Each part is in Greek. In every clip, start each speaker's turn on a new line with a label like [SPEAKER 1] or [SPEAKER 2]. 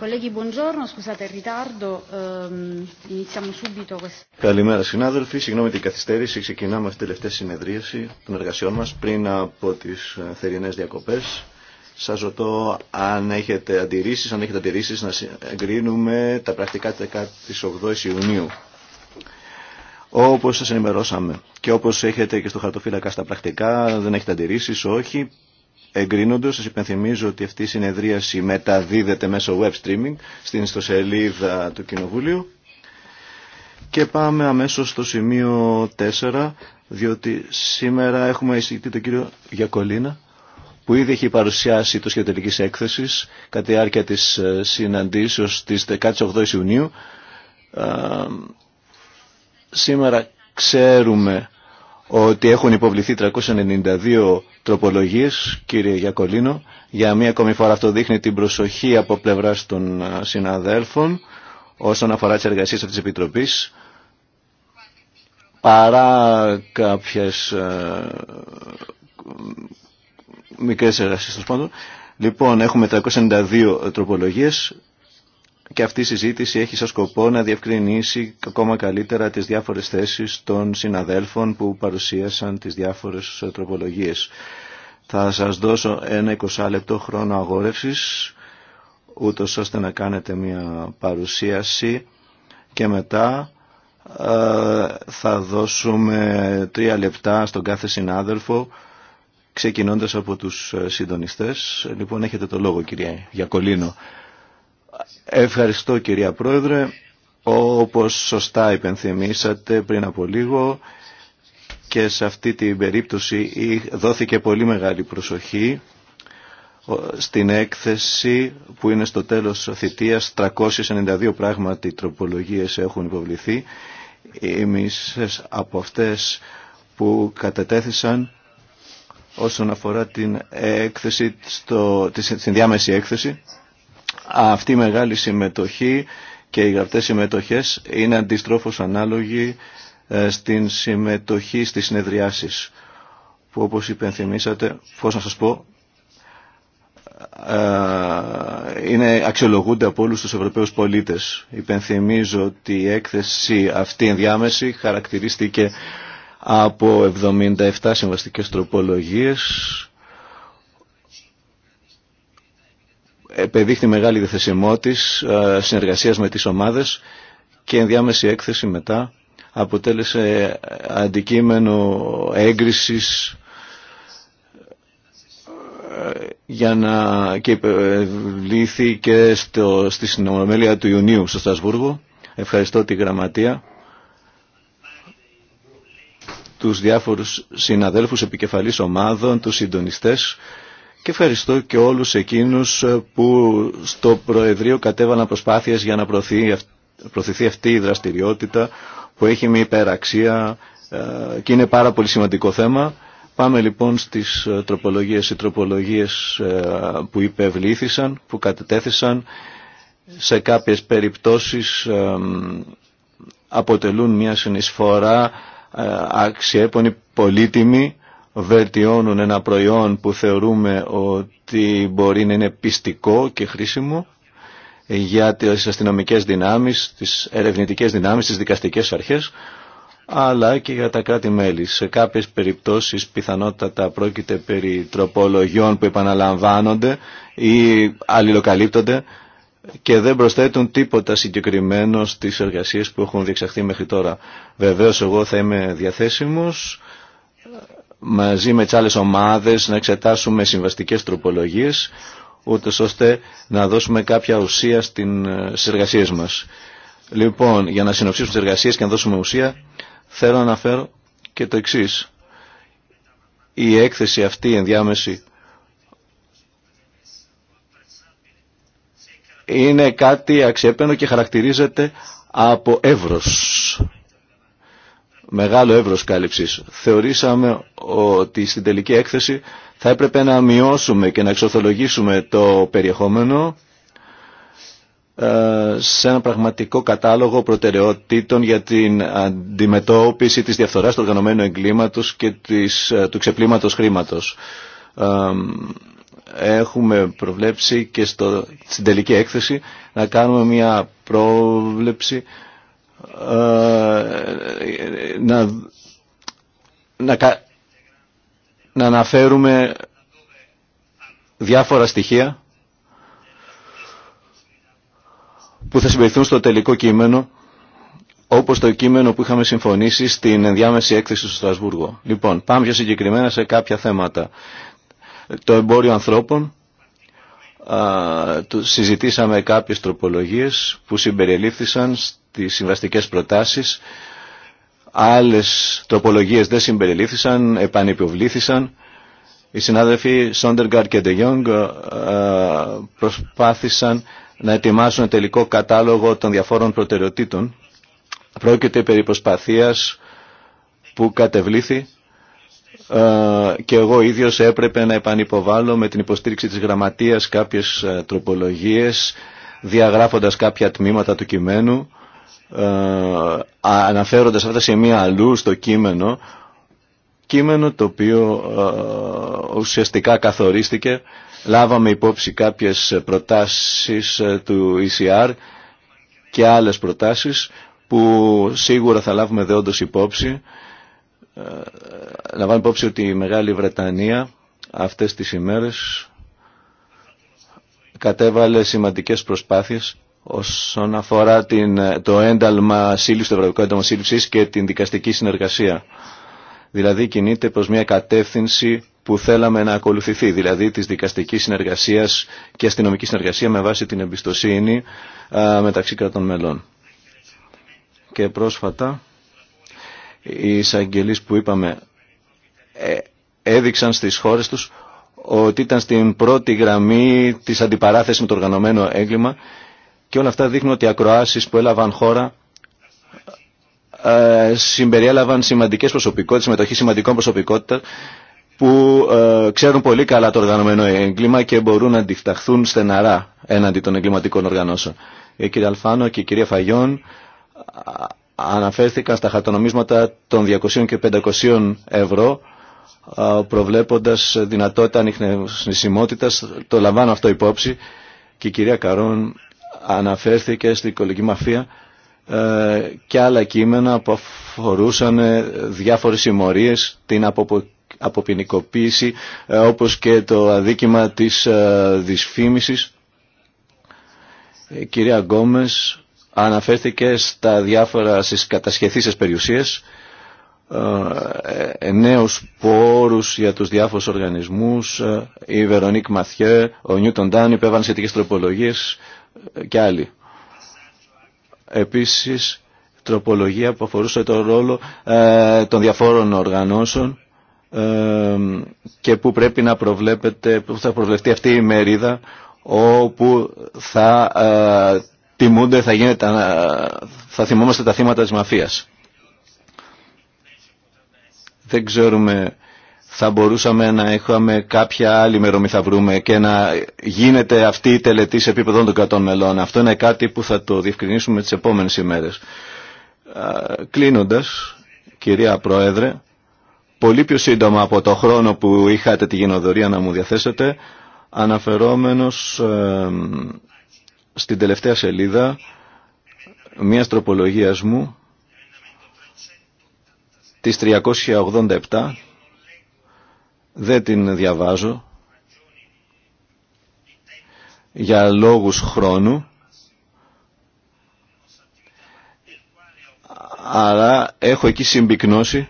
[SPEAKER 1] Ehm, Καλημέρα συνάδελφοι, συγγνώμη την καθυστέρηση. Ξεκινάμε αυτή τη τελευταία συνεδρίαση των εργασιών μας πριν από τις ε, θερινές διακοπές. Σας ρωτώ αν έχετε αντιρρήσεις, αν έχετε αντιρρήσεις να εγκρίνουμε τα πρακτικά της 8 Ιουνίου. Όπως σας ενημερώσαμε και όπως έχετε και στο χαρτοφύλακα στα πρακτικά, δεν έχετε αντιρρήσεις, όχι, Εγκρίνοντας, σας υπενθυμίζω ότι αυτή η συνεδρίαση μεταδίδεται μέσω web streaming στην ιστοσελίδα του Κοινοβουλίου. Και πάμε αμέσως στο σημείο 4, διότι σήμερα έχουμε εισηγητή τον κύριο Γιακολίνα, που ήδη έχει παρουσιάσει το σχέδιο έκθεσης κατά τη διάρκεια της ε, συναντήσεως της 18 Ιουνίου. Ε, σήμερα ξέρουμε ότι έχουν υποβληθεί 392 τροπολογίες, κύριε Γιακολίνο. Για μία ακόμη φορά αυτό δείχνει την προσοχή από πλευράς των συναδέλφων όσον αφορά τις εργασίες αυτής της Επιτροπής παρά κάποιες ε, μικρές εργασίες. Πάντων. Λοιπόν, έχουμε 392 τροπολογίες και αυτή η συζήτηση έχει σαν σκοπό να διευκρινίσει ακόμα καλύτερα τις διάφορες θέσεις των συναδέλφων που παρουσίασαν τις διάφορες τροπολογίες. Θα σας δώσω ένα 20 λεπτό χρόνο αγόρευσης, ούτω ώστε να κάνετε μια παρουσίαση και μετά ε, θα δώσουμε τρία λεπτά στον κάθε συνάδελφο, ξεκινώντας από τους συντονιστές. Λοιπόν, έχετε το λόγο κυρία Γιακολίνο. Ευχαριστώ κυρία Πρόεδρε. Όπως σωστά υπενθυμίσατε πριν από λίγο και σε αυτή την περίπτωση δόθηκε πολύ μεγάλη προσοχή στην έκθεση που είναι στο τέλος θητείας 392 πράγματι τροπολογίες έχουν υποβληθεί οι από αυτές που κατετέθησαν όσον αφορά την έκθεση, στο, τη συνδιάμεση έκθεση αυτή η μεγάλη συμμετοχή και οι γραπτές συμμετοχές είναι αντιστρόφως ανάλογοι ε, στην συμμετοχή στις συνεδριάσεις που όπως υπενθυμίσατε, πώς να σας πω, ε, είναι αξιολογούνται από όλους τους Ευρωπαίους πολίτες. Υπενθυμίζω ότι η έκθεση αυτή ενδιάμεση χαρακτηρίστηκε από 77 συμβαστικές τροπολογίες επεδείχθη μεγάλη διθεσιμότητα ε, συνεργασίας με τις ομάδες και ενδιάμεση έκθεση μετά αποτέλεσε αντικείμενο έγκρισης ε, για να και και στο, στη συνομιλία του Ιουνίου στο Στασβούργο. Ευχαριστώ τη Γραμματεία, τους διάφορους συναδέλφους επικεφαλής ομάδων, τους συντονιστές και ευχαριστώ και όλους εκείνους ε, που στο Προεδρείο κατέβαναν προσπάθειες για να προωθηθεί αυτή η δραστηριότητα που έχει μια υπεραξία ε, και είναι πάρα πολύ σημαντικό θέμα. Πάμε λοιπόν στις ε, τροπολογίες, οι τροπολογίες που υπευλήθησαν, που κατετέθησαν σε κάποιες περιπτώσεις αποτελούν μια συνεισφορά αξιέπονη, πολύτιμη βελτιώνουν ένα προϊόν που θεωρούμε ότι μπορεί να είναι πιστικό και χρήσιμο για τις αστυνομικές δυνάμεις, τις ερευνητικές δυνάμεις, τις δικαστικές αρχές, αλλά και για τα κράτη-μέλη. Σε κάποιες περιπτώσεις πιθανότατα πρόκειται περί τροπολογιών που επαναλαμβάνονται ή αλληλοκαλύπτονται και δεν προσθέτουν τίποτα συγκεκριμένο στις εργασίες που έχουν διεξαχθεί μέχρι τώρα. Βεβαίως εγώ θα είμαι διαθέσιμος μαζί με τις άλλες ομάδες να εξετάσουμε συμβαστικές τροπολογίες ούτως ώστε να δώσουμε κάποια ουσία ε, στις εργασίες μας. Λοιπόν, για να συνοψίσουμε τις εργασίες και να δώσουμε ουσία θέλω να αναφέρω και το εξή. Η έκθεση αυτή ενδιάμεση είναι κάτι αξιέπαινο και χαρακτηρίζεται από εύρος μεγάλο εύρος κάλυψης. Θεωρήσαμε ότι στην τελική έκθεση θα έπρεπε να μειώσουμε και να εξορθολογήσουμε το περιεχόμενο ε, σε ένα πραγματικό κατάλογο προτεραιότητων για την αντιμετώπιση της διαφθοράς του οργανωμένου εγκλήματος και της, ε, του ξεπλήματος χρήματος. Ε, έχουμε προβλέψει και στο, στην τελική έκθεση να κάνουμε μια πρόβλεψη να, να, να αναφέρουμε διάφορα στοιχεία που θα συμπεριθούν στο τελικό κείμενο όπως το κείμενο που είχαμε συμφωνήσει στην ενδιάμεση έκθεση στο Στρασβούργο. Λοιπόν, πάμε πιο συγκεκριμένα σε κάποια θέματα. Το εμπόριο ανθρώπων, συζητήσαμε κάποιες τροπολογίες που συμπεριλήφθησαν στις συμβαστικές προτάσεις. Άλλες τροπολογίες δεν συμπεριλήφθησαν, επανεπιβλήθησαν. Οι συνάδελφοι Σόντεργαρ και Ντεγιόγκ προσπάθησαν να ετοιμάσουν τελικό κατάλογο των διαφόρων προτεραιοτήτων. Πρόκειται περί προσπαθίας που κατεβλήθη ε, και εγώ ίδιος έπρεπε να επανυποβάλλω με την υποστήριξη της γραμματείας κάποιες ε, τροπολογίες διαγράφοντας κάποια τμήματα του κειμένου ε, αναφέροντας αυτά σε μία αλλού στο κείμενο κείμενο το οποίο ουσιαστικά καθορίστηκε λάβαμε υπόψη κάποιες προτάσεις του ECR και άλλες προτάσεις που σίγουρα θα λάβουμε δεόντως υπόψη ε, ε, λαμβάνω υπόψη ότι η Μεγάλη Βρετανία αυτές τις ημέρες κατέβαλε σημαντικές προσπάθειες όσον αφορά την, το ένταλμα σύλληψης, το ευρωπαϊκό ένταλμα σύλληψης και την δικαστική συνεργασία. Δηλαδή κινείται προς μια κατεύθυνση που θέλαμε να ακολουθηθεί, δηλαδή της δικαστικής συνεργασίας και αστυνομική συνεργασία με βάση την εμπιστοσύνη μεταξύ κρατών μελών. Και πρόσφατα οι εισαγγελείς που είπαμε ε, έδειξαν στις χώρες τους ότι ήταν στην πρώτη γραμμή της αντιπαράθεσης με το οργανωμένο έγκλημα και όλα αυτά δείχνουν ότι οι ακροάσεις που έλαβαν χώρα ε, συμπεριέλαβαν σημαντικές προσωπικότητες, συμμετοχή σημαντικών προσωπικότητων που ε, ξέρουν πολύ καλά το οργανωμένο έγκλημα και μπορούν να αντιφταχθούν στεναρά έναντι των εγκληματικών οργανώσεων. Η κυρία Αλφάνο και η κυρία Φαγιών αναφέρθηκαν στα χαρτονομίσματα των 200 και 500 ευρώ προβλέποντας δυνατότητα ανιχνευσιμότητας. Το λαμβάνω αυτό υπόψη και η κυρία Καρόν αναφέρθηκε στην οικολογική μαφία ε, και άλλα κείμενα που αφορούσαν ε, διάφορες συμμορίες, την αποποινικοποίηση ε, όπως και το αδίκημα της δυσφήμισης. Η κυρία Γκόμες αναφέρθηκε στα διάφορα στις κατασχεθήσεις περιουσίες, ε, νέους πόρους για τους διάφορους οργανισμούς, ε, η Βερονίκ Μαθιέ, ο Νιούτον Ντάν υπέβαλαν σχετικές τροπολογίες ε, και άλλοι. Επίσης, τροπολογία που αφορούσε τον ρόλο των διαφόρων οργανώσεων και που πρέπει να προβλέπεται, που θα προβλεφτεί αυτή η μερίδα όπου θα τιμούνται, θα, γίνεται, θα θυμόμαστε τα θύματα της μαφίας. Δεν ξέρουμε, θα μπορούσαμε να έχουμε κάποια άλλη μερομή θα βρούμε και να γίνεται αυτή η τελετή σε επίπεδο των κρατών μελών. Αυτό είναι κάτι που θα το διευκρινίσουμε τις επόμενες ημέρες. Κλείνοντας, κυρία Πρόεδρε, πολύ πιο σύντομα από το χρόνο που είχατε τη γενοδορία να μου διαθέσετε, αναφερόμενος ε, στην τελευταία σελίδα μια τροπολογία μου της 387 δεν την διαβάζω για λόγους χρόνου αλλά έχω εκεί συμπυκνώσει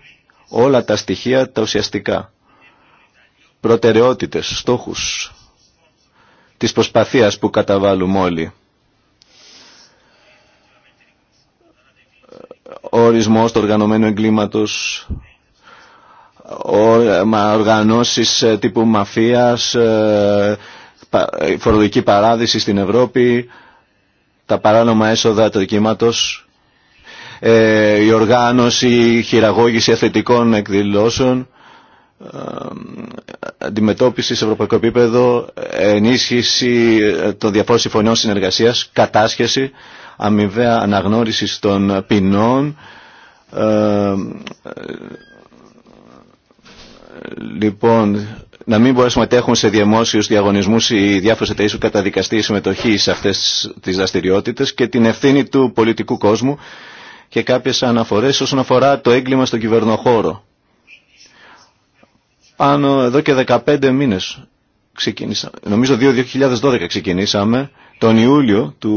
[SPEAKER 1] όλα τα στοιχεία τα ουσιαστικά προτεραιότητες, στόχους της προσπαθίας που καταβάλουμε όλοι ορισμός του οργανωμένου εγκλήματος, οργανώσεις ε, τύπου μαφίας, ε, ε, φορολογική παράδειση στην Ευρώπη, τα παράνομα έσοδα του εγκλήματος, η οργάνωση, η χειραγώγηση αθλητικών εκδηλώσεων, αντιμετώπιση σε ευρωπαϊκό επίπεδο, ενίσχυση των διαφόρων συμφωνιών συνεργασίας, κατάσχεση, αμοιβαία αναγνώριση των ποινών. Ε, λοιπόν, να μην μπορέσουμε να μετέχουν σε δημόσιου διαγωνισμούς οι διάφορε εταιρείε που καταδικαστεί η συμμετοχή σε αυτέ τι δραστηριότητε και την ευθύνη του πολιτικού κόσμου και κάποιες αναφορές όσον αφορά το έγκλημα στον κυβερνοχώρο. Πάνω εδώ και 15 μήνες ξεκίνησα, νομίζω 2012 ξεκινήσαμε, τον Ιούλιο του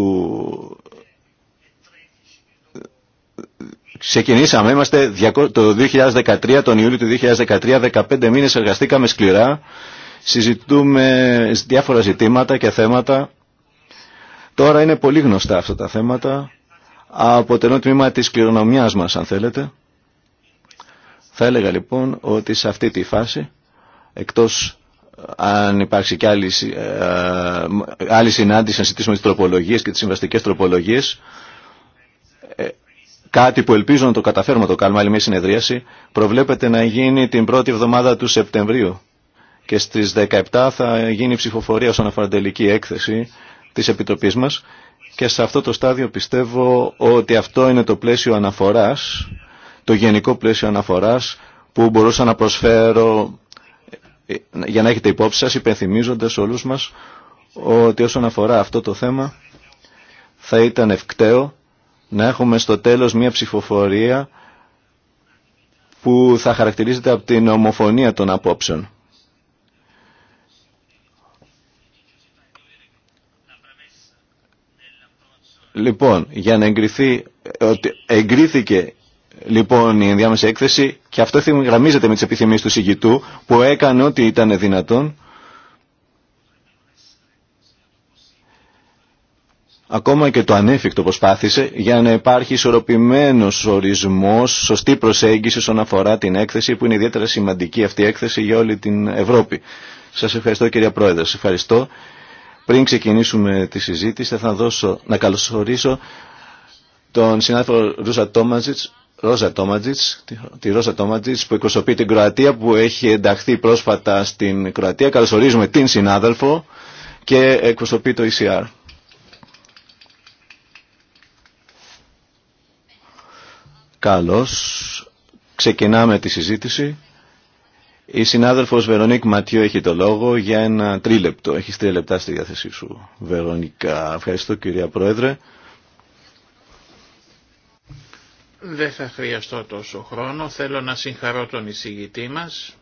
[SPEAKER 1] Ξεκινήσαμε, είμαστε το 2013, τον Ιούλιο του 2013, 15 μήνες εργαστήκαμε σκληρά, συζητούμε διάφορα ζητήματα και θέματα. Τώρα είναι πολύ γνωστά αυτά τα θέματα, αποτελούν τμήμα της κληρονομιάς μας αν θέλετε. Θα έλεγα λοιπόν ότι σε αυτή τη φάση, εκτός ε, αν υπάρξει και ε, ε, άλλη, συνάντηση να συζητήσουμε τις τροπολογίες και τις συμβαστικές τροπολογίες, Κάτι που ελπίζω να το καταφέρουμε το κάνουμε άλλη μια συνεδρίαση προβλέπεται να γίνει την πρώτη εβδομάδα του Σεπτεμβρίου και στις 17 θα γίνει ψηφοφορία όσον αφορά την τελική έκθεση της Επιτροπής μας και σε αυτό το στάδιο πιστεύω ότι αυτό είναι το πλαίσιο αναφοράς, το γενικό πλαίσιο αναφοράς που μπορούσα να προσφέρω ε, για να έχετε υπόψη σας υπενθυμίζοντας όλους μας ότι όσον αφορά αυτό το θέμα θα ήταν ευκταίο να έχουμε στο τέλος μια ψηφοφορία που θα χαρακτηρίζεται από την ομοφωνία των απόψεων. Λοιπόν, για να εγκριθεί, ότι εγκρίθηκε λοιπόν η ενδιάμεση έκθεση και αυτό γραμμίζεται με τις επιθυμίες του συγκητού που έκανε ό,τι ήταν δυνατόν ακόμα και το ανέφικτο προσπάθησε για να υπάρχει ισορροπημένος ορισμός, σωστή προσέγγιση όσον αφορά την έκθεση που είναι ιδιαίτερα σημαντική αυτή η έκθεση για όλη την Ευρώπη. Σας ευχαριστώ κυρία Πρόεδρε, σας ευχαριστώ. Πριν ξεκινήσουμε τη συζήτηση θα δώσω να καλωσορίσω τον συνάδελφο Ρούσα Τόματζιτ. Ρόζα Τόματζιτς, τη Ρόζα Τόματζιτς που εκπροσωπεί την Κροατία που έχει ενταχθεί πρόσφατα στην Κροατία. Καλωσορίζουμε την συνάδελφο και εκπροσωπεί το ECR. Καλώς. Ξεκινάμε τη συζήτηση. Η συνάδελφος Βερονίκ Ματιό έχει το λόγο για ένα τρίλεπτο. Έχεις τρία λεπτά στη διάθεσή σου, Βερονίκα. Ευχαριστώ κυρία Πρόεδρε.
[SPEAKER 2] Δεν θα χρειαστώ τόσο χρόνο. Θέλω να συγχαρώ τον εισηγητή μας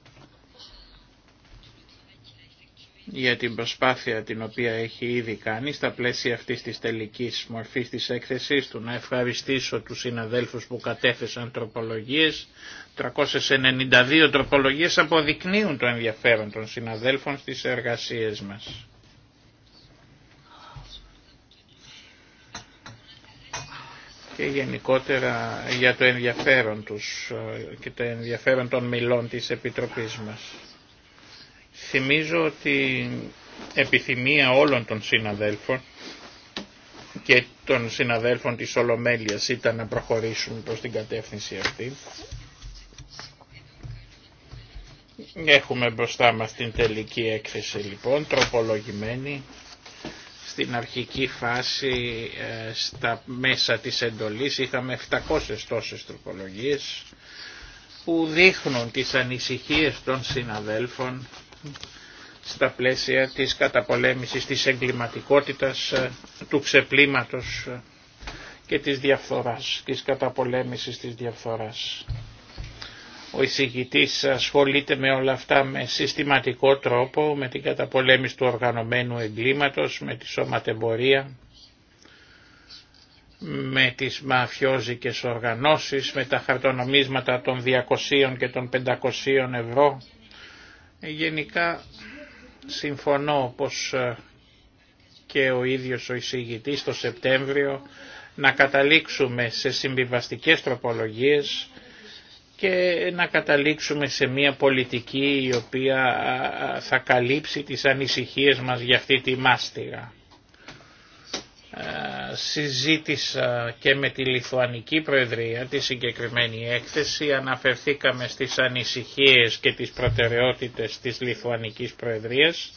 [SPEAKER 2] για την προσπάθεια την οποία έχει ήδη κάνει στα πλαίσια αυτής της τελικής μορφής της έκθεσης του. Να ευχαριστήσω τους συναδέλφους που κατέθεσαν τροπολογίες. 392 τροπολογίες αποδεικνύουν το ενδιαφέρον των συναδέλφων στις εργασίες μας. και γενικότερα για το ενδιαφέρον τους ε, και το ενδιαφέρον των μιλών της Επιτροπής μας. Θυμίζω ότι επιθυμία όλων των συναδέλφων και των συναδέλφων της Ολομέλειας ήταν να προχωρήσουν προς την κατεύθυνση αυτή. Έχουμε μπροστά μας την τελική έκθεση λοιπόν, τροπολογημένη στην αρχική φάση ε, στα μέσα της εντολής είχαμε 700 τόσες τροπολογίες που δείχνουν τις ανησυχίες των συναδέλφων στα πλαίσια της καταπολέμησης της εγκληματικότητας, ε, του ξεπλήματος ε, και της διαφθοράς, της καταπολέμησης της διαφθοράς. Ο εισηγητής ασχολείται με όλα αυτά με συστηματικό τρόπο, με την καταπολέμηση του οργανωμένου εγκλήματος, με τη σωματεμπορία, με τις μαφιόζικες οργανώσεις, με τα χαρτονομίσματα των 200 και των 500 ευρώ, ε, γενικά συμφωνώ πως ε, και ο ίδιος ο εισηγητής το Σεπτέμβριο να καταλήξουμε σε συμβιβαστικές τροπολογίες και να καταλήξουμε σε μια πολιτική η οποία ε, θα καλύψει τις ανησυχίες μας για αυτή τη μάστιγα. Ε, συζήτησα και με τη Λιθουανική Προεδρία τη συγκεκριμένη έκθεση. Αναφερθήκαμε στις ανησυχίες και τις προτεραιότητες της Λιθουανικής Προεδρίας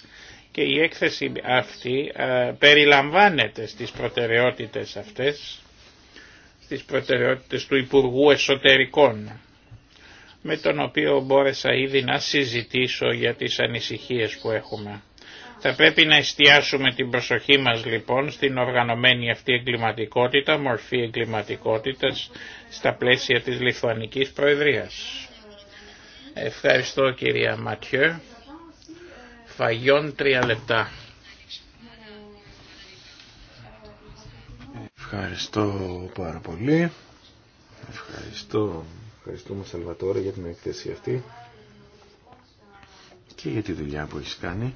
[SPEAKER 2] και η έκθεση αυτή ε, περιλαμβάνεται στις προτεραιότητες αυτές, στις προτεραιότητες του Υπουργού Εσωτερικών με τον οποίο μπόρεσα ήδη να συζητήσω για τις ανησυχίες που έχουμε. Θα πρέπει να εστιάσουμε την προσοχή μας λοιπόν στην οργανωμένη αυτή εγκληματικότητα, μορφή εγκληματικότητας στα πλαίσια της Λιθουανικής Προεδρίας. Ευχαριστώ κυρία Ματιέ. Φαγιόν τρία λεπτά.
[SPEAKER 3] Ευχαριστώ πάρα πολύ. Ευχαριστώ. Ευχαριστούμε Σαλβατόρα για την εκθέση αυτή και για τη δουλειά που έχει κάνει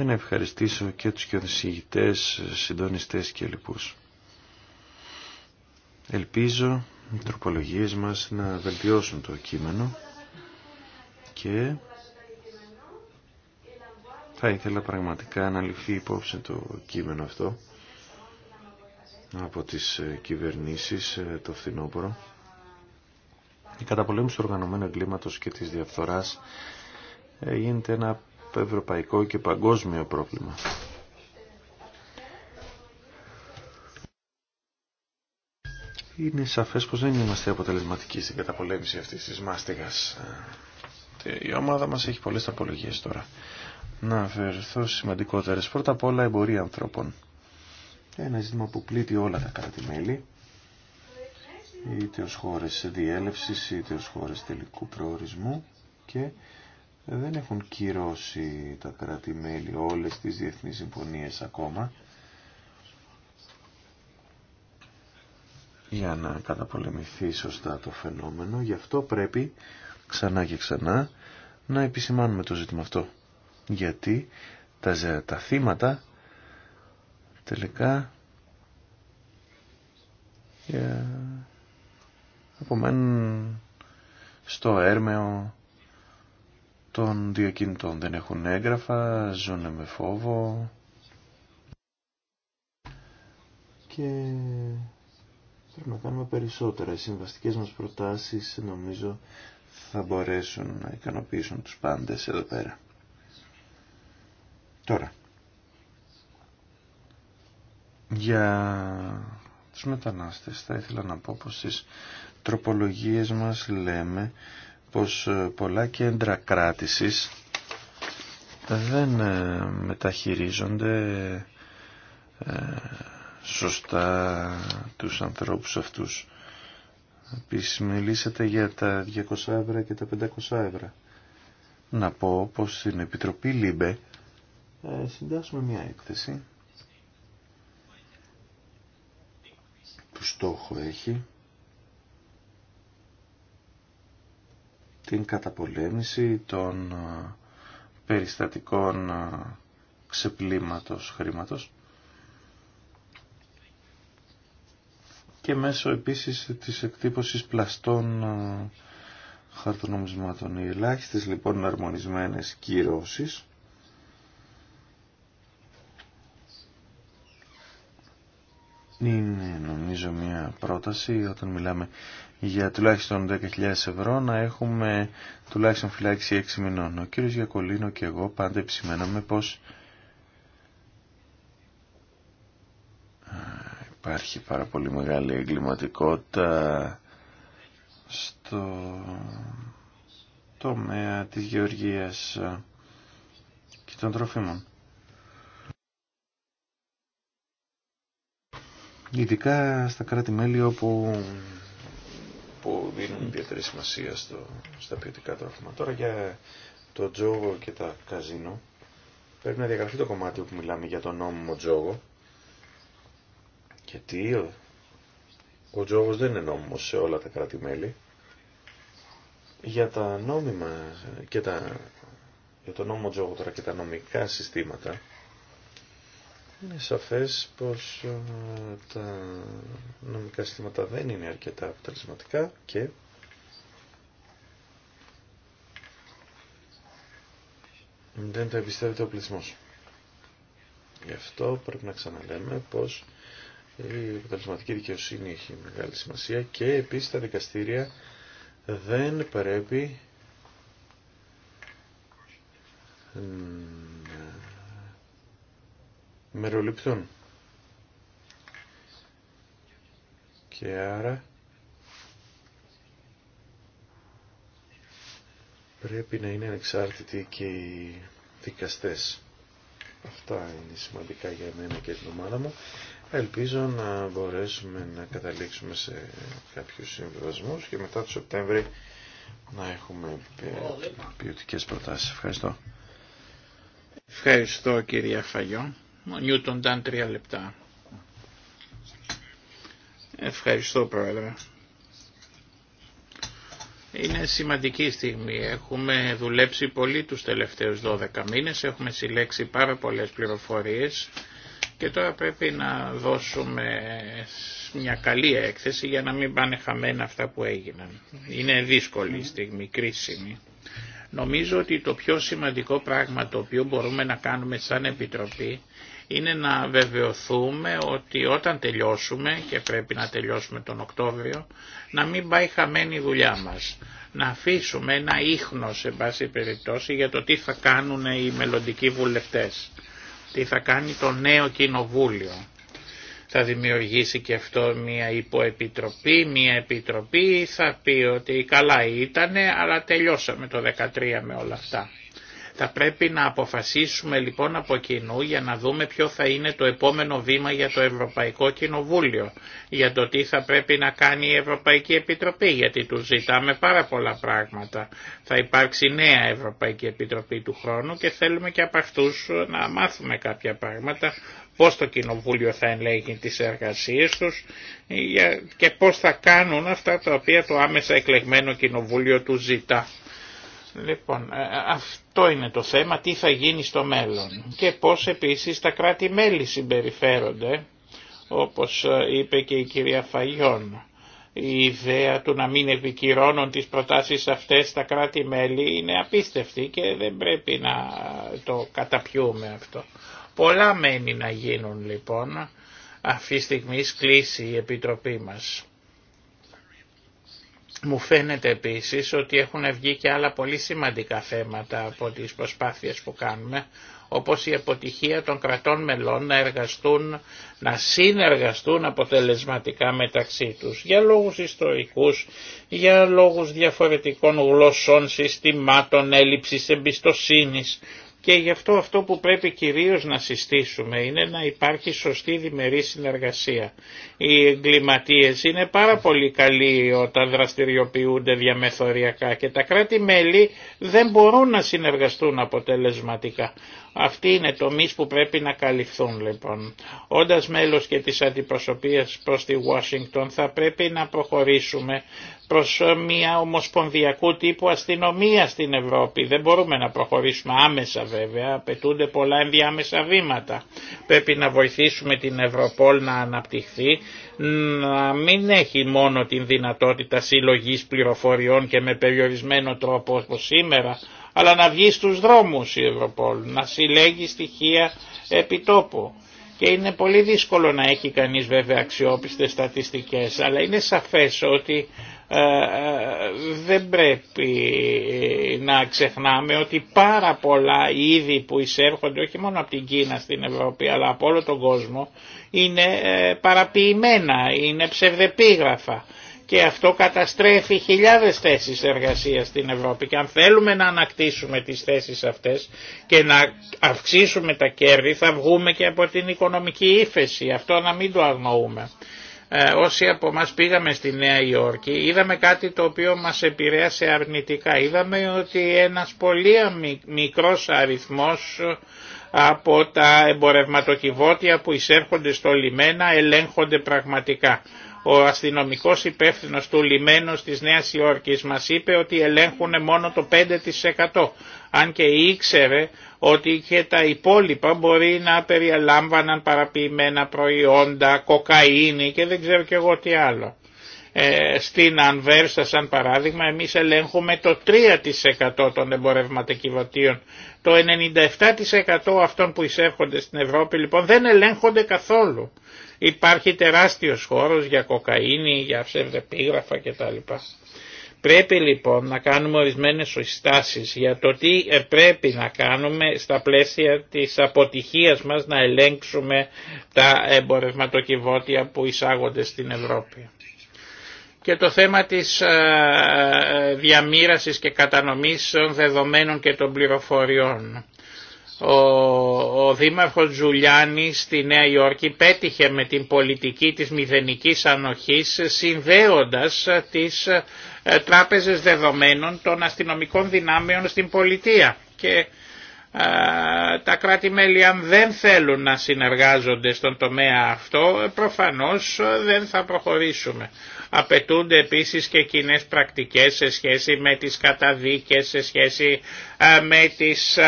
[SPEAKER 3] και να ευχαριστήσω και τους κοινωνισηγητές, συντονιστές και λοιπούς. Ελπίζω οι τροπολογίες μας να βελτιώσουν το κείμενο και θα ήθελα πραγματικά να ληφθεί υπόψη το κείμενο αυτό από τις κυβερνήσεις το φθινόπωρο. Η καταπολέμηση του οργανωμένου εγκλήματος και της διαφθοράς ε, γίνεται ένα το ευρωπαϊκό και παγκόσμιο πρόβλημα. Είναι σαφές πως δεν είμαστε αποτελεσματικοί στην καταπολέμηση αυτής της μάστιγας. Ε, η ομάδα μας έχει πολλές απολογίες τώρα. Να αφαιρεθώ σημαντικότερες. Πρώτα απ' όλα εμπορία ανθρώπων. Ένα ζήτημα που πλήττει όλα τα κράτη-μέλη. Είτε ως χώρες διέλευσης, είτε ως χώρες τελικού προορισμού. Και δεν έχουν κυρώσει τα κράτη-μέλη όλες τις διεθνείς συμφωνίες ακόμα για να καταπολεμηθεί σωστά το φαινόμενο. Γι' αυτό πρέπει ξανά και ξανά να επισημάνουμε το ζήτημα αυτό. Γιατί τα, τα θύματα τελικά ε, απομένουν στο έρμεο των διακινητών. Δεν έχουν έγγραφα, ζουν με φόβο και πρέπει να κάνουμε περισσότερα. Οι συμβαστικές μας προτάσεις νομίζω θα μπορέσουν να ικανοποιήσουν τους πάντες εδώ πέρα. Τώρα, για τους μετανάστες θα ήθελα να πω πως στις τροπολογίες μας λέμε πως ε, πολλά κέντρα κράτησης δεν ε, μεταχειρίζονται ε, σωστά τους ανθρώπους αυτούς. Επίσης μιλήσατε για τα 200 ευρώ και τα 500 ευρώ. Να πω πως στην Επιτροπή ΛΥΜΠΕ συντάσσουμε μια έκθεση που στόχο έχει την καταπολέμηση των ε, περιστατικών ε, ξεπλήματος χρήματος και μέσω επίσης της εκτύπωσης πλαστών ε, χαρτονομισμάτων. Οι ελάχιστες λοιπόν αρμονισμένες κυρώσεις είναι νομίζω μια πρόταση όταν μιλάμε για τουλάχιστον 10.000 ευρώ να έχουμε τουλάχιστον φυλάξει 6 μηνών. Ο κύριος Γιακολίνο και εγώ πάντα επισημέναμε πως ε, υπάρχει πάρα πολύ μεγάλη εγκληματικότητα στο τομέα της γεωργίας και των τροφίμων. Ειδικά στα κράτη-μέλη όπου που δίνουν ιδιαίτερη σημασία στο, στα ποιοτικά τρόφιμα. Τώρα για το τζόγο και τα καζίνο πρέπει να διαγραφεί το κομμάτι που μιλάμε για τον νόμιμο τζόγο γιατί ο, ο τζόγος δεν είναι νόμιμος σε όλα τα κράτη-μέλη. Για τα νόμιμα και τα, για τζόγο τώρα και τα νομικά συστήματα είναι σαφές πως ε, τα νομικά συστήματα δεν είναι αρκετά αποτελεσματικά και δεν τα εμπιστεύεται ο πληθυσμός. Γι' αυτό πρέπει να ξαναλέμε πως η αποτελεσματική δικαιοσύνη έχει μεγάλη σημασία και επίσης τα δικαστήρια δεν πρέπει μεροληπτούν. Και άρα πρέπει να είναι ανεξάρτητοι και οι δικαστές. Αυτά είναι σημαντικά για μένα και την ομάδα μου. Ελπίζω να μπορέσουμε να καταλήξουμε σε κάποιους συμβιβασμούς και μετά το Σεπτέμβρη να έχουμε ποιοτικές προτάσεις.
[SPEAKER 2] Ευχαριστώ. Ευχαριστώ κυρία Φαγιό. Ο Νιούτον ήταν τρία λεπτά. Ευχαριστώ Πρόεδρε. Είναι σημαντική στιγμή. Έχουμε δουλέψει πολύ τους τελευταίους 12 μήνες, έχουμε συλλέξει πάρα πολλές πληροφορίες και τώρα πρέπει να δώσουμε μια καλή έκθεση για να μην πάνε χαμένα αυτά που έγιναν. Είναι δύσκολη στιγμή, κρίσιμη. Νομίζω ότι το πιο σημαντικό πράγμα το οποίο μπορούμε να κάνουμε σαν Επιτροπή είναι να βεβαιωθούμε ότι όταν τελειώσουμε και πρέπει να τελειώσουμε τον Οκτώβριο να μην πάει χαμένη η δουλειά μας. Να αφήσουμε ένα ίχνος σε πάση περιπτώσει για το τι θα κάνουν οι μελλοντικοί βουλευτές. Τι θα κάνει το νέο κοινοβούλιο θα δημιουργήσει και αυτό μια υποεπιτροπή, μια επιτροπή θα πει ότι καλά ήτανε αλλά τελειώσαμε το 13 με όλα αυτά. Θα πρέπει να αποφασίσουμε λοιπόν από κοινού για να δούμε ποιο θα είναι το επόμενο βήμα για το Ευρωπαϊκό Κοινοβούλιο, για το τι θα πρέπει να κάνει η Ευρωπαϊκή Επιτροπή, γιατί του ζητάμε πάρα πολλά πράγματα. Θα υπάρξει νέα Ευρωπαϊκή Επιτροπή του χρόνου και θέλουμε και από αυτού να μάθουμε κάποια πράγματα πώς το Κοινοβούλιο θα ελέγχει τις εργασίες τους και πώς θα κάνουν αυτά τα οποία το άμεσα εκλεγμένο Κοινοβούλιο του ζητά. Λοιπόν, ε, αυτό είναι το θέμα, τι θα γίνει στο μέλλον και πώς επίσης τα κράτη-μέλη συμπεριφέρονται, όπως ε, είπε και η κυρία Φαγιών, Η ιδέα του να μην επικυρώνουν τις προτάσεις αυτές στα κράτη-μέλη είναι απίστευτη και δεν πρέπει να το καταπιούμε αυτό. Πολλά μένει να γίνουν λοιπόν αυτή τη στιγμή κλείσει η Επιτροπή μας. Μου φαίνεται επίσης ότι έχουν βγει και άλλα πολύ σημαντικά θέματα από τις προσπάθειες που κάνουμε, όπως η αποτυχία των κρατών μελών να εργαστούν, να συνεργαστούν αποτελεσματικά μεταξύ τους, για λόγους ιστορικούς, για λόγους διαφορετικών γλωσσών, συστημάτων, έλλειψης εμπιστοσύνης, και γι' αυτό αυτό που πρέπει κυρίως να συστήσουμε είναι να υπάρχει σωστή διμερή συνεργασία. Οι εγκληματίε είναι πάρα πολύ καλοί όταν δραστηριοποιούνται διαμεθοριακά και τα κράτη-μέλη δεν μπορούν να συνεργαστούν αποτελεσματικά αυτή είναι τομεί που πρέπει να καλυφθούν λοιπόν. Όντας μέλος και της αντιπροσωπείας προς τη Ουάσιγκτον θα πρέπει να προχωρήσουμε προς μια ομοσπονδιακού τύπου αστυνομία στην Ευρώπη. Δεν μπορούμε να προχωρήσουμε άμεσα βέβαια, απαιτούνται πολλά ενδιάμεσα βήματα. Πρέπει να βοηθήσουμε την Ευρωπόλ να αναπτυχθεί, να μην έχει μόνο την δυνατότητα συλλογής πληροφοριών και με περιορισμένο τρόπο όπως σήμερα, αλλά να βγει στους δρόμους η Ευρωπόλ, να συλλέγει στοιχεία επιτόπου. Και είναι πολύ δύσκολο να έχει κανείς βέβαια αξιόπιστες στατιστικές, αλλά είναι σαφές ότι ε, ε, δεν πρέπει ε, να ξεχνάμε ότι πάρα πολλά είδη που εισέρχονται όχι μόνο από την Κίνα στην Ευρώπη αλλά από όλο τον κόσμο είναι ε, παραποιημένα, είναι ψευδεπίγραφα και αυτό καταστρέφει χιλιάδες θέσεις εργασίας στην Ευρώπη και αν θέλουμε να ανακτήσουμε τις θέσεις αυτές και να αυξήσουμε τα κέρδη θα βγούμε και από την οικονομική ύφεση, αυτό να μην το αγνοούμε. Ε, όσοι από εμά πήγαμε στη Νέα Υόρκη είδαμε κάτι το οποίο μας επηρέασε αρνητικά. Είδαμε ότι ένας πολύ μικρός αριθμός ε, από τα εμπορευματοκιβώτια που εισέρχονται στο λιμένα ελέγχονται πραγματικά. Ο αστυνομικός υπεύθυνος του λιμένου της Νέας Υόρκης μας είπε ότι ελέγχουν μόνο το 5% αν και ήξερε ότι και τα υπόλοιπα μπορεί να περιελάμβαναν παραποιημένα προϊόντα, κοκαίνη και δεν ξέρω και εγώ τι άλλο. Ε, στην Ανβέρσα σαν παράδειγμα εμείς ελέγχουμε το 3% των εμπορευματοκιβωτίων. Το 97% αυτών που εισέρχονται στην Ευρώπη λοιπόν δεν ελέγχονται καθόλου. Υπάρχει τεράστιος χώρος για κοκαίνη, για ψευδεπίγραφα κτλ. Πρέπει λοιπόν να κάνουμε ορισμένες συστάσεις για το τι ε, πρέπει να κάνουμε στα πλαίσια της αποτυχίας μας να ελέγξουμε τα εμπορευματοκιβώτια που εισάγονται στην Ευρώπη. Και το θέμα της ε, ε, διαμήρασης και κατανομής των δεδομένων και των πληροφοριών. Ο, ο Δήμαρχος Τζουλιάνη στη Νέα Υόρκη πέτυχε με την πολιτική της μηδενικής ανοχής συνδέοντας τις ε, τράπεζες δεδομένων των αστυνομικών δυνάμεων στην πολιτεία. Και ε, τα κράτη-μέλη αν δεν θέλουν να συνεργάζονται στον τομέα αυτό προφανώς ε, δεν θα προχωρήσουμε. Απαιτούνται επίσης και κοινέ πρακτικές σε σχέση με τις καταδίκες, σε σχέση με τις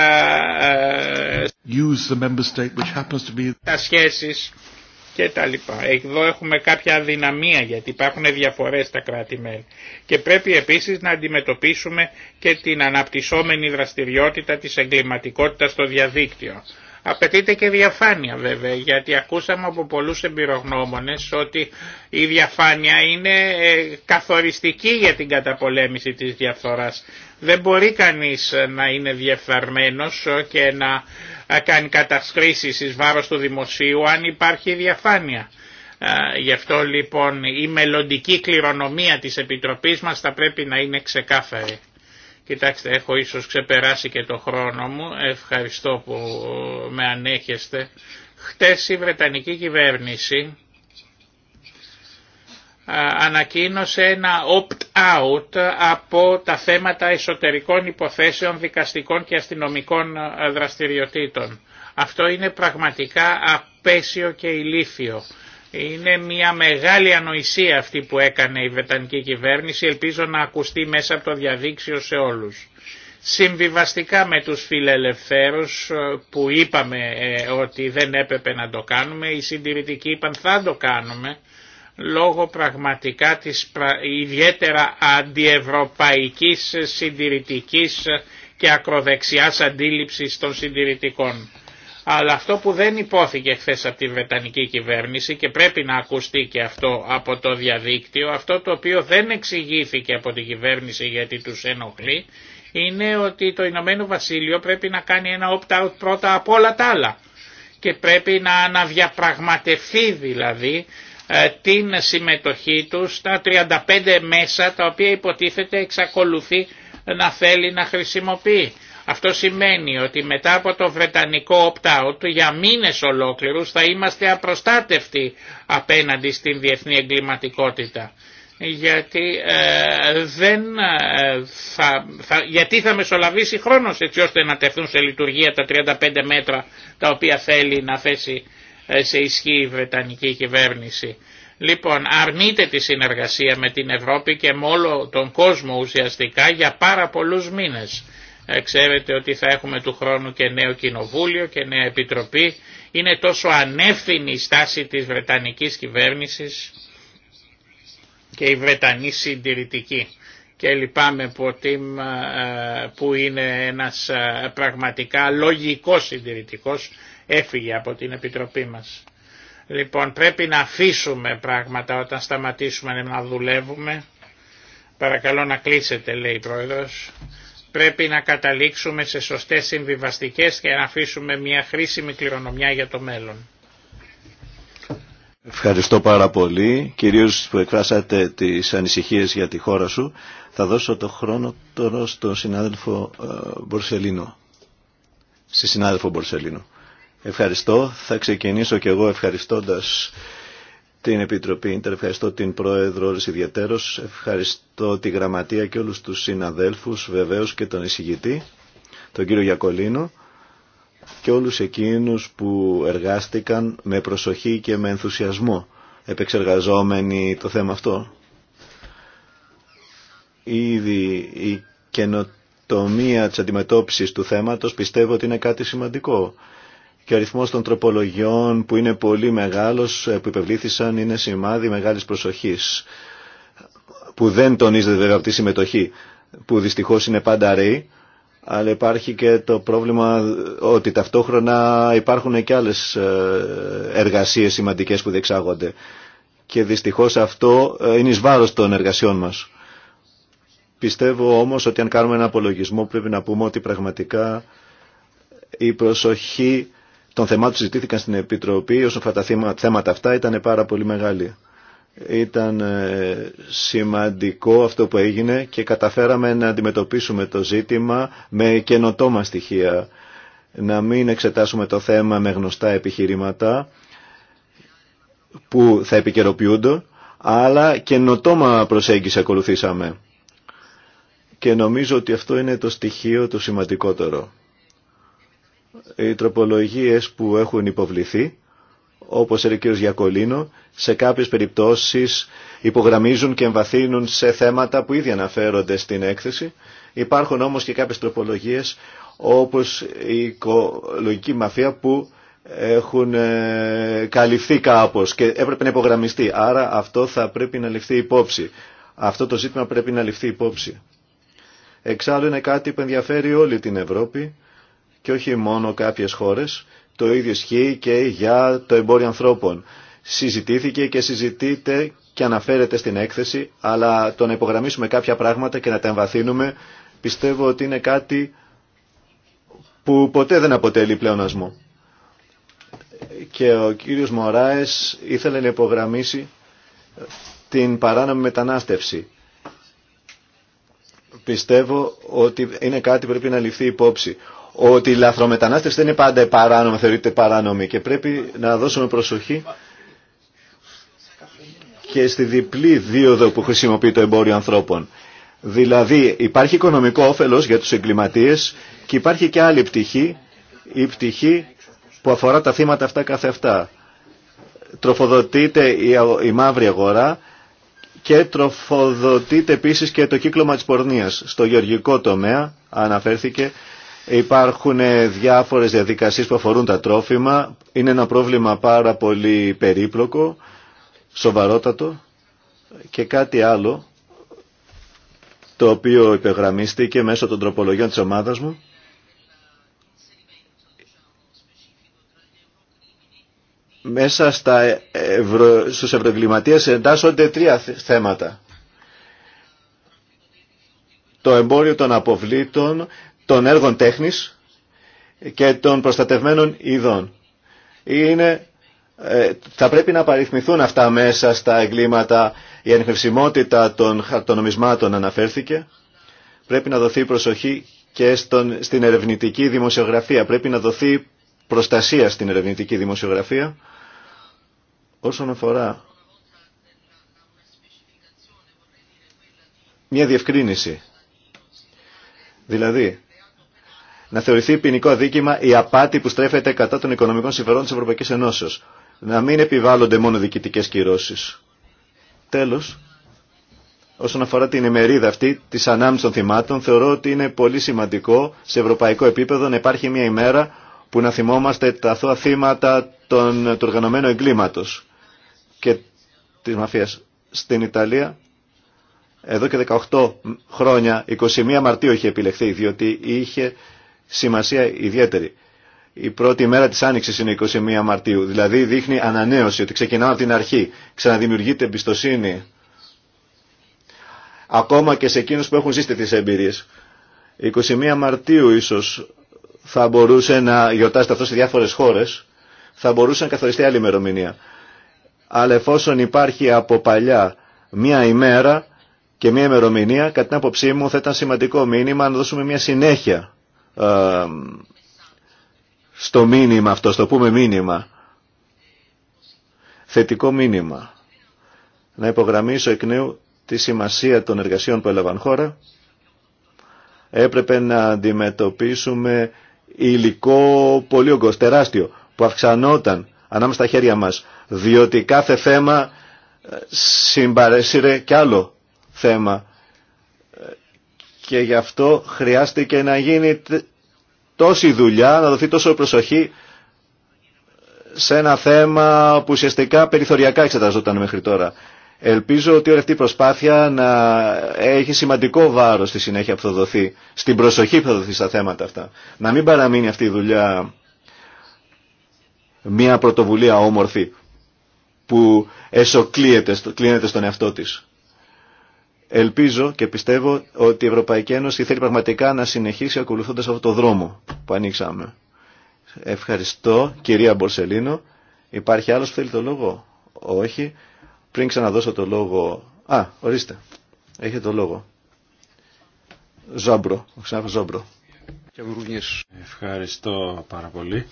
[SPEAKER 3] Use the
[SPEAKER 2] σχέσεις και τα λοιπά. Εδώ έχουμε κάποια αδυναμία γιατί υπάρχουν διαφορές στα κράτη-μέλη. Και πρέπει επίσης να αντιμετωπίσουμε και την αναπτυσσόμενη δραστηριότητα της εγκληματικότητας στο διαδίκτυο. Απαιτείται και διαφάνεια βέβαια, γιατί ακούσαμε από πολλούς εμπειρογνώμονες ότι η διαφάνεια είναι ε, καθοριστική για την καταπολέμηση της διαφθοράς. Δεν μπορεί κανείς να είναι διεφθαρμένος και να ε, κάνει κατασκρίσεις εις βάρος του δημοσίου αν υπάρχει διαφάνεια. Ε, γι' αυτό λοιπόν η μελλοντική κληρονομία της Επιτροπής μας θα πρέπει να είναι ξεκάθαρη. Κοιτάξτε, έχω ίσως ξεπεράσει και το χρόνο μου. Ευχαριστώ που με ανέχεστε. Χτες η Βρετανική κυβέρνηση ανακοίνωσε ένα opt-out από τα θέματα εσωτερικών υποθέσεων δικαστικών και αστυνομικών δραστηριοτήτων. Αυτό είναι πραγματικά απέσιο και ηλίθιο. Είναι μια μεγάλη ανοησία αυτή που έκανε η Βετανική κυβέρνηση, ελπίζω να ακουστεί μέσα από το διαδίκτυο σε όλους. Συμβιβαστικά με τους φιλελευθέρους ε, που είπαμε ε, ότι δεν έπρεπε να το κάνουμε, οι συντηρητικοί είπαν θα το κάνουμε, λόγω πραγματικά της ιδιαίτερα αντιευρωπαϊκής συντηρητικής και ακροδεξιάς αντίληψης των συντηρητικών. Αλλά αυτό που δεν υπόθηκε χθε από τη Βρετανική κυβέρνηση και πρέπει να ακουστεί και αυτό από το διαδίκτυο, αυτό το οποίο δεν εξηγήθηκε από την κυβέρνηση γιατί τους ενοχλεί, είναι ότι το Ηνωμένο Βασίλειο πρέπει να κάνει ένα opt-out πρώτα από όλα τα άλλα και πρέπει να αναδιαπραγματευτεί δηλαδή ε, την συμμετοχή τους στα 35 μέσα τα οποία υποτίθεται εξακολουθεί να θέλει να χρησιμοποιεί. Αυτό σημαίνει ότι μετά από το βρετανικό opt-out για μήνες ολόκληρους θα είμαστε απροστάτευτοι απέναντι στην διεθνή εγκληματικότητα. Γιατί, ε, δεν, ε, θα, θα, γιατί θα μεσολαβήσει χρόνος έτσι ώστε να τεθούν σε λειτουργία τα 35 μέτρα τα οποία θέλει να θέσει ε, σε ισχύ η Βρετανική κυβέρνηση. Λοιπόν, αρνείται τη συνεργασία με την Ευρώπη και με όλο τον κόσμο ουσιαστικά για πάρα πολλούς μήνες. Ε, ξέρετε ότι θα έχουμε του χρόνου και νέο κοινοβούλιο και νέα επιτροπή. Είναι τόσο ανεύθυνη η στάση της Βρετανικής κυβέρνησης και η Βρετανή συντηρητική. Και λυπάμαι που ε, που είναι ένας ε, πραγματικά λογικός συντηρητικός έφυγε από την επιτροπή μας. Λοιπόν πρέπει να αφήσουμε πράγματα όταν σταματήσουμε να δουλεύουμε. Παρακαλώ να κλείσετε λέει η Πρόεδρος πρέπει να καταλήξουμε σε σωστές συμβιβαστικές και να αφήσουμε μια χρήσιμη κληρονομιά για το μέλλον.
[SPEAKER 1] Ευχαριστώ πάρα πολύ. Κυρίως που εκφράσατε τις ανησυχίες για τη χώρα σου. Θα δώσω το χρόνο τώρα στον συνάδελφο ε, Μπορσελίνο. Στη συνάδελφο Μπορσελίνο. Ευχαριστώ. Θα ξεκινήσω και εγώ ευχαριστώντας την Επιτροπή Ίντερ, ευχαριστώ την Πρόεδρο όλες ιδιαίτερος, ευχαριστώ τη Γραμματεία και όλους τους συναδέλφους βεβαίως και τον εισηγητή, τον κύριο Γιακολίνο και όλους εκείνους που εργάστηκαν με προσοχή και με ενθουσιασμό επεξεργαζόμενοι το θέμα αυτό. Ήδη η καινοτομία της αντιμετώπισης του θέματος πιστεύω ότι είναι κάτι σημαντικό και ο αριθμός των τροπολογιών που είναι πολύ μεγάλος, που υπευλήθησαν, είναι σημάδι μεγάλης προσοχής. Που δεν τονίζεται βέβαια από τη συμμετοχή, που δυστυχώς είναι πάντα ρεή, αλλά υπάρχει και το πρόβλημα ότι ταυτόχρονα υπάρχουν και άλλες ε, εργασίες σημαντικές που διεξάγονται. Και δυστυχώς αυτό ε, είναι εις βάρος των εργασιών μας. Πιστεύω όμως ότι αν κάνουμε ένα απολογισμό πρέπει να πούμε ότι πραγματικά η προσοχή των θεμάτων που συζητήθηκαν στην Επιτροπή όσο αυτά τα θέματα αυτά ήταν πάρα πολύ μεγάλη. Ήταν ε, σημαντικό αυτό που έγινε και καταφέραμε να αντιμετωπίσουμε το ζήτημα με καινοτόμα στοιχεία. Να μην εξετάσουμε το θέμα με γνωστά επιχειρήματα που θα επικαιροποιούνται, αλλά καινοτόμα προσέγγιση ακολουθήσαμε. Και νομίζω ότι αυτό είναι το στοιχείο το σημαντικότερο οι τροπολογίες που έχουν υποβληθεί, όπως έλεγε ο κ. Γιακολίνο, σε κάποιες περιπτώσεις υπογραμμίζουν και εμβαθύνουν σε θέματα που ήδη αναφέρονται στην έκθεση. Υπάρχουν όμως και κάποιες τροπολογίες όπως η οικολογική μαφία που έχουν ε, καλυφθεί κάπως και έπρεπε να υπογραμμιστεί. Άρα αυτό θα πρέπει να ληφθεί υπόψη. Αυτό το ζήτημα πρέπει να ληφθεί υπόψη. Εξάλλου είναι κάτι που ενδιαφέρει όλη την Ευρώπη και όχι μόνο κάποιες χώρες. Το ίδιο ισχύει και για το εμπόριο ανθρώπων. Συζητήθηκε και συζητείται και αναφέρεται στην έκθεση, αλλά το να υπογραμμίσουμε κάποια πράγματα και να τα εμβαθύνουμε πιστεύω ότι είναι κάτι που ποτέ δεν αποτελεί πλεονασμό. Και ο κύριος Μωράες ήθελε να υπογραμμίσει την παράνομη μετανάστευση. Πιστεύω ότι είναι κάτι που πρέπει να ληφθεί υπόψη ότι η λαθρομετανάστευση δεν είναι πάντα παράνομη, θεωρείται παράνομη και πρέπει να δώσουμε προσοχή και στη διπλή δίωδο που χρησιμοποιεί το εμπόριο ανθρώπων. Δηλαδή υπάρχει οικονομικό όφελος για τους εγκληματίες και υπάρχει και άλλη πτυχή, η πτυχή που αφορά τα θύματα αυτά κάθε αυτά. Τροφοδοτείται η, η μαύρη αγορά και τροφοδοτείται επίσης και το κύκλωμα της πορνείας. Στο γεωργικό τομέα αναφέρθηκε Υπάρχουν ε, διάφορες διαδικασίες που αφορούν τα τρόφιμα. Είναι ένα πρόβλημα πάρα πολύ περίπλοκο, σοβαρότατο και κάτι άλλο το οποίο υπεγραμμίστηκε μέσω των τροπολογιών της ομάδας μου. Μέσα στα ε, ευρω... στους εντάσσονται τρία θέματα. Το εμπόριο των αποβλήτων, των έργων τέχνης και των προστατευμένων ειδών. Είναι, ε, θα πρέπει να παριθμηθούν αυτά μέσα στα εγκλήματα. Η ανεχνευσιμότητα των χαρτονομισμάτων αναφέρθηκε. Πρέπει να δοθεί προσοχή και στον, στην ερευνητική δημοσιογραφία. Πρέπει να δοθεί προστασία στην ερευνητική δημοσιογραφία. Όσον αφορά μια διευκρίνηση. Δηλαδή, να θεωρηθεί ποινικό αδίκημα η απάτη που στρέφεται κατά των οικονομικών συμφερόντων της Ευρωπαϊκής Ενώσεως. Να μην επιβάλλονται μόνο διοικητικές κυρώσεις. Τέλος, όσον αφορά την ημερίδα αυτή της ανάμεσης των θυμάτων, θεωρώ ότι είναι πολύ σημαντικό σε ευρωπαϊκό επίπεδο να υπάρχει μια ημέρα που να θυμόμαστε τα αθώα θύματα των, του οργανωμένου εγκλήματος και της μαφίας. Στην Ιταλία εδώ και 18 χρόνια, 21 Μαρτίου είχε επιλεχθεί, διότι είχε σημασία ιδιαίτερη. Η πρώτη μέρα της Άνοιξης είναι 21 Μαρτίου, δηλαδή δείχνει ανανέωση, ότι ξεκινάμε από την αρχή, ξαναδημιουργείται εμπιστοσύνη, ακόμα και σε εκείνους που έχουν ζήσει τις εμπειρίες. 21 Μαρτίου ίσως θα μπορούσε να γιορτάσετε αυτό σε διάφορες χώρες, θα μπορούσε να καθοριστεί άλλη ημερομηνία. Αλλά εφόσον υπάρχει από παλιά μία ημέρα και μία ημερομηνία, κατά την άποψή μου θα ήταν σημαντικό μήνυμα να δώσουμε μία συνέχεια στο μήνυμα αυτό, στο πούμε μήνυμα. Θετικό μήνυμα. Να υπογραμμίσω εκ νέου τη σημασία των εργασιών που έλαβαν χώρα. Έπρεπε να αντιμετωπίσουμε υλικό πολύ ογκός, που αυξανόταν ανάμεσα στα χέρια μας, διότι κάθε θέμα ε, συμπαρέσυρε κι άλλο θέμα και γι' αυτό χρειάστηκε να γίνει τόση δουλειά, να δοθεί τόσο προσοχή σε ένα θέμα που ουσιαστικά περιθωριακά εξεταζόταν μέχρι τώρα. Ελπίζω ότι όλη αυτή η προσπάθεια να έχει σημαντικό βάρος στη συνέχεια που θα δοθεί, στην προσοχή που θα δοθεί στα θέματα αυτά. Να μην παραμείνει αυτή η δουλειά μια πρωτοβουλία όμορφη που εσωκλίνεται στον εαυτό της. Ελπίζω και πιστεύω ότι η Ευρωπαϊκή Ένωση θέλει πραγματικά να συνεχίσει ακολουθώντας αυτό τον δρόμο που ανοίξαμε. Ευχαριστώ κυρία Μπορσελίνο. Υπάρχει άλλος που θέλει το λόγο. Όχι. Πριν ξαναδώσω το λόγο... Α, ορίστε. Έχετε το λόγο. Ζόμπρο. Ξανά Ζόμπρο.
[SPEAKER 3] Ευχαριστώ πάρα πολύ.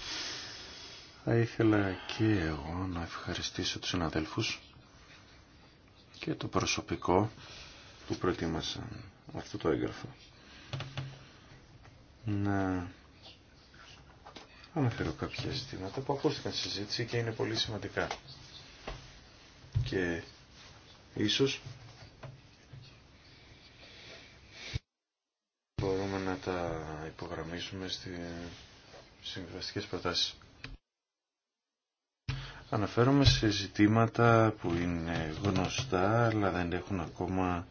[SPEAKER 3] Θα ήθελα και εγώ να ευχαριστήσω τους συναδέλφους και το προσωπικό που προετοίμασαν αυτό το έγγραφο. Να αναφέρω κάποια ζητήματα που ακούστηκαν στη συζήτηση και είναι πολύ σημαντικά. Και ίσως μπορούμε να τα υπογραμμίσουμε στις συμβαστικέ προτάσεις. Αναφέρομαι σε ζητήματα που είναι γνωστά αλλά δεν έχουν ακόμα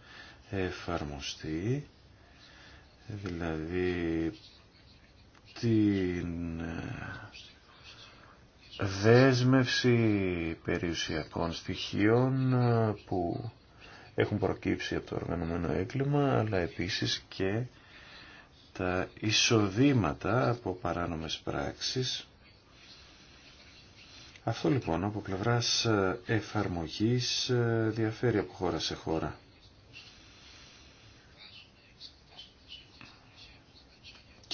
[SPEAKER 3] εφαρμοστεί, δηλαδή την ε, δέσμευση περιουσιακών στοιχείων ε, που έχουν προκύψει από το οργανωμένο έγκλημα, αλλά επίσης και τα εισοδήματα από παράνομες πράξεις. Αυτό λοιπόν από πλευράς ε, εφαρμογής διαφέρει από χώρα σε χώρα.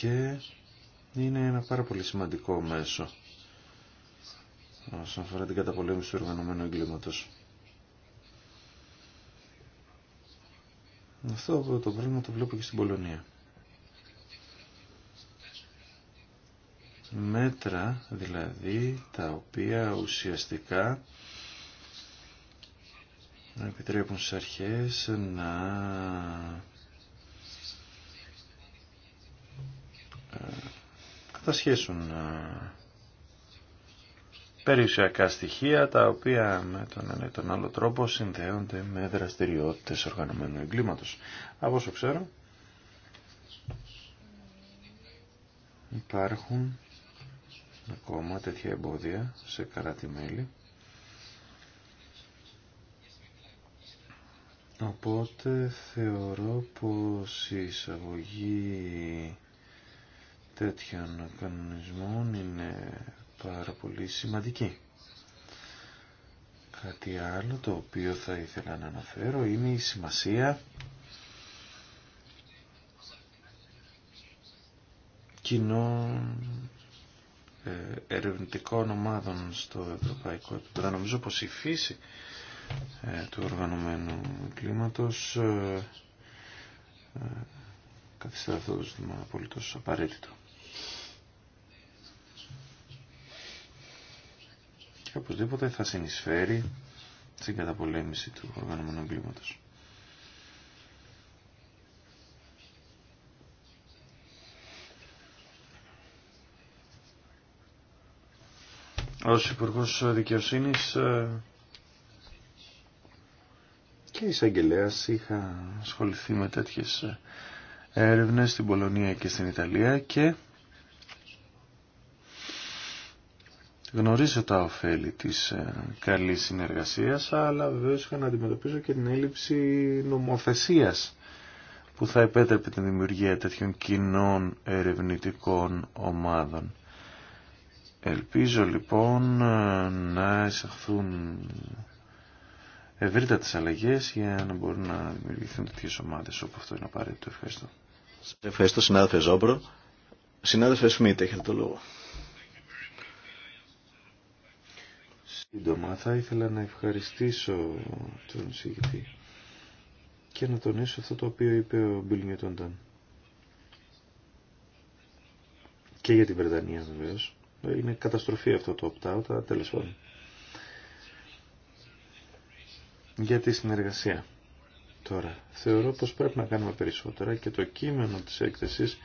[SPEAKER 3] και είναι ένα πάρα πολύ σημαντικό μέσο όσον αφορά την καταπολέμηση του οργανωμένου εγκλήματος. Αυτό το πρόβλημα το βλέπω και στην Πολωνία. Μέτρα δηλαδή τα οποία ουσιαστικά επιτρέπουν στις αρχές να κατασχέσουν ε, ε, περιουσιακά στοιχεία τα οποία με τον ένα ή τον άλλο τρόπο συνδέονται με δραστηριότητες οργανωμένου εγκλήματος. Από όσο ξέρω υπάρχουν ακόμα τέτοια εμπόδια σε τη μελη οπότε θεωρώ πως η εισαγωγή τέτοιων κανονισμών είναι πάρα πολύ σημαντική. Κάτι άλλο το οποίο θα ήθελα να αναφέρω είναι η σημασία κοινών ε, ερευνητικών ομάδων στο ευρωπαϊκό επίπεδο. Νομίζω πως η φύση ε, του οργανωμένου κλίματος ε, καθιστά αυτό το ζήτημα απολύτως απαραίτητο. και οπωσδήποτε θα συνεισφέρει στην καταπολέμηση του οργανωμένου εγκλήματος. Ως υπουργό Δικαιοσύνης ε, και εισαγγελέα είχα ασχοληθεί με τέτοιες ε, έρευνες στην Πολωνία και στην Ιταλία και Γνωρίζω τα ωφέλη της ε, καλής συνεργασίας, αλλά βεβαίως είχα να αντιμετωπίζω και την έλλειψη νομοθεσίας που θα επέτρεπε την δημιουργία τέτοιων κοινών ερευνητικών ομάδων. Ελπίζω λοιπόν να εισαχθούν ευρύτατες αλλαγές για να μπορούν να δημιουργηθούν τέτοιε ομάδες όπου αυτό είναι απαραίτητο. Ευχαριστώ.
[SPEAKER 1] Ευχαριστώ συνάδελφε Ζόμπρο. Συνάδελφε Σμίτ, έχετε το λόγο.
[SPEAKER 3] Σύντομα θα ήθελα να ευχαριστήσω τον συγκεκριτή και να τονίσω αυτό το οποίο είπε ο Μπιλ Νιούτονταν. Και για την Βρετανία βεβαίω. Είναι καταστροφή αυτό το opt-out, αλλά πάντων. Για τη συνεργασία. Τώρα, θεωρώ πως πρέπει να κάνουμε περισσότερα και το κείμενο της έκθεσης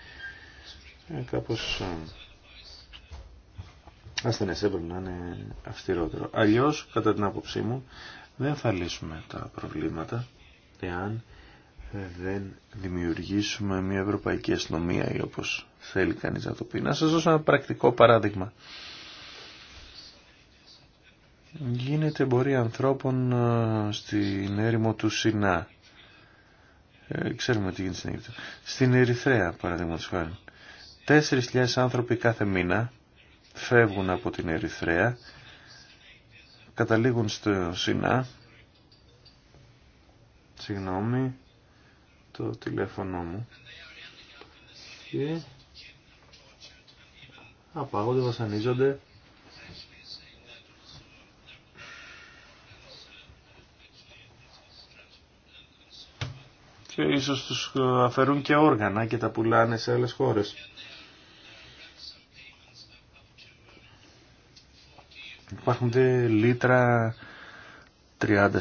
[SPEAKER 3] ε, κάπως ε, ασθενές έπρεπε να είναι αυστηρότερο. Αλλιώς, κατά την άποψή μου, δεν θα λύσουμε τα προβλήματα εάν ε, δεν δημιουργήσουμε μια ευρωπαϊκή αστυνομία ή όπως θέλει κανείς να το πει. Να σας δώσω ένα πρακτικό παράδειγμα. Γίνεται εμπορία ανθρώπων ε, στην έρημο του Σινά. Ε, ξέρουμε τι γίνεται στην Αίγυπτο. Στην Ερυθρέα, παραδείγματος χάρη. 4.000 άνθρωποι κάθε μήνα φεύγουν από την Ερυθρέα, καταλήγουν στο Σινά. Συγγνώμη, το τηλέφωνο μου. Και απάγονται, βασανίζονται. Και ίσως τους αφαιρούν και όργανα και τα πουλάνε σε άλλες χώρες. υπάρχουν δε λίτρα 30-40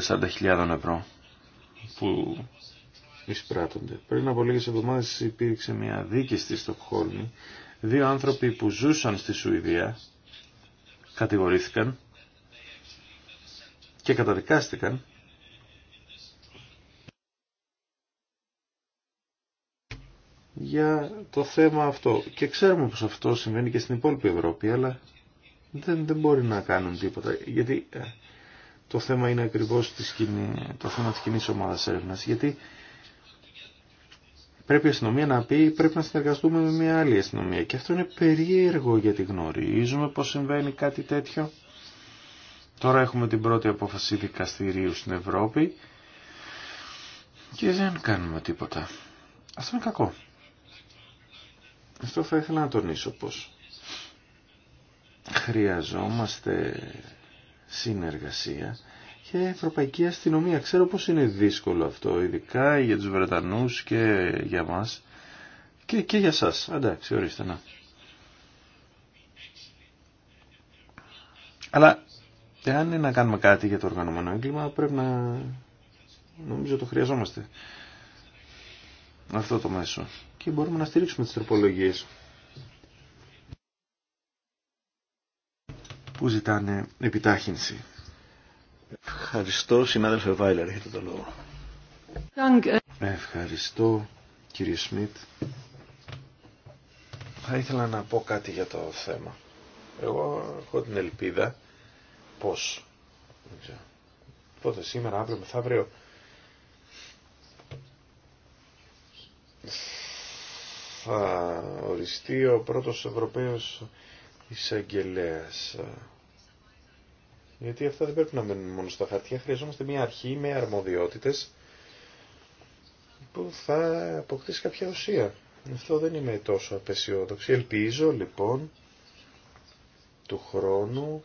[SPEAKER 3] ευρώ που εισπράττονται. Πριν από λίγες εβδομάδες υπήρξε μια δίκη στη Στοκχόλμη. Δύο άνθρωποι που ζούσαν στη Σουηδία κατηγορήθηκαν και καταδικάστηκαν για το θέμα αυτό. Και ξέρουμε πως αυτό συμβαίνει και στην υπόλοιπη Ευρώπη, αλλά δεν, δεν μπορεί να κάνουν τίποτα. Γιατί ε, το θέμα είναι ακριβώς το θέμα της κοινής ομάδας έρευνας. Γιατί πρέπει η αστυνομία να πει πρέπει να συνεργαστούμε με μια άλλη αστυνομία. Και αυτό είναι περίεργο γιατί γνωρίζουμε πως συμβαίνει κάτι τέτοιο. Τώρα έχουμε την πρώτη απόφαση δικαστηρίου στην Ευρώπη και δεν κάνουμε τίποτα. Αυτό είναι κακό. Αυτό θα ήθελα να τονίσω πως χρειαζόμαστε συνεργασία και ευρωπαϊκή αστυνομία. Ξέρω πως είναι δύσκολο αυτό, ειδικά για τους Βρετανούς και για μας και, και για σας. Αντάξει, ορίστε να. Αλλά εάν είναι να κάνουμε κάτι για το οργανωμένο έγκλημα
[SPEAKER 1] πρέπει να νομίζω το χρειαζόμαστε
[SPEAKER 3] αυτό το μέσο και μπορούμε να στηρίξουμε τις τροπολογίες.
[SPEAKER 1] που ζητάνε επιτάχυνση. Ευχαριστώ, συνάδελφε
[SPEAKER 3] Βάιλερ, έχετε το λόγο. Ευχαριστώ, κύριε Σμιτ. Θα ήθελα να πω κάτι για το θέμα. Εγώ έχω την ελπίδα πως, δεν πότε σήμερα, αύριο, μεθαύριο, θα οριστεί ο πρώτος Ευρωπαίος εισαγγελέα. Γιατί αυτά δεν πρέπει να μένουν μόνο στα χαρτιά. Χρειαζόμαστε μια αρχή με αρμοδιότητες που θα αποκτήσει κάποια ουσία. Αυτό δεν είμαι τόσο απεσιόδοξη. Ελπίζω λοιπόν του χρόνου.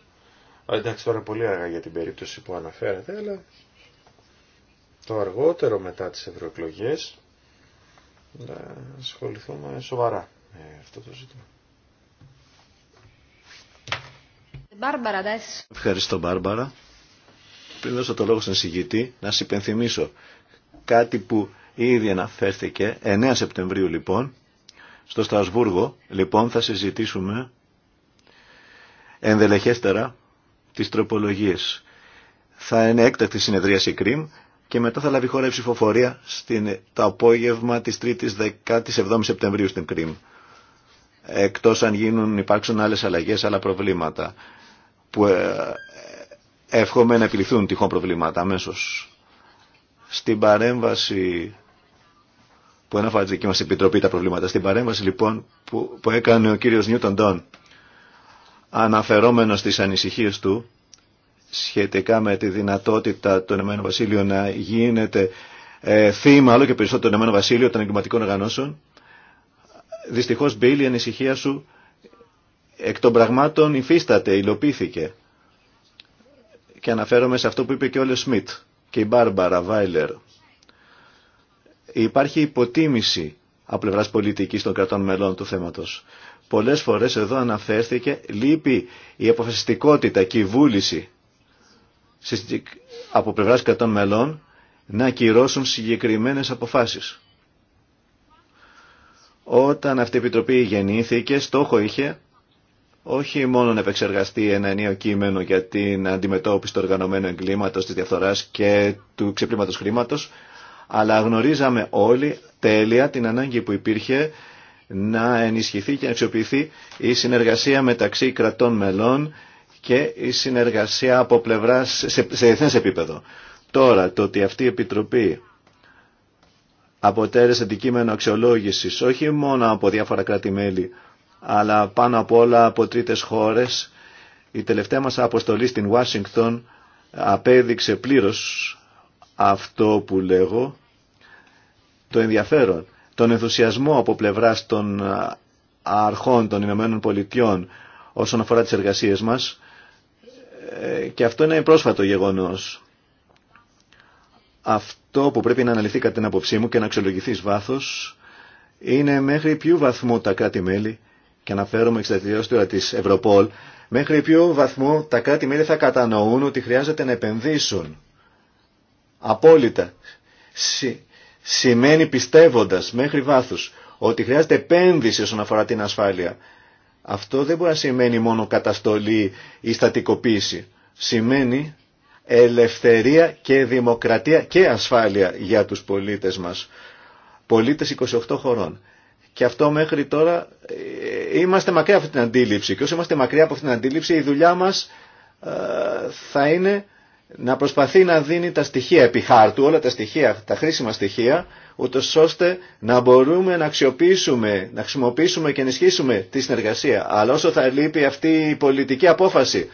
[SPEAKER 3] Εντάξει τώρα πολύ αργά για την περίπτωση που αναφέρατε, αλλά το αργότερο μετά τις ευρωεκλογέ να ασχοληθούμε σοβαρά με αυτό το ζήτημα.
[SPEAKER 1] Ευχαριστώ Μπάρμπαρα. Πριν δώσω το λόγο στον συγγητή, να σα υπενθυμίσω κάτι που ήδη αναφέρθηκε 9 Σεπτεμβρίου λοιπόν στο Στρασβούργο λοιπόν θα συζητήσουμε ενδελεχέστερα τις τροπολογίες. Θα είναι έκτακτη συνεδρίαση ΚΡΙΜ και μετά θα λάβει χώρα η ψηφοφορία στην, το απόγευμα της 3ης 17 Σεπτεμβρίου στην ΚΡΙΜ. Εκτός αν γίνουν, υπάρξουν άλλες αλλαγέ, άλλα προβλήματα που ε, εύχομαι να επιληθούν τυχόν προβλήματα αμέσω. Στην παρέμβαση που αναφέρει δική μας επιτροπή τα προβλήματα, στην παρέμβαση λοιπόν που, που έκανε ο κύριος Νιούτον Ντόν, αναφερόμενος στις ανησυχίες του σχετικά με τη δυνατότητα του Ε.Β. Βασίλειου να γίνεται ε, θύμα όλο και περισσότερο του Ενωμένου Βασίλειου των εγκληματικών οργανώσεων, δυστυχώς μπήλει η ανησυχία σου εκ των πραγμάτων υφίσταται, υλοποιήθηκε. Και αναφέρομαι σε αυτό που είπε και ο Σμιτ και η Μπάρμπαρα Βάιλερ. Υπάρχει υποτίμηση από πλευρά πολιτική των κρατών μελών του θέματο. Πολλέ φορέ εδώ αναφέρθηκε λείπει η αποφασιστικότητα και η βούληση από πλευρά κρατών μελών να ακυρώσουν συγκεκριμένε αποφάσει. Όταν αυτή η επιτροπή γεννήθηκε, στόχο είχε όχι μόνο να επεξεργαστεί ένα ενίο κείμενο για την αντιμετώπιση του οργανωμένου εγκλήματος, τη διαφθοράς και του ξεπλήματος χρήματος, αλλά γνωρίζαμε όλοι τέλεια την ανάγκη που υπήρχε να ενισχυθεί και να αξιοποιηθεί η συνεργασία μεταξύ κρατών μελών και η συνεργασία από πλευρά σε, σε επίπεδο. Τώρα, το ότι αυτή η Επιτροπή αποτέλεσε αξιολόγηση, αξιολόγησης όχι μόνο από διάφορα κράτη-μέλη, αλλά πάνω από όλα από τρίτες χώρες. Η τελευταία μας αποστολή στην Ουάσιγκτον απέδειξε πλήρως αυτό που λέγω, το ενδιαφέρον, τον ενθουσιασμό από πλευράς των αρχών των Ηνωμένων Πολιτειών όσον αφορά τις εργασίες μας ε, και αυτό είναι πρόσφατο γεγονός. Αυτό που πρέπει να αναλυθεί κατά την απόψή μου και να αξιολογηθεί βάθος είναι μέχρι ποιού βαθμού τα κράτη-μέλη και αναφέρομαι εξαιτία του της Ευρωπόλ, μέχρι ποιο βαθμό τα κράτη-μέλη θα κατανοούν ότι χρειάζεται να επενδύσουν. Απόλυτα. σημαίνει πιστεύοντας μέχρι βάθους ότι χρειάζεται επένδυση όσον αφορά την ασφάλεια. Αυτό δεν μπορεί να σημαίνει μόνο καταστολή ή στατικοποίηση. Σημαίνει ελευθερία και δημοκρατία και ασφάλεια για τους πολίτες μας. Πολίτες 28 χωρών. Και αυτό μέχρι τώρα ε, είμαστε μακριά από αυτή την αντίληψη. Και όσο είμαστε μακριά από αυτή την αντίληψη, η δουλειά μας ε, θα είναι να προσπαθεί να δίνει τα στοιχεία επί χάρτου, όλα τα στοιχεία, τα χρήσιμα στοιχεία, ούτω ώστε να μπορούμε να αξιοποιήσουμε, να χρησιμοποιήσουμε και ενισχύσουμε τη συνεργασία. Αλλά όσο θα λείπει αυτή η πολιτική απόφαση,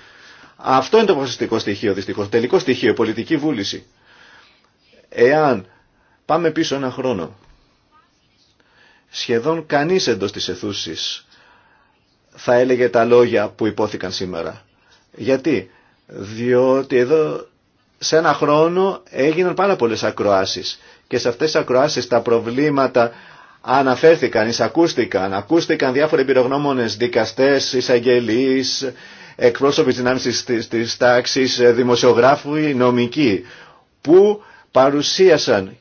[SPEAKER 1] αυτό είναι το αποφασιστικό στοιχείο δυστυχώ, το τελικό στοιχείο, η πολιτική βούληση. Εάν πάμε πίσω ένα χρόνο Σχεδόν κανείς εντός της αιθούσης θα έλεγε τα λόγια που υπόθηκαν σήμερα. Γιατί, διότι εδώ σε ένα χρόνο έγιναν πάρα πολλές ακροάσεις και σε αυτές τις ακροάσεις τα προβλήματα αναφέρθηκαν, εισακούστηκαν, ακούστηκαν διάφοροι πυρογνώμονες, δικαστές, εισαγγελείς, εκπρόσωποι δυνάμεις της, της, της τάξης, δημοσιογράφοι, νομικοί, που παρουσίασαν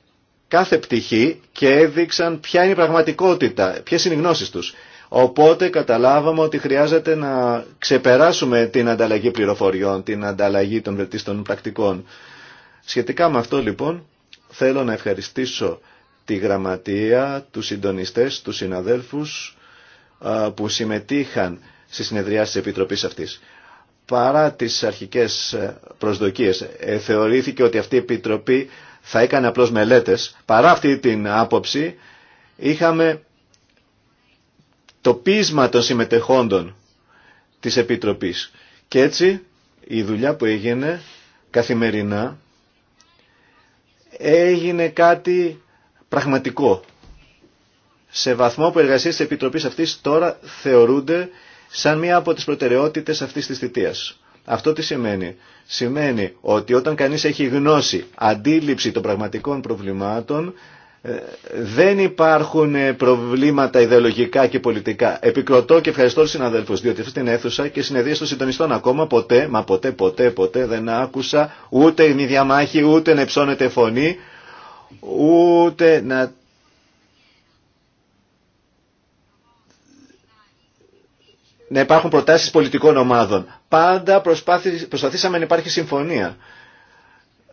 [SPEAKER 1] κάθε πτυχή και έδειξαν ποια είναι η πραγματικότητα, ποιες είναι οι γνώσεις τους. Οπότε καταλάβαμε ότι χρειάζεται να ξεπεράσουμε την ανταλλαγή πληροφοριών, την ανταλλαγή των βελτίστων πρακτικών. Σχετικά με αυτό λοιπόν θέλω να ευχαριστήσω τη γραμματεία, τους συντονιστές, τους συναδέλφους που συμμετείχαν στη συνεδριά της Επιτροπής αυτής. Παρά τις αρχικές ε, προσδοκίες, ε, θεωρήθηκε ότι αυτή η Επιτροπή θα έκανε απλώς μελέτες. Παρά αυτή την άποψη είχαμε το πείσμα των συμμετεχόντων της Επιτροπής. Και έτσι η δουλειά που έγινε καθημερινά έγινε κάτι πραγματικό. Σε βαθμό που εργασίες της Επιτροπής αυτής τώρα θεωρούνται σαν μία από τις προτεραιότητες αυτής της θητείας. Αυτό τι σημαίνει. Σημαίνει ότι όταν κανείς έχει γνώση, αντίληψη των πραγματικών προβλημάτων, ε, δεν υπάρχουν ε, προβλήματα ιδεολογικά και πολιτικά. Επικροτώ και ευχαριστώ τους συναδέλφους, διότι αυτή την αίθουσα και συνεδρία των συντονιστών ακόμα ποτέ, μα ποτέ, ποτέ, ποτέ δεν άκουσα ούτε η διαμάχη, ούτε να ψώνεται φωνή, ούτε να να υπάρχουν προτάσεις πολιτικών ομάδων. Πάντα προσπαθήσαμε να υπάρχει συμφωνία.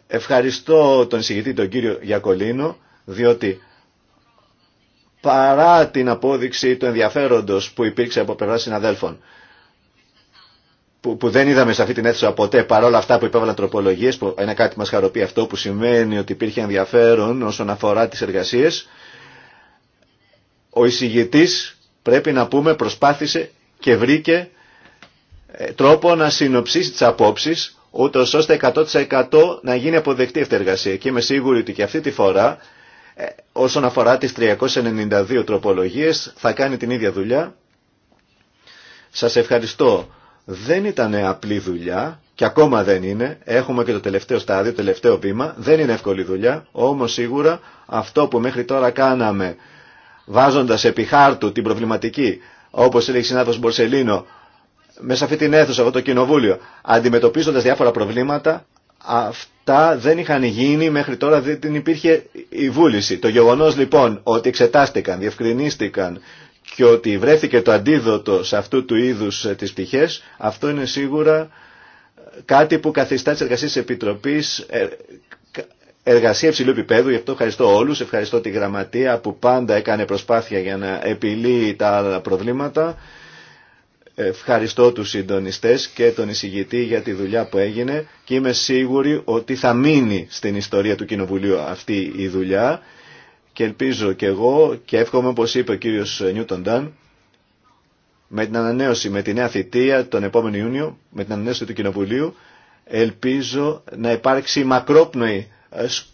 [SPEAKER 1] Ευχαριστώ τον εισηγητή τον κύριο Γιακολίνο, διότι παρά την απόδειξη του ενδιαφέροντος που υπήρξε από πλευρά συναδέλφων, που, δεν είδαμε σε αυτή την αίθουσα ποτέ, παρόλα αυτά που υπέβαλαν τροπολογίες, που είναι κάτι που χαροποιεί αυτό, που σημαίνει ότι υπήρχε ενδιαφέρον όσον αφορά τι εργασίε, ο εισηγητή, πρέπει να πούμε προσπάθησε και βρήκε ε, τρόπο να συνοψίσει τις απόψεις ούτω ώστε 100% να γίνει αποδεκτή αυτή η εργασία. Και είμαι σίγουρη ότι και αυτή τη φορά ε, όσον αφορά τις 392 τροπολογίες θα κάνει την ίδια δουλειά. Σας ευχαριστώ. Δεν ήταν απλή δουλειά και ακόμα δεν είναι. Έχουμε και το τελευταίο στάδιο, το τελευταίο βήμα. Δεν είναι εύκολη δουλειά, όμως σίγουρα αυτό που μέχρι τώρα κάναμε βάζοντας επί χάρτου την προβληματική όπως έλεγε η συνάδελφος Μπορσελίνο, μέσα αυτή την αίθουσα, αυτό το κοινοβούλιο, αντιμετωπίζοντας διάφορα προβλήματα, αυτά δεν είχαν γίνει μέχρι τώρα, δεν υπήρχε η βούληση. Το γεγονός λοιπόν ότι εξετάστηκαν, διευκρινίστηκαν και ότι βρέθηκε το αντίδοτο σε αυτού του είδους ε, τις πτυχές, αυτό είναι σίγουρα κάτι που καθιστά τις εργασίες της Επιτροπής ε, εργασία υψηλού επίπεδου, γι' αυτό ευχαριστώ όλου. ευχαριστώ τη γραμματεία που πάντα έκανε προσπάθεια για να επιλύει τα άλλα προβλήματα. Ευχαριστώ του συντονιστέ και τον εισηγητή για τη δουλειά που έγινε και είμαι σίγουρη ότι θα μείνει στην ιστορία του Κοινοβουλίου αυτή η δουλειά και ελπίζω και εγώ και εύχομαι όπω είπε ο κύριο Νιούτον Ντάν με την ανανέωση, με τη νέα θητεία τον επόμενο Ιούνιο, με την ανανέωση του Κοινοβουλίου ελπίζω να υπάρξει μακρόπνοη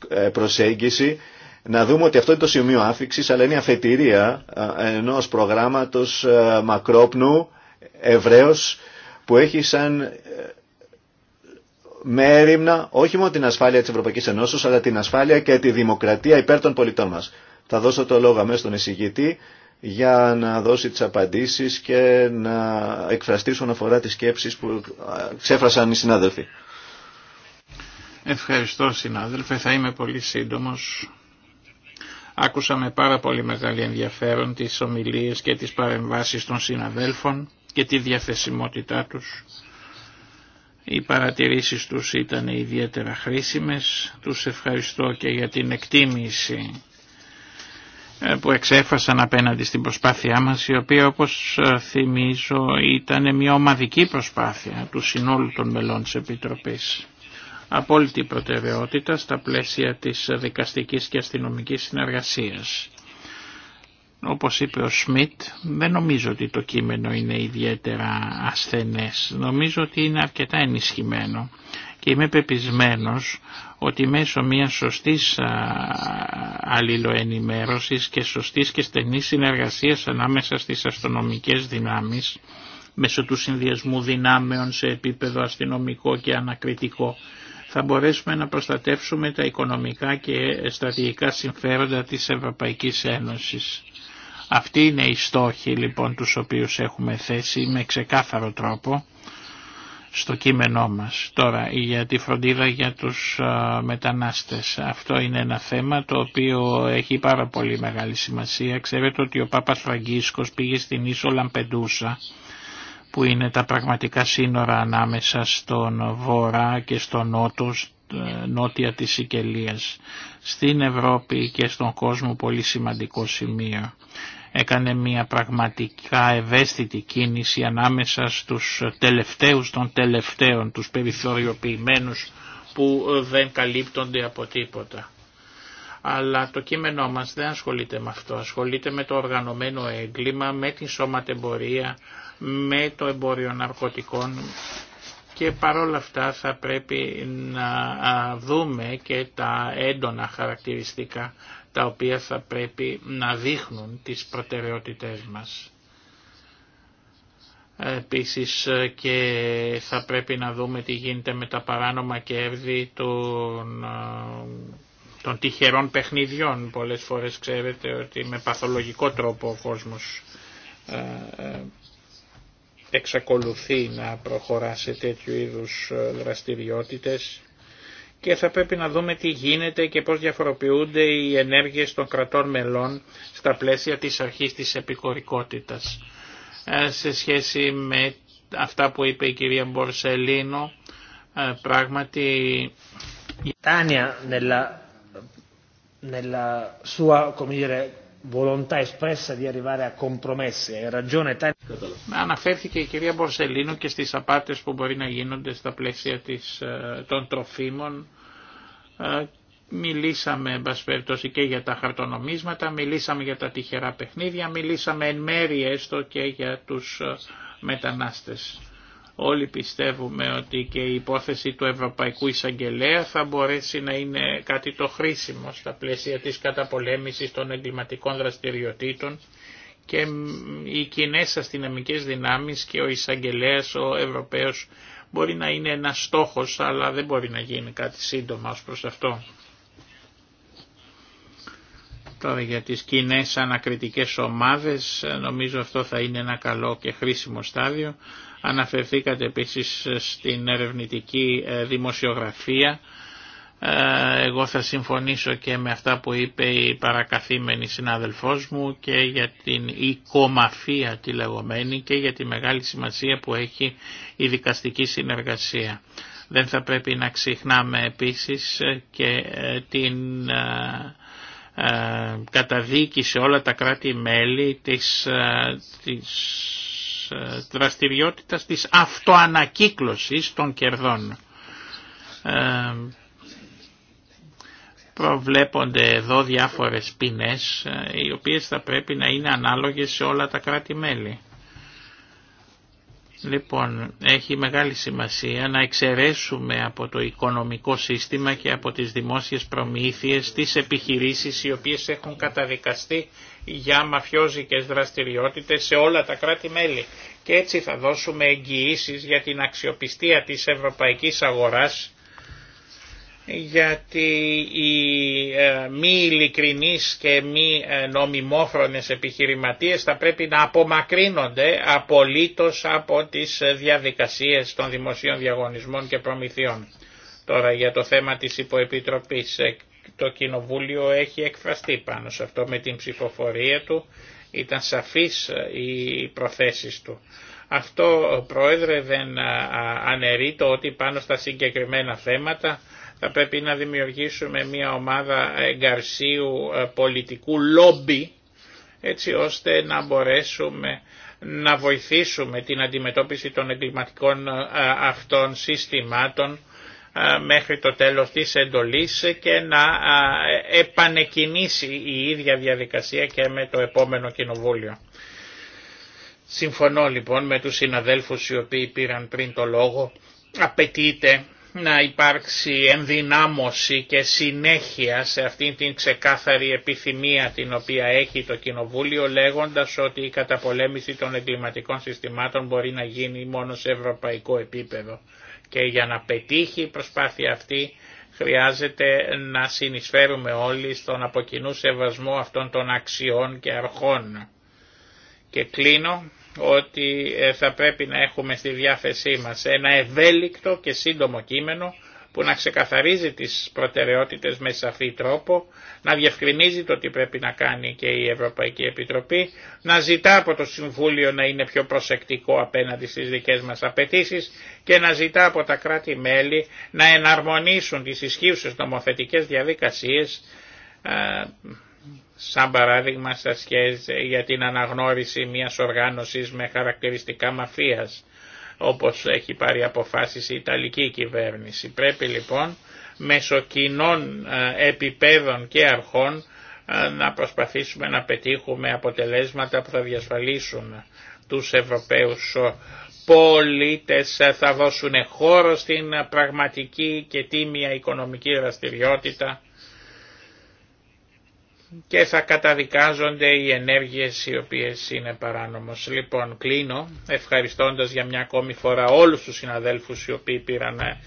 [SPEAKER 1] ε, προσέγγιση να δούμε ότι αυτό είναι το σημείο άφηξης αλλά είναι η αφετηρία ε, ενός προγράμματος ε, μακρόπνου ευρέως που έχει σαν με έρημνα όχι μόνο την ασφάλεια της Ευρωπαϊκής Ενώσεως αλλά την ασφάλεια και τη δημοκρατία υπέρ των πολιτών μας. Θα δώσω το λόγο αμέσως στον εισηγητή για να δώσει τις απαντήσεις και να εκφραστήσουν αφορά τις σκέψεις που ξέφρασαν οι συνάδελφοι.
[SPEAKER 2] Ευχαριστώ συνάδελφε, θα είμαι πολύ σύντομος. Άκουσα με πάρα πολύ μεγάλη ενδιαφέρον τις ομιλίες και τις παρεμβάσεις των συναδέλφων και τη διαθεσιμότητά τους. Οι παρατηρήσεις τους ήταν ιδιαίτερα χρήσιμες. Τους ευχαριστώ και για την εκτίμηση ε, που εξέφασαν απέναντι στην προσπάθειά μας, η οποία όπως ε, θυμίζω ήταν μια ομαδική προσπάθεια του συνόλου των μελών της Επιτροπής απόλυτη προτεραιότητα στα πλαίσια της δικαστικής και αστυνομικής συνεργασίας. Όπως είπε ο Σμιτ, δεν νομίζω ότι το κείμενο είναι ιδιαίτερα ασθενές. Νομίζω ότι είναι αρκετά ενισχυμένο και είμαι πεπισμένος ότι μέσω μιας σωστής αλληλοενημέρωσης και σωστής και στενής συνεργασίας ανάμεσα στις αστυνομικές δυνάμεις, μέσω του συνδυασμού δυνάμεων σε επίπεδο αστυνομικό και ανακριτικό θα μπορέσουμε να προστατεύσουμε τα οικονομικά και στρατηγικά συμφέροντα της Ευρωπαϊκής Ένωσης. Αυτή είναι η στόχη λοιπόν τους οποίους έχουμε θέσει με ξεκάθαρο τρόπο στο κείμενό μας. Τώρα για τη φροντίδα για τους μετανάστες. Αυτό είναι ένα θέμα το οποίο έχει πάρα πολύ μεγάλη σημασία. Ξέρετε ότι ο Πάπας Φραγκίσκος πήγε στην Ίσο Λαμπεντούσα που είναι τα πραγματικά σύνορα ανάμεσα στον βορρά και στον νότο, ε, νότια της Σικελίας. Στην Ευρώπη και στον κόσμο πολύ σημαντικό σημείο. Έκανε μια πραγματικά ευαίσθητη κίνηση ανάμεσα στους τελευταίους των τελευταίων, τους περιθωριοποιημένους που δεν καλύπτονται από τίποτα. Αλλά το κείμενό μας δεν ασχολείται με αυτό, ασχολείται με το οργανωμένο έγκλημα, με την σωματεμπορία, με το εμπόριο ναρκωτικών και παρόλα αυτά θα πρέπει να δούμε και τα έντονα χαρακτηριστικά τα οποία θα πρέπει να δείχνουν τις προτεραιότητές μας. Επίσης και θα πρέπει να δούμε τι γίνεται με τα παράνομα κέρδη των, των τυχερών παιχνιδιών. Πολλές φορές ξέρετε ότι με παθολογικό τρόπο ο κόσμος εξακολουθεί να προχωρά σε τέτοιου είδους ε, δραστηριότητες και θα πρέπει να δούμε τι γίνεται και πώς διαφοροποιούνται οι ενέργειες των κρατών μελών στα πλαίσια της αρχής της επικορικότητας. Ε, σε σχέση με αυτά που είπε η κυρία Μπορσελίνο, ε, πράγματι... Τάνια, nella, nella sua, Αναφέρθηκε η κυρία Μπορσελίνο και στις απάτες που μπορεί να γίνονται στα πλαίσια της, ε, των τροφίμων. Ε, μιλήσαμε, εν και για τα χαρτονομίσματα, μιλήσαμε για τα τυχερά παιχνίδια, μιλήσαμε εν μέρη έστω και για τους ε, μετανάστες. Όλοι πιστεύουμε ότι και η υπόθεση του Ευρωπαϊκού Εισαγγελέα θα μπορέσει να είναι κάτι το χρήσιμο στα πλαίσια της καταπολέμησης των εγκληματικών δραστηριοτήτων και οι κοινέ αστυνομικέ δυνάμεις και ο εισαγγελέα ο Ευρωπαίος μπορεί να είναι ένας στόχος αλλά δεν μπορεί να γίνει κάτι σύντομα ως προς αυτό. Τώρα για τις κοινέ ανακριτικές ομάδες νομίζω αυτό θα είναι ένα καλό και χρήσιμο στάδιο Αναφερθήκατε επίσης στην ερευνητική ε, δημοσιογραφία. Ε, εγώ θα συμφωνήσω και με αυτά που είπε η παρακαθήμενη συνάδελφός μου και για την οικομαφία τη λεγόμενη και για τη μεγάλη σημασία που έχει η δικαστική συνεργασία. Δεν θα πρέπει να ξεχνάμε επίσης ε, και την καταδίκη σε όλα τα κράτη-μέλη της, της ε, δραστηριότητας της αυτοανακύκλωσης των κερδών. Ε, προβλέπονται εδώ διάφορες ποινές ε, οι οποίες θα πρέπει να είναι ανάλογες σε όλα τα κράτη-μέλη. Λοιπόν, έχει μεγάλη σημασία να εξαιρέσουμε από το οικονομικό σύστημα και από τις δημόσιες προμήθειες τις επιχειρήσεις οι οποίες έχουν καταδικαστεί για μαφιόζικες δραστηριότητες σε όλα τα κράτη-μέλη και έτσι θα δώσουμε εγγυήσει για την αξιοπιστία της ευρωπαϊκής αγοράς γιατί οι ε, μη ειλικρινείς και μη ε, νομιμόφρονες επιχειρηματίες θα πρέπει να απομακρύνονται απολύτως από τις ε, διαδικασίες των δημοσίων διαγωνισμών και προμηθειών. Τώρα για το θέμα της υποεπιτροπής το Κοινοβούλιο έχει εκφραστεί πάνω σε αυτό με την ψηφοφορία του. Ήταν σαφής ε, οι προθέσεις του. Αυτό, Πρόεδρε, δεν ε, αναιρεί το ότι πάνω στα συγκεκριμένα θέματα θα πρέπει να δημιουργήσουμε μια ομάδα εγκαρσίου ε, πολιτικού λόμπι έτσι ώστε να μπορέσουμε να βοηθήσουμε την αντιμετώπιση των εγκληματικών αυτών συστημάτων μέχρι το τέλος της εντολής και να επανεκκινήσει η ίδια διαδικασία και με το επόμενο κοινοβούλιο. Συμφωνώ λοιπόν με τους συναδέλφους οι οποίοι πήραν πριν το λόγο. Απαιτείται να υπάρξει ενδυνάμωση και συνέχεια σε αυτήν την ξεκάθαρη επιθυμία την οποία έχει το Κοινοβούλιο λέγοντας ότι η καταπολέμηση των εγκληματικών συστημάτων μπορεί να γίνει μόνο σε ευρωπαϊκό επίπεδο. Και για να πετύχει η προσπάθεια αυτή χρειάζεται να συνεισφέρουμε όλοι στον αποκοινού σεβασμό αυτών των αξιών και αρχών. Και κλείνω ότι ε, θα πρέπει να έχουμε στη διάθεσή μας ένα ευέλικτο και σύντομο κείμενο που να ξεκαθαρίζει τις προτεραιότητες με σαφή τρόπο, να διευκρινίζει το τι πρέπει να κάνει και η Ευρωπαϊκή Επιτροπή, να ζητά από το Συμβούλιο να είναι πιο προσεκτικό απέναντι στις δικές μας απαιτήσει και να ζητά από τα κράτη-μέλη να εναρμονίσουν τις ισχύουσες νομοθετικές διαδικασίες ε, σαν παράδειγμα στα σχέση για την αναγνώριση μιας οργάνωσης με χαρακτηριστικά μαφίας όπως έχει πάρει αποφάσεις η Ιταλική κυβέρνηση. Πρέπει λοιπόν μέσω κοινών ε, επιπέδων και αρχών ε, να προσπαθήσουμε να πετύχουμε αποτελέσματα που θα διασφαλίσουν τους Ευρωπαίους πολίτες ε, θα δώσουν χώρο στην πραγματική και τίμια οικονομική δραστηριότητα και θα καταδικάζονται οι ενέργειες οι οποίες είναι παράνομος. Λοιπόν, κλείνω ευχαριστώντας για μια ακόμη φορά όλους τους συναδέλφους οι οποίοι πήραν ε,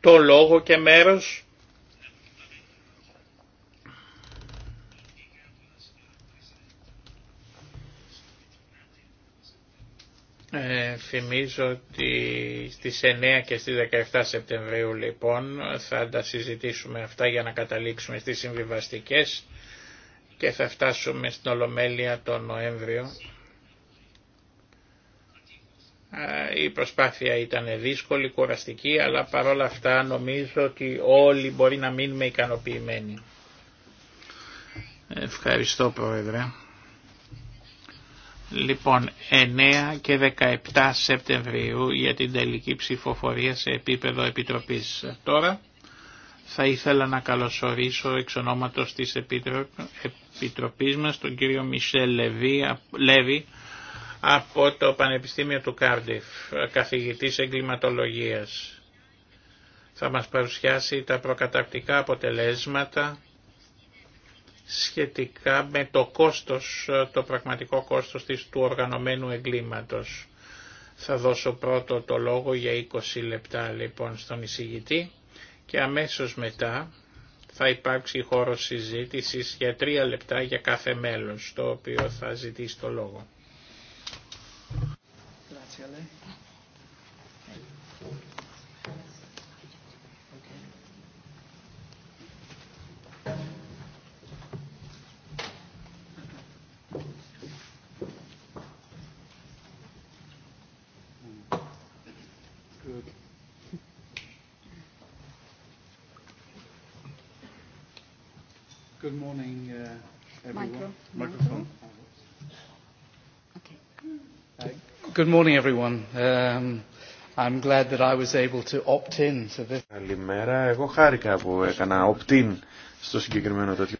[SPEAKER 2] το λόγο και μέρος. Ε, θυμίζω ότι στις 9 και στις 17 Σεπτεμβρίου λοιπόν θα τα συζητήσουμε αυτά για να καταλήξουμε στις συμβιβαστικές και θα φτάσουμε στην Ολομέλεια τον Νοέμβριο. Η προσπάθεια ήταν δύσκολη, κουραστική, αλλά παρόλα αυτά νομίζω ότι όλοι μπορεί να μείνουμε ικανοποιημένοι. Ευχαριστώ Πρόεδρε. Λοιπόν, 9 και 17 Σεπτεμβρίου για την τελική ψηφοφορία σε επίπεδο Επιτροπής. Τώρα θα ήθελα να καλωσορίσω εξ ονόματος της Επιτροπής μας τον κύριο Μισελ Λεβί από το Πανεπιστήμιο του Κάρντιφ, καθηγητής εγκληματολογίας. Θα μας παρουσιάσει τα προκαταρκτικά αποτελέσματα σχετικά με το κόστος, το πραγματικό κόστος της, του οργανωμένου εγκλήματος. Θα δώσω πρώτο το λόγο για 20 λεπτά λοιπόν στον εισηγητή και αμέσως μετά θα υπάρξει χώρο συζήτησης για τρία λεπτά για κάθε μέλος, το οποίο θα ζητήσει το λόγο. morning, uh, everyone. Micro. Microphone. Okay. Uh, Good morning, everyone. Um, I'm glad that I was able to opt in to this.
[SPEAKER 3] Καλημέρα. Εγώ χάρηκα που έκανα opt-in στο συγκεκριμένο τέτοιο.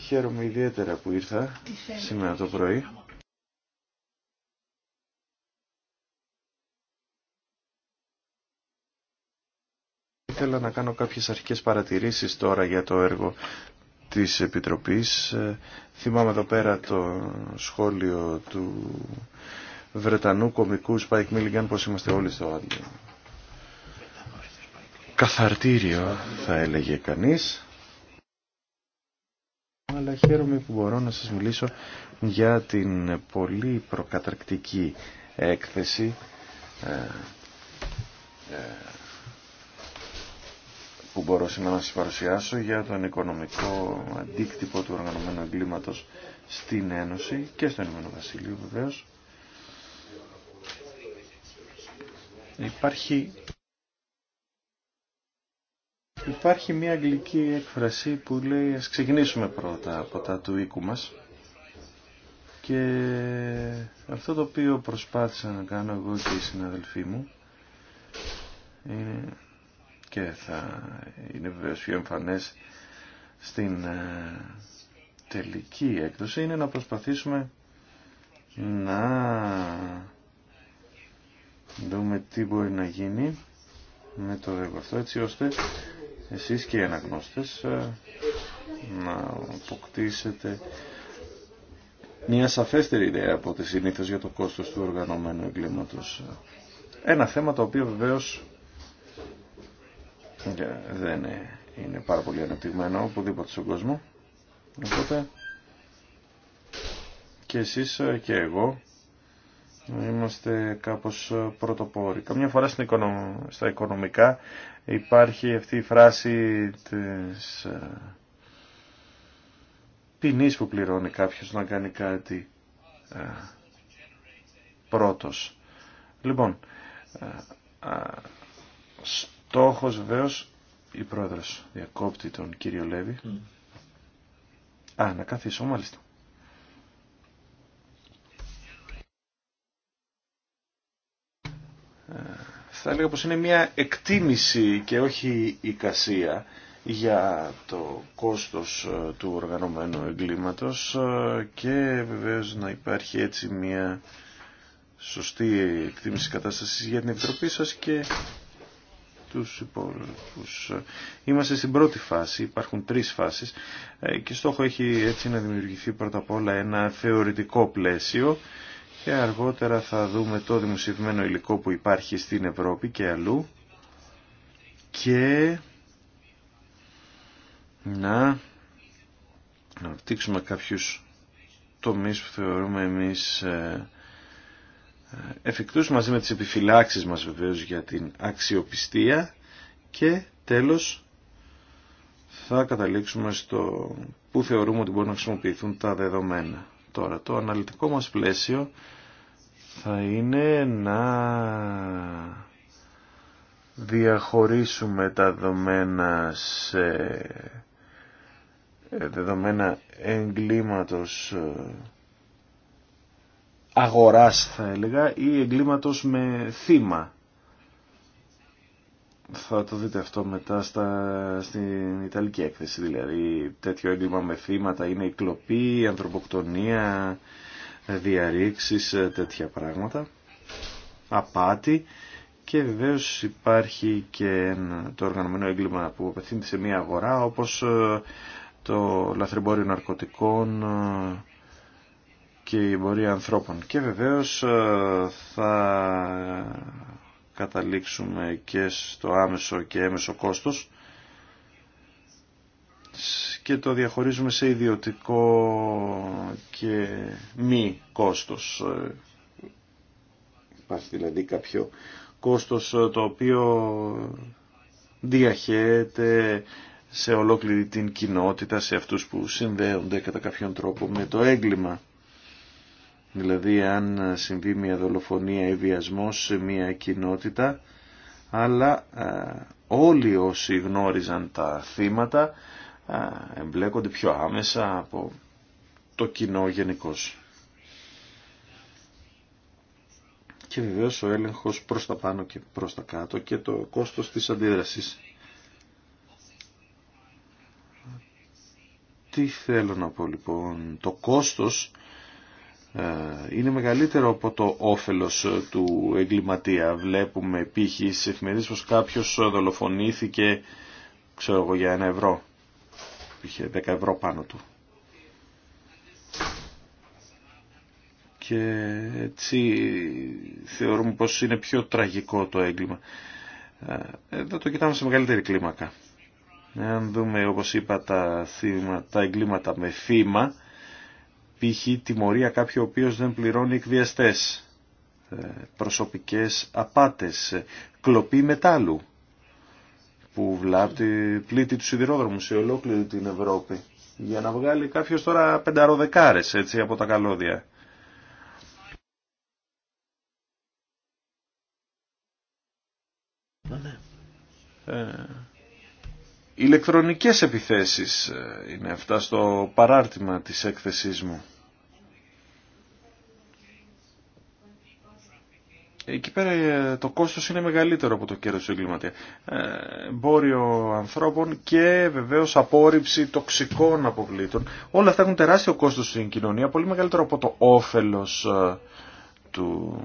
[SPEAKER 3] Χαίρομαι ιδιαίτερα που ήρθα σήμερα το πρωί. Ήθελα να κάνω κάποιες αρχικές παρατηρήσεις τώρα για το έργο της Επιτροπής. Θυμάμαι εδώ πέρα το σχόλιο του Βρετανού κομικού Σπαϊκ Milligan πως είμαστε όλοι στο άδειο. Καθαρτήριο θα έλεγε κανείς. Αλλά χαίρομαι που μπορώ να σας μιλήσω για την πολύ προκαταρκτική έκθεση ε, ε, που μπορώ σήμερα να σα παρουσιάσω για τον οικονομικό αντίκτυπο του οργανωμένου εγκλήματο στην Ένωση και στον Ηνωμένο Βασίλειο βεβαίω. Υπάρχει... Υπάρχει μια αγγλική έκφραση που λέει ας ξεκινήσουμε πρώτα από τα του οίκου μας και αυτό το οποίο προσπάθησα να κάνω εγώ και οι συναδελφοί μου είναι και θα είναι βεβαίως πιο εμφανές στην ε, τελική έκδοση είναι να προσπαθήσουμε να δούμε τι μπορεί να γίνει με το έργο αυτό έτσι ώστε εσείς και οι αναγνώστες ε, να αποκτήσετε μια σαφέστερη ιδέα από τη συνήθως για το κόστος του οργανωμένου εγκλήματος. Ένα θέμα το οποίο βεβαίως δεν είναι πάρα πολύ αναπτυγμένο οπουδήποτε στον κόσμο. Οπότε και εσείς και εγώ είμαστε κάπως πρωτοπόροι. Καμιά φορά στα οικονομικά υπάρχει αυτή η φράση της ε, ποινής που πληρώνει κάποιος να κάνει κάτι ε, πρώτος. Λοιπόν, ε, στόχος βεβαίω, η πρόεδρος διακόπτει τον κύριο Λέβη. Mm. Α, να καθίσω μάλιστα. Ε, θα έλεγα πως είναι μια εκτίμηση και όχι κασία για το κόστος ε, του οργανωμένου εγκλήματος ε, και βεβαίως να υπάρχει έτσι μια σωστή εκτίμηση κατάστασης για την Επιτροπή σας και τους υπόλοιπους. Είμαστε στην πρώτη φάση, υπάρχουν τρεις φάσεις ε, και στόχο έχει έτσι να δημιουργηθεί πρώτα απ' όλα ένα θεωρητικό πλαίσιο και αργότερα θα δούμε το δημοσιευμένο υλικό που υπάρχει στην Ευρώπη και αλλού και να αναπτύξουμε κάποιους τομείς που θεωρούμε εμείς ε, εφικτούς μαζί με τις επιφυλάξεις μας βεβαίως για την αξιοπιστία και τέλος θα καταλήξουμε στο που θεωρούμε ότι μπορούν να χρησιμοποιηθούν τα δεδομένα. Τώρα το αναλυτικό μας πλαίσιο θα είναι να διαχωρίσουμε τα δεδομένα σε ε, δεδομένα εγκλήματος ε,
[SPEAKER 2] αγοράς
[SPEAKER 3] θα έλεγα ή εγκλήματος με θύμα. Θα το δείτε αυτό μετά στα, στην Ιταλική έκθεση δηλαδή. Τέτοιο έγκλημα με θύματα είναι η κλοπή, η ανθρωποκτονία, διαρρήξεις, τέτοια πράγματα. Απάτη. Και βεβαίω υπάρχει και το οργανωμένο έγκλημα που απευθύνεται σε μια αγορά όπως ε, το λαθρεμπόριο ναρκωτικών, ε, και η εμπορία ανθρώπων. Και βεβαίως ε, θα καταλήξουμε και στο άμεσο και έμεσο κόστος και το διαχωρίζουμε σε ιδιωτικό και μη κόστος. Ε, υπάρχει δηλαδή κάποιο κόστος ε, το οποίο διαχέεται σε ολόκληρη την κοινότητα, σε αυτούς που συνδέονται κατά κάποιον τρόπο με το έγκλημα. Δηλαδή αν συμβεί μια δολοφονία ή βιασμός σε μια κοινότητα, αλλά ε, όλοι όσοι γνώριζαν τα θύματα ε, εμπλέκονται πιο άμεσα από το κοινό γενικώ. Και βεβαίως ο έλεγχος προς τα πάνω και προς τα κάτω και το κόστος της αντίδρασης. Τι θέλω να πω λοιπόν, το κόστος ε, είναι μεγαλύτερο από το όφελος του εγκληματία. Βλέπουμε π.χ. σε εφημερίδες πως κάποιος δολοφονήθηκε ξέρω εγώ για ένα ευρώ. Είχε 10 ευρώ πάνω του. Και έτσι θεωρούμε πως είναι πιο τραγικό το έγκλημα. Ε, εδώ το κοιτάμε σε μεγαλύτερη κλίμακα. Αν δούμε όπως είπα τα, θύμα, τα εγκλήματα με θύμα π.χ. τιμωρία κάποιου ο οποίος δεν πληρώνει εκβιαστές, ε, προσωπικές απάτες, κλοπή μετάλλου που βλάπτει, πλήττει του σιδηρόδρομου σε ολόκληρη την Ευρώπη για να βγάλει κάποιος τώρα πενταροδεκάρες έτσι από τα καλώδια. Ναι. Ε, ηλεκτρονικές επιθέσεις ε, είναι αυτά στο παράρτημα της έκθεσής μου. Εκεί πέρα ε, το κόστος είναι μεγαλύτερο από το κέρδος του εγκληματία. Ε, Μπόριο ανθρώπων και βεβαίως απόρριψη τοξικών αποβλήτων. Όλα αυτά έχουν τεράστιο κόστος στην κοινωνία, πολύ μεγαλύτερο από το όφελος του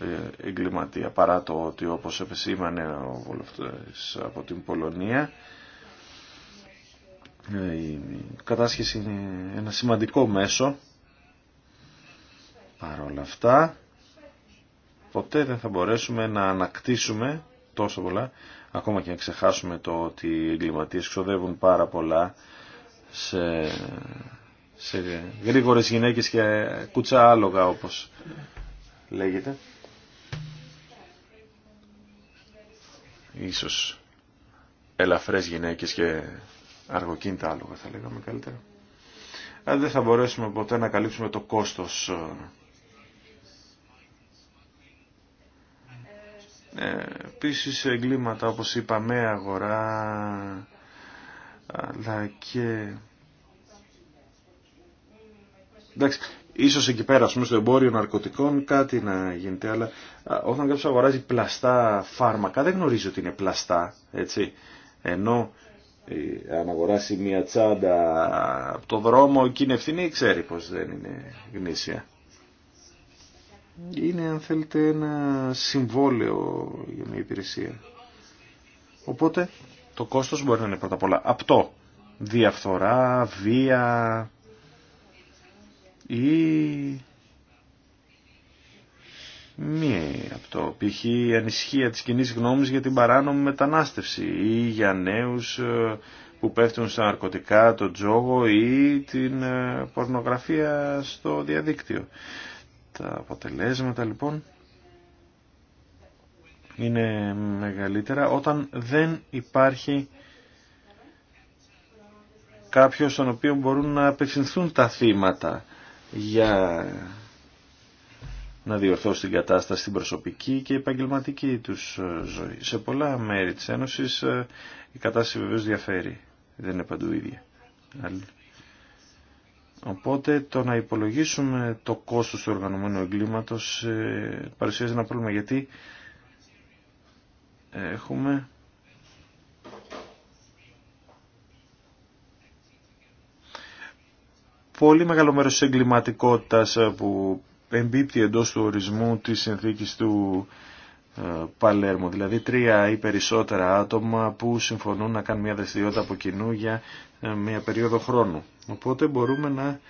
[SPEAKER 3] ε, εγκληματία παρά το ότι όπως επεσήμανε ο από την Πολωνία ε, η κατάσχεση είναι ένα σημαντικό μέσο παρόλα αυτά ποτέ δεν θα μπορέσουμε να ανακτήσουμε τόσο πολλά ακόμα και να ξεχάσουμε το ότι οι εγκληματίες ξοδεύουν πάρα πολλά σε, σε γρήγορες γυναίκες και κουτσά άλογα όπως λέγεται ίσως ελαφρές γυναίκες και αργοκίνητα άλογα θα λέγαμε καλύτερα. Αλλά δεν θα μπορέσουμε ποτέ να καλύψουμε το κόστος ε, ε εγκλήματα όπως είπαμε αγορά αλλά και Εντάξει, Ίσως εκεί πέρα, ας πούμε, στο εμπόριο ναρκωτικών κάτι να γίνεται, αλλά όταν κάποιος αγοράζει πλαστά φάρμακα, δεν γνωρίζει ότι είναι πλαστά, έτσι. Ενώ ε, αν αγοράσει μια τσάντα από το δρόμο, και είναι ευθυνή, ξέρει πως δεν είναι γνήσια. Είναι, αν θέλετε, ένα συμβόλαιο για μια υπηρεσία. Οπότε, το κόστος μπορεί να είναι πρώτα απ' όλα απτό. Διαφθορά, βία, ή μία από το π.χ. η ανησυχία της κοινή γνώμης για την παράνομη μετανάστευση ή για νέους ε, που πέφτουν στα ναρκωτικά, το τζόγο ή την ε, πορνογραφία στο διαδίκτυο. Τα αποτελέσματα λοιπόν είναι μεγαλύτερα όταν δεν υπάρχει κάποιος στον οποίο μπορούν να απευθυνθούν τα θύματα για να διορθώσει την κατάσταση στην προσωπική και επαγγελματική τους ε, ζωή. Σε πολλά μέρη της Ένωσης ε, η κατάσταση βεβαίως διαφέρει. Δεν είναι παντού ίδια. Οπότε το να υπολογίσουμε το κόστος του οργανωμένου εγκλήματος ε, παρουσιάζει ένα πρόβλημα γιατί έχουμε πολύ μεγάλο μέρος της εγκληματικότητας ε, που εμπίπτει εντός του ορισμού της συνθήκης του ε, Παλέρμο. Δηλαδή τρία ή περισσότερα άτομα που συμφωνούν να κάνουν μια δραστηριότητα από κοινού για ε, μια περίοδο χρόνου. Οπότε μπορούμε να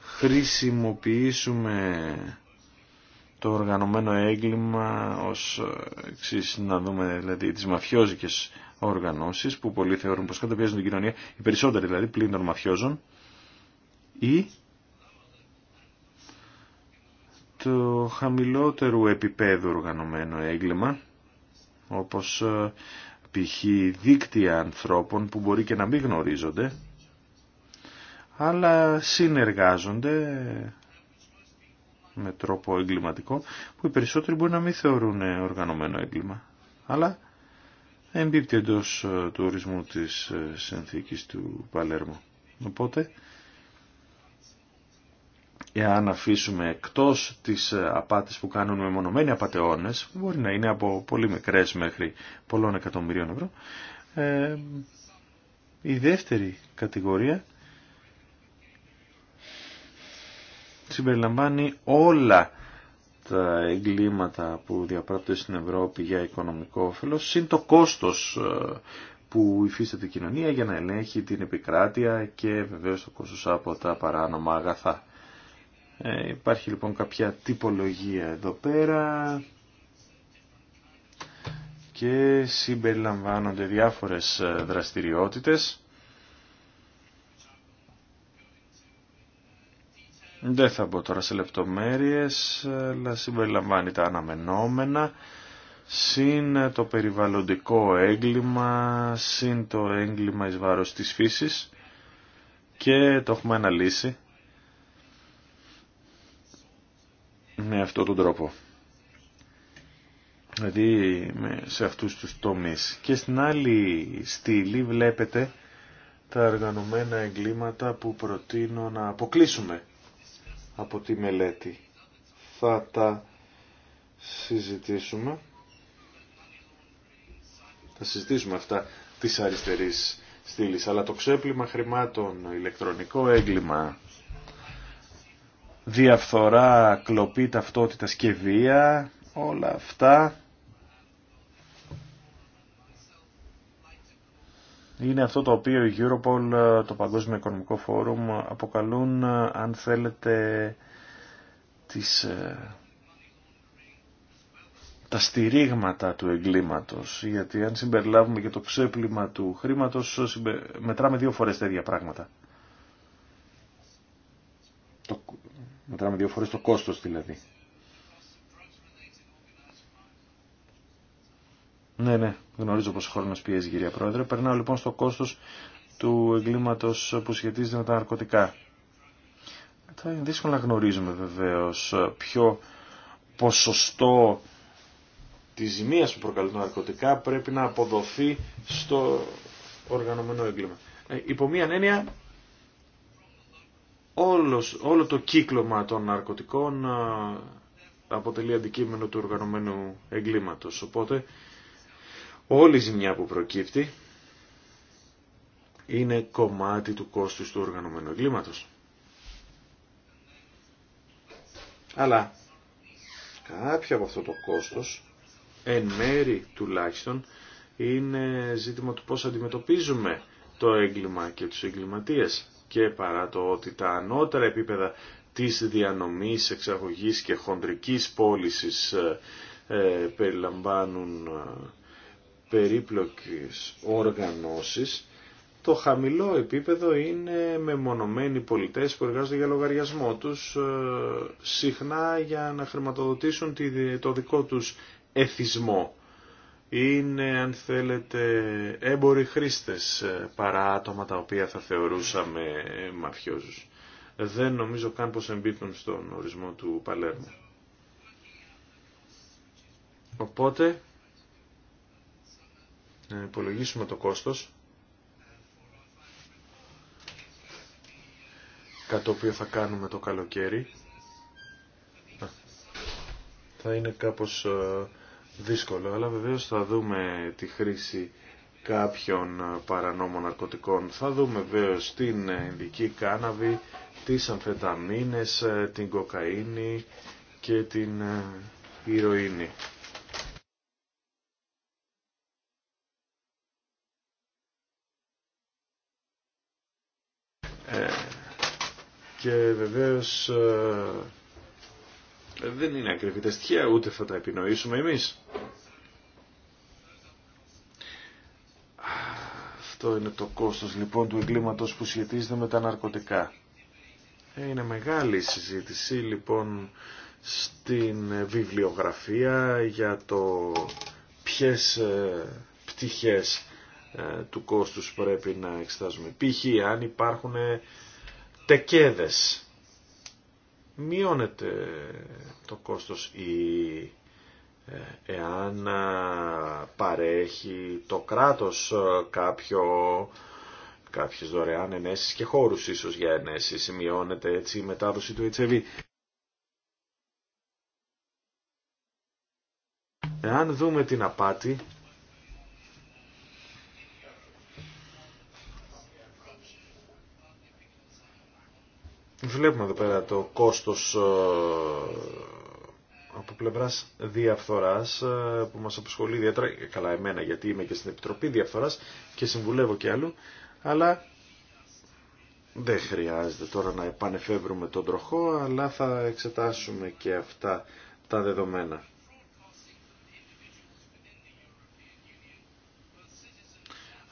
[SPEAKER 3] χρησιμοποιήσουμε το οργανωμένο έγκλημα ως εξής να δούμε δηλαδή τις μαφιόζικες οργανώσεις που πολλοί θεωρούν πως καταπιέζουν την κοινωνία, οι περισσότεροι δηλαδή πλήν των μαφιόζων ή το χαμηλότερου επίπεδου οργανωμένο έγκλημα, όπως ε, π.χ. δίκτυα ανθρώπων που μπορεί και να μην γνωρίζονται, αλλά συνεργάζονται με τρόπο εγκληματικό που οι περισσότεροι μπορεί να μην θεωρούν ε, οργανωμένο έγκλημα. Αλλά εμπίπτει εντό ε, του ορισμού της συνθήκης του Παλέρμου. Οπότε εάν αφήσουμε εκτός τις ε, απάτες που κάνουν μονομένοι απαταιώνες, που μπορεί να είναι από πολύ μικρές μέχρι πολλών εκατομμυρίων ευρώ, ε, η δεύτερη κατηγορία συμπεριλαμβάνει όλα τα εγκλήματα που διαπράττουν στην Ευρώπη για οικονομικό όφελος, συν το κόστος ε, που υφίσταται η κοινωνία για να ελέγχει την επικράτεια και βεβαίως το κόστος από τα παράνομα αγαθά. Ε, υπάρχει λοιπόν κάποια τυπολογία εδώ πέρα και συμπεριλαμβάνονται διάφορες ε, δραστηριότητες. Δεν θα μπω τώρα σε λεπτομέρειες, αλλά συμπεριλαμβάνει τα αναμενόμενα, συν ε, το περιβαλλοντικό έγκλημα, συν το έγκλημα εις βάρος της φύσης και το έχουμε αναλύσει με αυτόν τον τρόπο. Δηλαδή σε αυτούς τους τομείς. Και στην άλλη στήλη βλέπετε τα οργανωμένα εγκλήματα που προτείνω να αποκλείσουμε από τη μελέτη. Θα τα συζητήσουμε. Θα συζητήσουμε αυτά της αριστερής στήλης. Αλλά το ξέπλυμα χρημάτων, ηλεκτρονικό έγκλημα, διαφθορά, κλοπή ταυτότητα, και όλα αυτά είναι αυτό το οποίο η Europol, το Παγκόσμιο Οικονομικό Φόρουμ αποκαλούν αν θέλετε τις, ε, τα στηρίγματα του εγκλήματος γιατί αν συμπεριλάβουμε και το ξέπλυμα του χρήματος μετράμε δύο φορές τέτοια πράγματα. Μετράμε δύο φορές το κόστος δηλαδή. Ναι, ναι, γνωρίζω πόσο χρόνο πιέζει κυρία Πρόεδρε. Περνάω λοιπόν στο κόστος του εγκλήματος που σχετίζεται με τα ναρκωτικά. Θα είναι δύσκολο να γνωρίζουμε βεβαίως ποιο ποσοστό της ζημίας που προκαλούν τα ναρκωτικά πρέπει να αποδοθεί στο οργανωμένο έγκλημα. Ε, υπό μίαν έννοια όλος, όλο το κύκλωμα των ναρκωτικών αποτελεί αντικείμενο του οργανωμένου εγκλήματος. Οπότε όλη η ζημιά που προκύπτει είναι κομμάτι του κόστους του οργανωμένου εγκλήματος. Αλλά κάποιο από αυτό το κόστος, εν μέρη τουλάχιστον, είναι ζήτημα του πώς αντιμετωπίζουμε το έγκλημα και τους εγκληματίες και παρά το ότι τα ανώτερα επίπεδα της διανομής, εξαγωγής και χοντρικής πώλησης ε, ε, περιλαμβάνουν ε, περίπλοκες οργανώσεις, το χαμηλό επίπεδο είναι μεμονωμένοι πολιτές που εργάζονται για λογαριασμό τους, συχνά για να χρηματοδοτήσουν το δικό τους εθισμό είναι αν θέλετε έμποροι χρήστες ε, παρά άτομα τα οποία θα θεωρούσαμε ε, μαφιόζους. Δεν νομίζω καν πως εμπίπτουν στον ορισμό του Παλέρμου. Οπότε, να υπολογίσουμε το κόστος, κάτι οποίο θα κάνουμε το καλοκαίρι. Θα είναι κάπως ε, δύσκολο, αλλά βεβαίως θα δούμε τη χρήση κάποιων ε, παρανόμων ναρκωτικών. Θα δούμε βεβαίω την ε, ειδική κάναβη, τις αμφεταμίνες, ε, την κοκαίνη και την ηρωίνη. Και βεβαίως δεν είναι ακριβή τα στοιχεία, ούτε θα τα επινοήσουμε εμείς. Αυτό είναι το κόστος λοιπόν του εγκλήματος που σχετίζεται με τα ναρκωτικά. Ε, είναι μεγάλη η συζήτηση λοιπόν στην βιβλιογραφία για το ποιες ε, πτυχές ε, του κόστους πρέπει να εξετάζουμε. Π.χ. αν υπάρχουν τεκέδες μειώνεται το κόστος ή ε, εάν παρέχει το κράτος κάποιο, κάποιες δωρεάν ενέσεις και χώρους ίσως για ενέσεις, μειώνεται έτσι η μετάδοση του HIV. Εάν δούμε την απάτη, Βλέπουμε εδώ πέρα το κόστος ε, από πλευράς διαφθοράς ε, που μας αποσχολεί ιδιαίτερα, ε, καλά εμένα γιατί είμαι και στην Επιτροπή Διαφθοράς και συμβουλεύω και άλλου, αλλά δεν χρειάζεται τώρα να επανεφεύρουμε τον τροχό, αλλά θα εξετάσουμε και αυτά τα δεδομένα.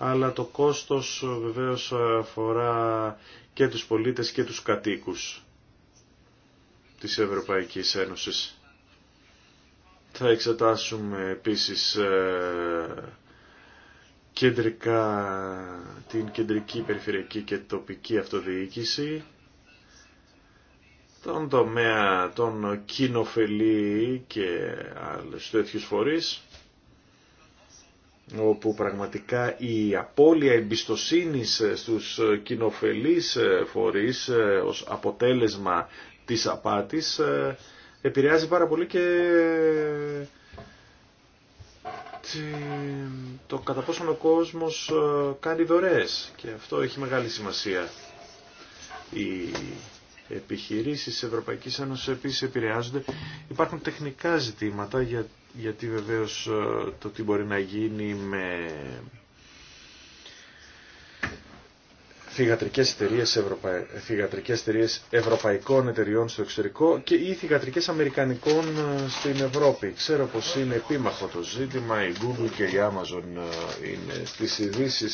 [SPEAKER 3] αλλά το κόστος ε, βεβαίως αφορά και τους πολίτες και τους κατοίκους της Ευρωπαϊκής Ένωσης. Θα εξετάσουμε επίσης ε, κεντρικά, την κεντρική, περιφερειακή και τοπική αυτοδιοίκηση, τον τομέα των κοινοφελή και άλλους τέτοιους φορείς, όπου πραγματικά η απώλεια εμπιστοσύνης στους κοινοφελείς φορείς ε, ως αποτέλεσμα της απάτης ε, επηρεάζει πάρα πολύ και το κατά πόσον ο κόσμος ε, κάνει δωρές. και αυτό έχει μεγάλη σημασία. Η επιχειρήσεις της Ευρωπαϊκής Ένωσης επίσης επηρεάζονται. Υπάρχουν τεχνικά ζητήματα για, γιατί βεβαίως ε, το τι μπορεί να γίνει με θηγατρικές εταιρείες, ευρωπαϊκών εταιριών στο εξωτερικό και ή θηγατρικές αμερικανικών ε, στην Ευρώπη. Ξέρω πως είναι επίμαχο το ζήτημα, η Google και η Amazon ε, είναι στις ειδήσει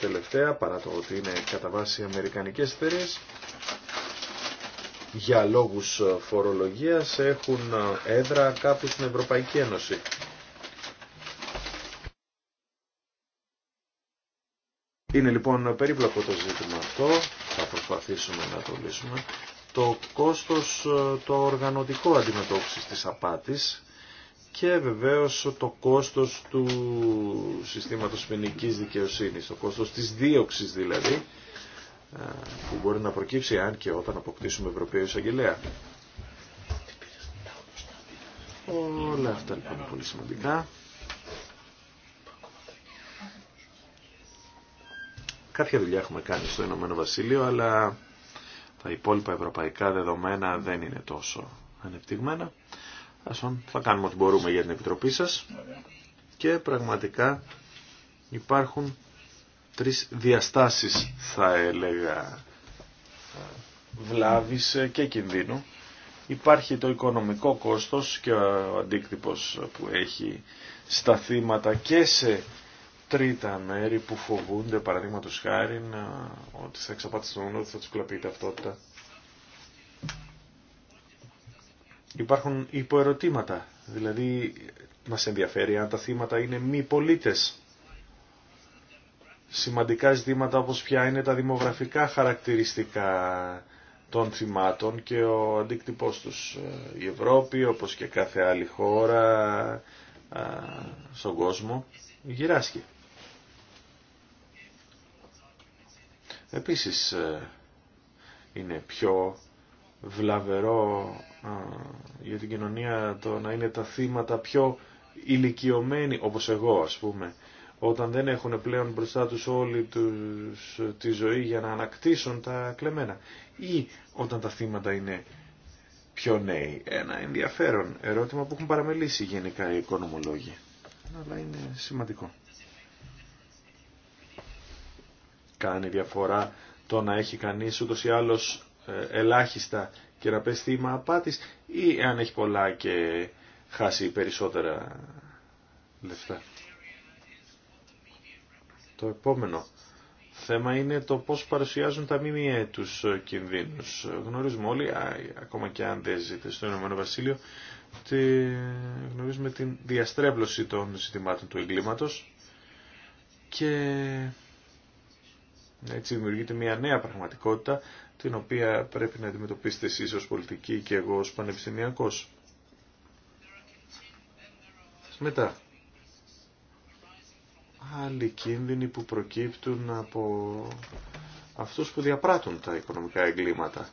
[SPEAKER 3] τελευταία, παρά το ότι είναι κατά βάση αμερικανικές εταιρείες για λόγους ε, φορολογίας έχουν ε, έδρα κάπου στην Ευρωπαϊκή Ένωση. Είναι λοιπόν περίπλοκο το ζήτημα αυτό, θα προσπαθήσουμε να το λύσουμε. Το κόστος ε, το οργανωτικό αντιμετώπισης της απάτης και βεβαίως το κόστος του συστήματος ποινικής δικαιοσύνης, το κόστος της δίωξης δηλαδή, που μπορεί να προκύψει αν και όταν αποκτήσουμε Ευρωπαίο Εισαγγελέα. Όλα αυτά λοιπόν είναι πολύ σημαντικά. Κάποια δουλειά έχουμε κάνει στο Ηνωμένο Βασίλειο, αλλά τα υπόλοιπα ευρωπαϊκά δεδομένα δεν είναι τόσο ανεπτυγμένα. Ας θα κάνουμε ό,τι μπορούμε για την Επιτροπή σας και πραγματικά υπάρχουν τρεις διαστάσεις θα έλεγα βλάβης και κινδύνου. Υπάρχει το οικονομικό κόστος και ο αντίκτυπος που έχει στα θύματα και σε τρίτα μέρη που φοβούνται παραδείγματο χάρη ότι θα εξαπατήσουν, ότι θα τους κλαπεί η ταυτότητα. Υπάρχουν υποερωτήματα, δηλαδή μας ενδιαφέρει αν τα θύματα είναι μη πολίτες σημαντικά ζητήματα όπως ποια είναι τα δημογραφικά χαρακτηριστικά των θυμάτων και ο αντίκτυπός τους. Ε, η Ευρώπη, όπως και κάθε άλλη χώρα ε, στον κόσμο, γυράσκει. Επίσης ε, είναι πιο βλαβερό για την κοινωνία το να είναι τα θύματα πιο ηλικιωμένοι, όπως εγώ ας πούμε, όταν δεν έχουν πλέον μπροστά τους όλη τους, ε, τη ζωή για να ανακτήσουν τα κλεμμένα ή όταν τα θύματα είναι πιο νέοι. Ένα ενδιαφέρον ερώτημα που έχουν παραμελήσει γενικά οι οικονομολόγοι, αλλά είναι σημαντικό. Κάνει διαφορά το να έχει κανείς ούτως ή άλλως ε, ελάχιστα και να πες θύμα απάτης ή αν έχει πολλά και χάσει περισσότερα λεφτά. Το επόμενο θέμα είναι το πώς παρουσιάζουν τα ΜΜΕ τους κινδύνους. Γνωρίζουμε όλοι, ακόμα και αν δεν ζείτε στο Ηνωμένο Βασίλειο, ότι γνωρίζουμε την διαστρέβλωση των συστημάτων του εγκλήματος και έτσι δημιουργείται μια νέα πραγματικότητα την οποία πρέπει να αντιμετωπίσετε εσείς ως πολιτικοί και εγώ ως πανεπιστημιακός. Μετά, άλλοι κίνδυνοι που προκύπτουν από αυτούς που διαπράττουν τα οικονομικά εγκλήματα.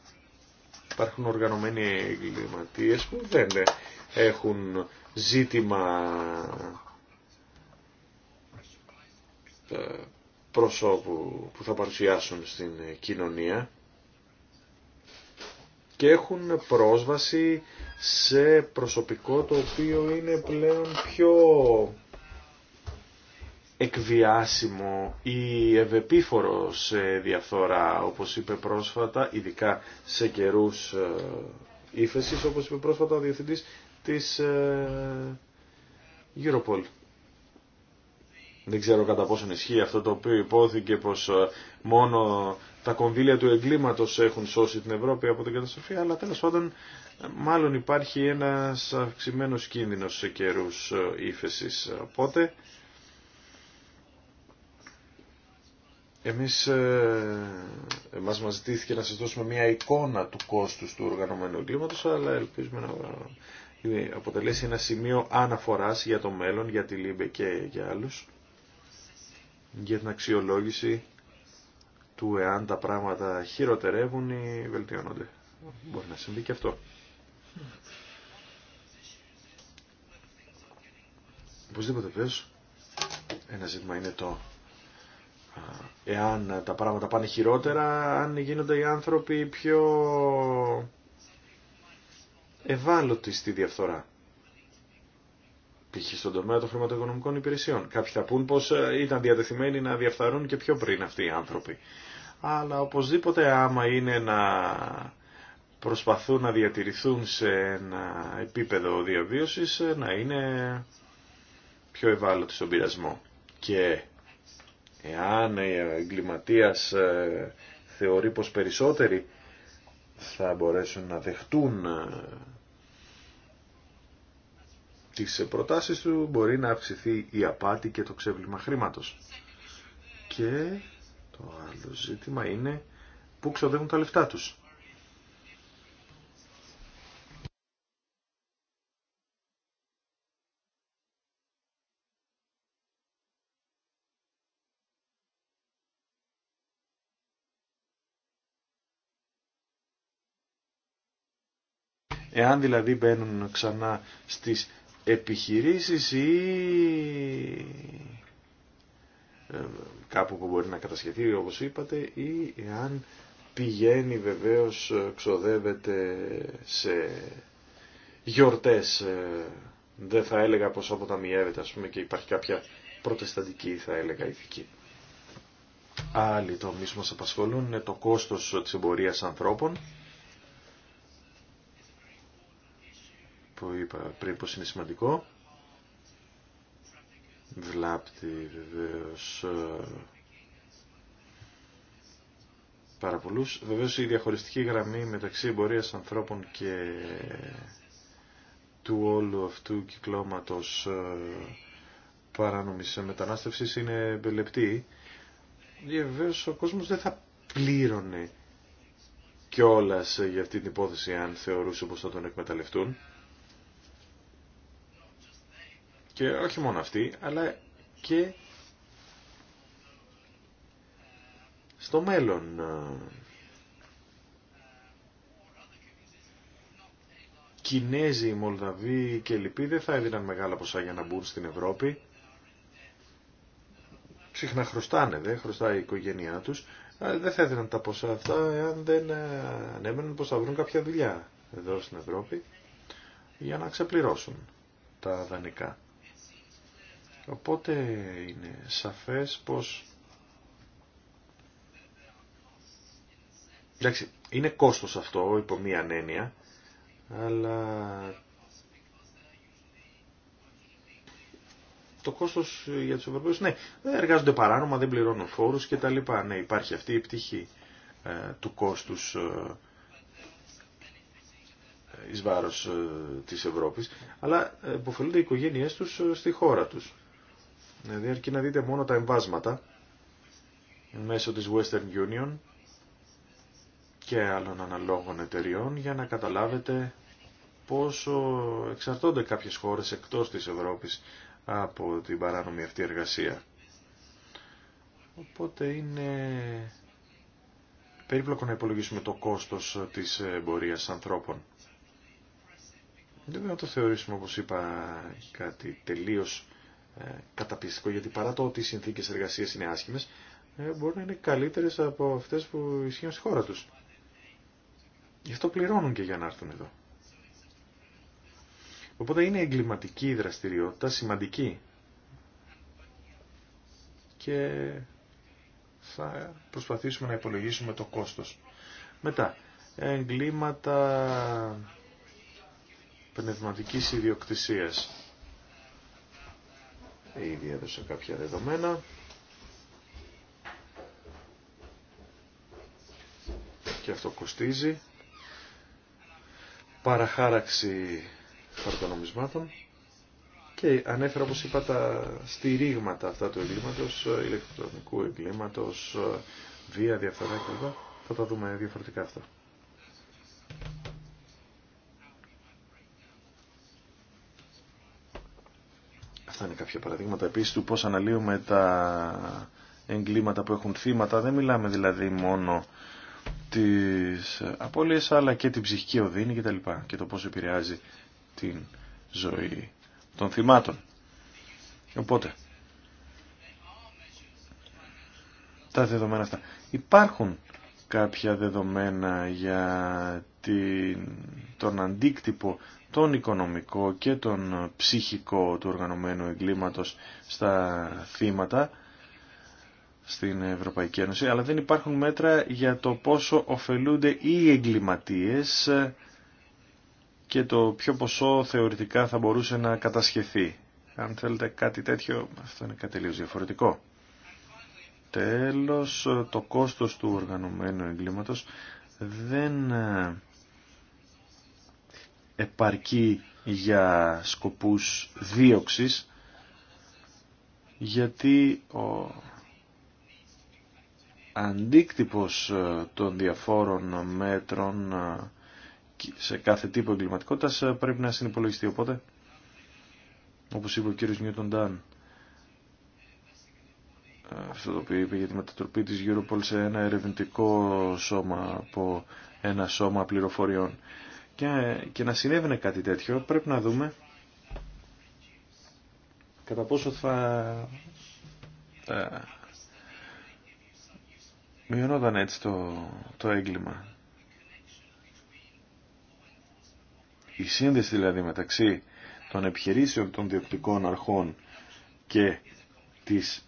[SPEAKER 3] Υπάρχουν οργανωμένοι εγκληματίες που δεν έχουν ζήτημα ε, προσώπου που θα παρουσιάσουν στην κοινωνία και έχουν πρόσβαση σε προσωπικό το οποίο είναι πλέον πιο εκβιάσιμο ή ευεπίφορο σε διαφθορά, όπως είπε πρόσφατα, ειδικά σε καιρούς ε, ύφεσης, όπως είπε πρόσφατα ο Διευθυντής της ε, Europol. Δεν ξέρω κατά πόσον ισχύει αυτό το οποίο υπόθηκε πως ε, μόνο τα κονδύλια του εγκλήματος έχουν σώσει την Ευρώπη από την καταστροφή, αλλά τέλος πάντων μάλλον υπάρχει ένας αυξημένος κίνδυνος σε καιρούς ύφεσης. Οπότε Εμείς, ε, εμάς μας ζητήθηκε να σας δώσουμε μια εικόνα του κόστους του οργανωμένου εγκλήματος, αλλά ελπίζουμε να ε, αποτελέσει ένα σημείο αναφοράς για το μέλλον, για τη ΛΥΜΠΕ και για άλλους, για την αξιολόγηση του εάν τα πράγματα χειροτερεύουν ή βελτιώνονται. Μπορεί να συμβεί και αυτό. Οπωσδήποτε πες ένα ζήτημα είναι το εάν τα πράγματα πάνε χειρότερα, αν γίνονται οι άνθρωποι πιο ευάλωτοι στη διαφθορά. Π.χ. στον τομέα των χρηματοοικονομικών υπηρεσιών. Κάποιοι θα πούν πως ε, ήταν διατεθειμένοι να διαφθαρούν και πιο πριν αυτοί οι άνθρωποι. Αλλά οπωσδήποτε άμα είναι να προσπαθούν να διατηρηθούν σε ένα επίπεδο διαβίωσης, ε, να είναι πιο ευάλωτοι στον πειρασμό. Και Εάν ο εγκληματίας ε, θεωρεί πως περισσότεροι θα μπορέσουν να δεχτούν ε, τις προτάσεις του, μπορεί να αυξηθεί η απάτη και το ξέβλημα χρήματος. Και το άλλο ζήτημα είναι πού ξοδεύουν τα λεφτά τους. Εάν δηλαδή μπαίνουν ξανά στις επιχειρήσεις ή ε, κάπου που μπορεί να κατασχεθεί όπως είπατε ή εάν πηγαίνει βεβαίως ε, ξοδεύεται σε γιορτές ε, δεν θα έλεγα πως αποταμιεύεται ας πούμε και υπάρχει κάποια προτεσταντική θα έλεγα ηθική. Άλλοι τομείς που μας απασχολούν είναι το κόστος της εμπορίας ανθρώπων που είπα πριν πως είναι σημαντικό. Βλάπτει βεβαίως ε, πάρα πολλούς. Βεβαίως η διαχωριστική γραμμή μεταξύ εμπορίας ανθρώπων και του όλου αυτού κυκλώματος ε, παράνομης μετανάστευσης είναι μπελεπτή. Βεβαίω ο κόσμος δεν θα πλήρωνε κιόλας για αυτή την υπόθεση αν θεωρούσε πως θα τον εκμεταλλευτούν. Και όχι μόνο αυτή, αλλά και στο μέλλον. Κινέζοι, Μολδαβοί και λοιποί δεν θα έδιναν μεγάλα ποσά για να μπουν στην Ευρώπη. Συχνά χρωστάνε, δεν χρωστάει η οικογένειά τους. Αλλά ε, δεν θα έδιναν τα ποσά αυτά εάν δεν ε, ανέμεναν πως θα βρουν κάποια δουλειά εδώ στην Ευρώπη για να ξεπληρώσουν τα δανεικά. Οπότε είναι σαφές πως... Εντάξει, είναι κόστος αυτό υπό μία ανένεια, αλλά το κόστος για τους Ευρωπαίους, ναι, δεν εργάζονται παράνομα, δεν πληρώνουν φόρους και τα λοιπά. Ναι, υπάρχει αυτή η πτυχή ε, του κόστους ε, εις βάρος ε, της Ευρώπης, αλλά ε, υποφελούνται οι οικογένειές τους στη χώρα τους. Δηλαδή αρκεί να δείτε μόνο τα εμβάσματα μέσω της Western Union και άλλων αναλόγων εταιριών για να καταλάβετε πόσο εξαρτώνται κάποιες χώρες εκτός της Ευρώπης από την παράνομη αυτή εργασία. Οπότε είναι περίπλοκο να υπολογίσουμε το κόστος της εμπορίας ανθρώπων. Δεν θα το θεωρήσουμε, όπως είπα, κάτι τελείως ε, καταπιστικό, γιατί παρά το ότι οι συνθήκες εργασίας είναι άσχημες, ε, μπορεί να είναι καλύτερες από αυτές που ισχύουν στη χώρα τους. Γι' αυτό πληρώνουν και για να έρθουν εδώ. Οπότε είναι εγκληματική η δραστηριότητα, σημαντική. Και θα προσπαθήσουμε να υπολογίσουμε το κόστος. Μετά, εγκλήματα πνευματικής ιδιοκτησίας. Ήδη έδωσα κάποια δεδομένα. Και αυτό κοστίζει. Παραχάραξη χαρτονομισμάτων. Και ανέφερα, όπως είπα, τα στηρίγματα αυτά του εγκλήματος, ηλεκτρονικού εγκλήματος, βία, διαφθορά κλπ. Θα τα δούμε διαφορετικά αυτά. Αυτά είναι κάποια παραδείγματα επίσης του πώς αναλύουμε τα εγκλήματα που έχουν θύματα. Δεν μιλάμε δηλαδή μόνο τις απώλειες αλλά και την ψυχική οδύνη κτλ. Και, και το πώς επηρεάζει την ζωή των θυμάτων. Οπότε, τα δεδομένα αυτά. Υπάρχουν κάποια δεδομένα για την, τον αντίκτυπο τον οικονομικό και τον ψυχικό του οργανωμένου εγκλήματος στα θύματα στην Ευρωπαϊκή Ένωση, αλλά δεν υπάρχουν μέτρα για το πόσο ωφελούνται οι εγκληματίες και το ποιο ποσό θεωρητικά θα μπορούσε να κατασχεθεί. Αν θέλετε κάτι τέτοιο, αυτό είναι κάτι διαφορετικό. Τέλος, το κόστος του οργανωμένου εγκλήματος δεν ε, Επαρκεί για σκοπούς δίωξης γιατί ο αντίκτυπος ε, των διαφόρων μέτρων ε, σε κάθε τύπο εγκληματικότητας ε, πρέπει να συνυπολογιστεί. Οπότε, όπως είπε ο κύριος Νιούτον Ντάν, αυτό το οποίο είπε για τη μετατροπή της Europol σε ένα ερευνητικό σώμα από ένα σώμα πληροφοριών και, να συνέβαινε κάτι τέτοιο, πρέπει να δούμε κατά πόσο θα, ε, μειωνόταν έτσι το, το έγκλημα. Η σύνδεση δηλαδή μεταξύ των επιχειρήσεων των διοκτικών αρχών και της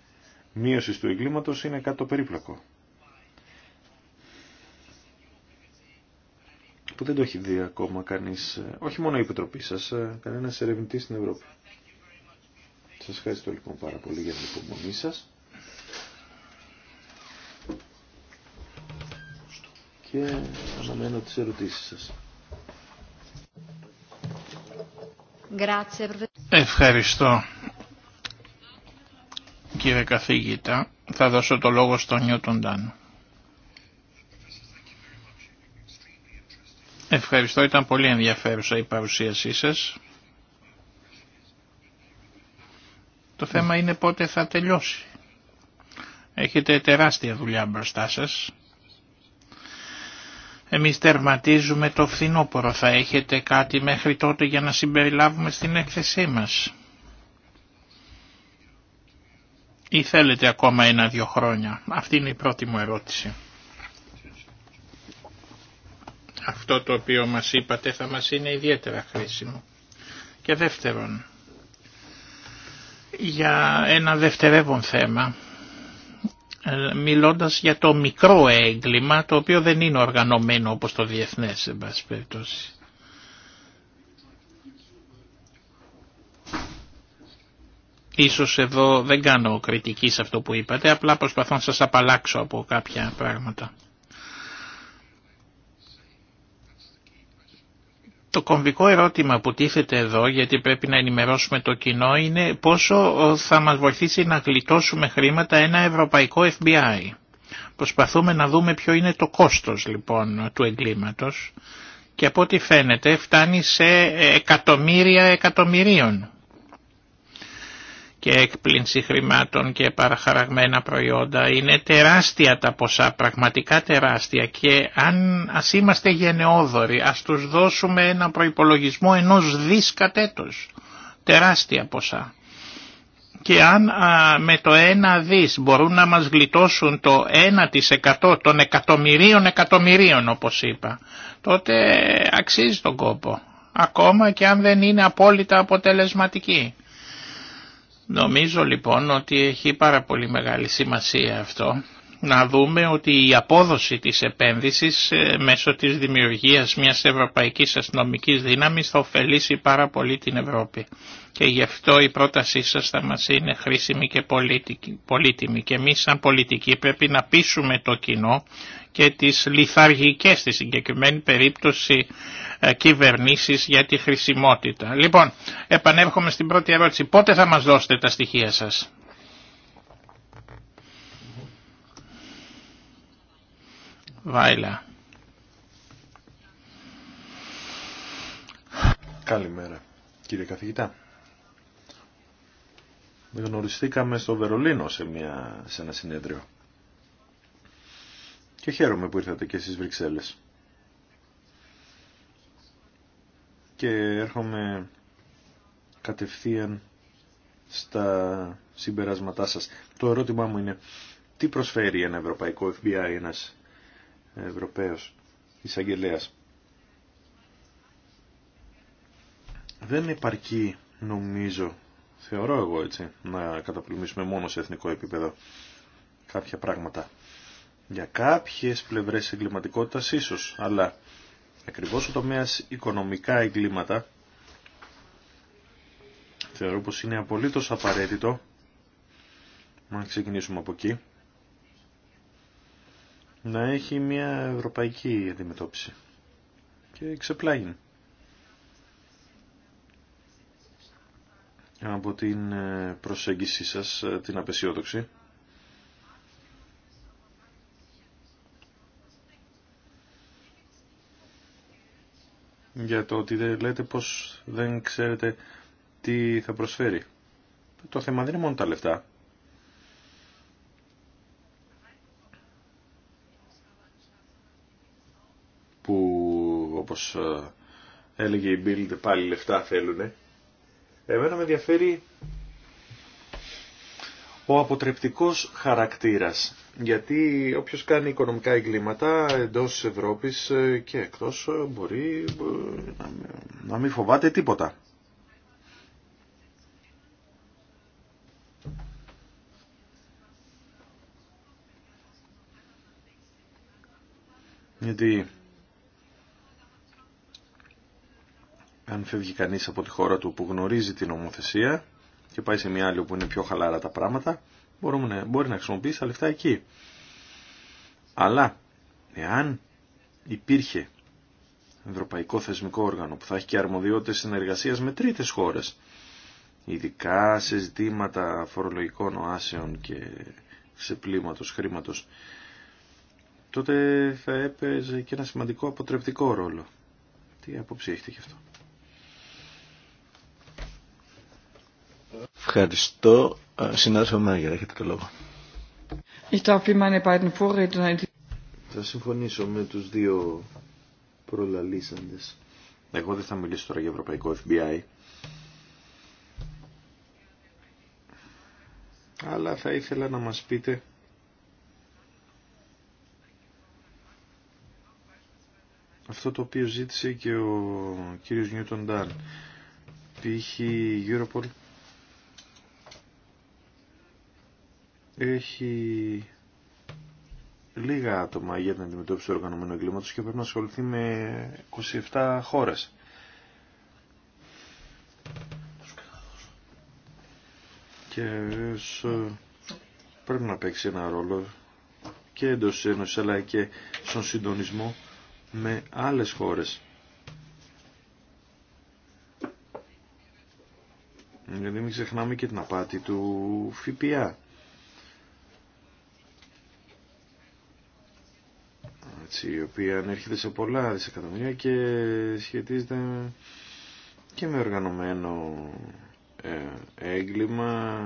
[SPEAKER 3] μείωσης του εγκλήματος είναι κάτι το περίπλοκο. δεν το έχει δει ακόμα κανείς, ε, όχι μόνο η Επιτροπή σας, ε, κανένας ερευνητής στην Ευρώπη. Σας ευχαριστώ λοιπόν πάρα πολύ για την υπομονή σας. Και αναμένω τις ερωτήσεις σας.
[SPEAKER 2] Ευχαριστώ κύριε καθηγητά. Θα δώσω το λόγο στον Νιώτον Τάνου. Ευχαριστώ, ήταν πολύ ενδιαφέρουσα η παρουσίασή σας. Το θέμα είναι πότε θα τελειώσει. Έχετε τεράστια δουλειά μπροστά σας. Εμείς τερματίζουμε το φθινόπωρο. Θα έχετε κάτι μέχρι τότε για να συμπεριλάβουμε στην έκθεσή μας. Ή θέλετε ακόμα ένα-δυο χρόνια. Αυτή είναι η πρώτη μου ερώτηση. Αυτό το οποίο μας είπατε θα μας είναι ιδιαίτερα χρήσιμο. Και δεύτερον, για ένα δευτερεύον θέμα, μιλώντας για το μικρό έγκλημα, το οποίο δεν είναι οργανωμένο όπως το διεθνές, σε πάση περιπτώσει. Ίσως εδώ δεν κάνω κριτική σε αυτό που είπατε, απλά προσπαθώ να σας απαλλάξω από κάποια πράγματα. Το κομβικό ερώτημα που τίθεται εδώ, γιατί πρέπει να ενημερώσουμε το κοινό, είναι πόσο θα μας βοηθήσει να γλιτώσουμε χρήματα ένα ευρωπαϊκό FBI. Προσπαθούμε να δούμε ποιο είναι το κόστος λοιπόν του εγκλήματος και από ό,τι φαίνεται φτάνει σε εκατομμύρια εκατομμυρίων και έκπληνση χρημάτων και παραχαραγμένα προϊόντα. Είναι τεράστια τα ποσά, πραγματικά τεράστια και αν ας είμαστε γενναιόδοροι ας τους δώσουμε ένα προϋπολογισμό ενός δις κατέτος. Τεράστια ποσά. Και αν με το ένα δις μπορούν να μας γλιτώσουν το 1% των εκατομμυρίων εκατομμυρίων όπως είπα, τότε αξίζει τον κόπο. Ακόμα και αν δεν είναι απόλυτα αποτελεσματική. Νομίζω λοιπόν ότι έχει πάρα πολύ μεγάλη σημασία αυτό να δούμε ότι η απόδοση της επένδυσης ε, μέσω της δημιουργίας μιας ευρωπαϊκής αστυνομικής δύναμης θα ωφελήσει πάρα πολύ την Ευρώπη. Και γι' αυτό η πρότασή σας θα μας είναι χρήσιμη και πολύτιμη. Και εμείς σαν πολιτικοί πρέπει να πείσουμε το κοινό και τις λιθαργικές στη συγκεκριμένη περίπτωση ε, κυβερνήσεις για τη χρησιμότητα. Λοιπόν, επανέρχομαι στην πρώτη ερώτηση. Πότε θα μας δώσετε τα στοιχεία σας. Βάιλα.
[SPEAKER 3] Καλημέρα, κύριε καθηγητά. Γνωριστήκαμε στο Βερολίνο σε, μια, σε ένα συνέδριο. Και χαίρομαι που ήρθατε και στις Βρυξέλλες. και έρχομαι κατευθείαν στα συμπεράσματά σας. Το ερώτημά μου είναι τι προσφέρει ένα ευρωπαϊκό FBI, ένας ευρωπαίος εισαγγελέα. Δεν υπαρκεί, νομίζω, θεωρώ εγώ έτσι, να καταπλημίσουμε μόνο σε εθνικό επίπεδο κάποια πράγματα. Για κάποιες πλευρές εγκληματικότητας ίσως, αλλά Ακριβώς ο τομέας οικονομικά εγκλήματα θεωρώ πως είναι απολύτως απαραίτητο να ξεκινήσουμε από εκεί να έχει μια ευρωπαϊκή αντιμετώπιση και ξεπλάγει από την προσέγγιση σας την απεσιόδοξη για το ότι δεν λέτε πως δεν ξέρετε τι θα προσφέρει. Το θέμα δεν είναι μόνο τα λεφτά. Που όπως ε, έλεγε η τα πάλι λεφτά θέλουνε. Εμένα με ενδιαφέρει ο αποτρεπτικός χαρακτήρας. Γιατί όποιος κάνει οικονομικά εγκλήματα εντός της Ευρώπης ε, και εκτός ε, μπορεί ε, να μην φοβάται τίποτα. Γιατί αν φεύγει κανείς από τη χώρα του που γνωρίζει την ομοθεσία και πάει σε μια άλλη όπου είναι πιο χαλαρά τα πράγματα, μπορούμε να, μπορεί να χρησιμοποιήσει τα λεφτά εκεί. Αλλά, εάν υπήρχε ευρωπαϊκό θεσμικό όργανο που θα έχει και αρμοδιότητες συνεργασίας με τρίτες χώρες, ειδικά σε ζητήματα φορολογικών οάσεων και ξεπλήματος χρήματος, τότε θα έπαιζε και ένα σημαντικό αποτρεπτικό
[SPEAKER 1] ρόλο. Τι άποψη έχετε γι' αυτό. Ευχαριστώ. Συνάδελφε Μάγερ, έχετε το λόγο.
[SPEAKER 3] Θα συμφωνήσω με τους δύο προλαλήσαντες. Εγώ δεν θα μιλήσω τώρα για Ευρωπαϊκό FBI. Αλλά θα ήθελα να μας πείτε αυτό το οποίο ζήτησε και ο κύριος Νιούτον Ντάν. Π.χ. Europol έχει λίγα άτομα για την αντιμετώπιση του οργανωμένου εγκλήματος και πρέπει να ασχοληθεί με 27 χώρες. Και πρέπει να παίξει ένα ρόλο και εντός της Ένωσης αλλά και στον συντονισμό με άλλες χώρες. Γιατί μην ξεχνάμε και την απάτη του ΦΠΑ. η οποία ανέρχεται σε πολλά δισεκατομμύρια και σχετίζεται και με οργανωμένο ε, έγκλημα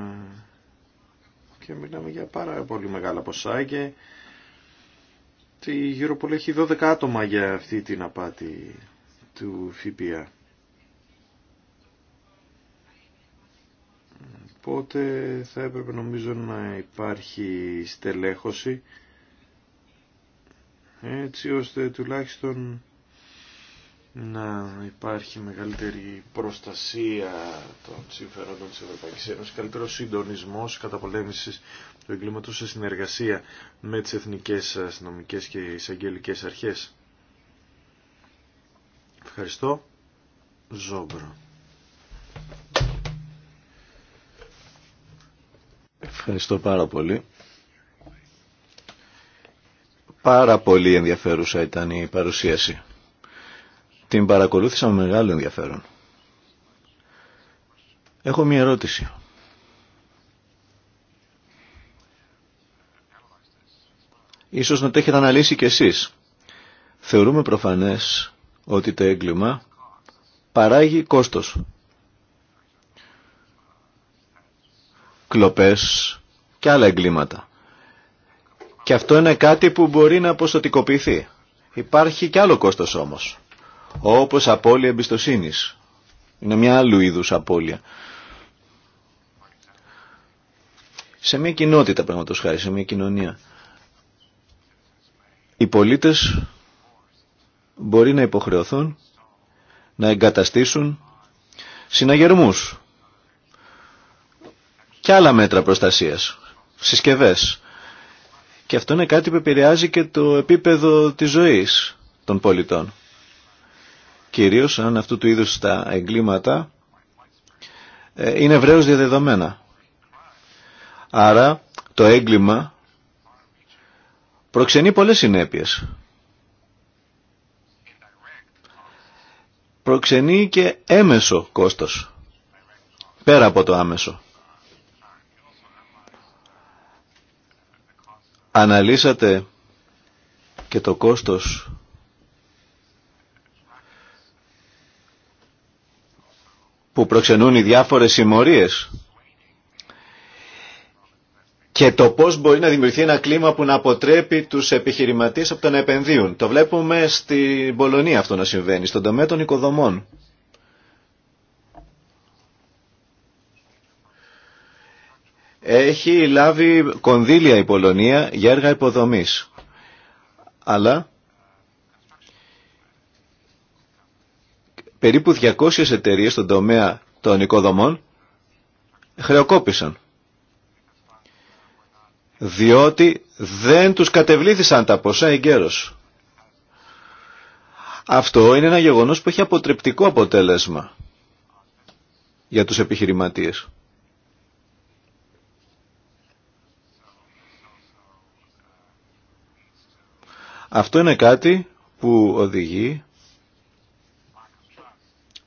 [SPEAKER 3] και μιλάμε για πάρα πολύ μεγάλα ποσά και η Europol έχει 12 άτομα για αυτή την απάτη του ΦΠΑ. Οπότε θα έπρεπε νομίζω να υπάρχει στελέχωση έτσι ώστε τουλάχιστον να υπάρχει μεγαλύτερη προστασία των συμφερόντων της Ευρωπαϊκής Ένωσης, καλύτερος συντονισμός καταπολέμησης του εγκλήματος σε συνεργασία με τις εθνικές αστυνομικές και εισαγγελικές αρχές. Ευχαριστώ. Ζόμπρο.
[SPEAKER 1] Ευχαριστώ πάρα πολύ. Πάρα πολύ ενδιαφέρουσα ήταν η παρουσίαση. Την παρακολούθησα με μεγάλο ενδιαφέρον. Έχω μία ερώτηση. Ίσως να το έχετε αναλύσει κι εσείς. Θεωρούμε προφανές ότι το έγκλημα παράγει κόστος. Κλοπές και άλλα εγκλήματα. Και αυτό είναι κάτι που μπορεί να αποστοτικοποιηθεί. Υπάρχει κι άλλο κόστος όμως, όπως απώλεια εμπιστοσύνης. Είναι μια άλλου είδου απώλεια. Σε μια κοινότητα, πραγματος χάρη, σε μια κοινωνία, οι πολίτες μπορεί να υποχρεωθούν να εγκαταστήσουν συναγερμούς και άλλα μέτρα προστασίας, συσκευές, και αυτό είναι κάτι που επηρεάζει και το επίπεδο της ζωής των πολιτών. Κυρίως αν αυτού του είδους τα εγκλήματα ε, είναι ευρέως διαδεδομένα. Άρα το έγκλημα προξενεί πολλές συνέπειες. Προξενεί και έμεσο κόστος, πέρα από το άμεσο. Αναλύσατε και το κόστος που προξενούν οι διάφορες συμμορίες και το πώς μπορεί να δημιουργηθεί ένα κλίμα που να αποτρέπει τους επιχειρηματίες από το να επενδύουν. Το βλέπουμε στην Πολωνία αυτό να συμβαίνει, στον τομέα των οικοδομών. έχει λάβει κονδύλια η Πολωνία για έργα υποδομής. Αλλά περίπου 200 εταιρείες στον τομέα των οικοδομών χρεοκόπησαν. Διότι δεν τους κατεβλήθησαν τα ποσά εγκαίρως. Αυτό είναι ένα γεγονός που έχει αποτρεπτικό αποτέλεσμα για τους επιχειρηματίες. Αυτό είναι κάτι που οδηγεί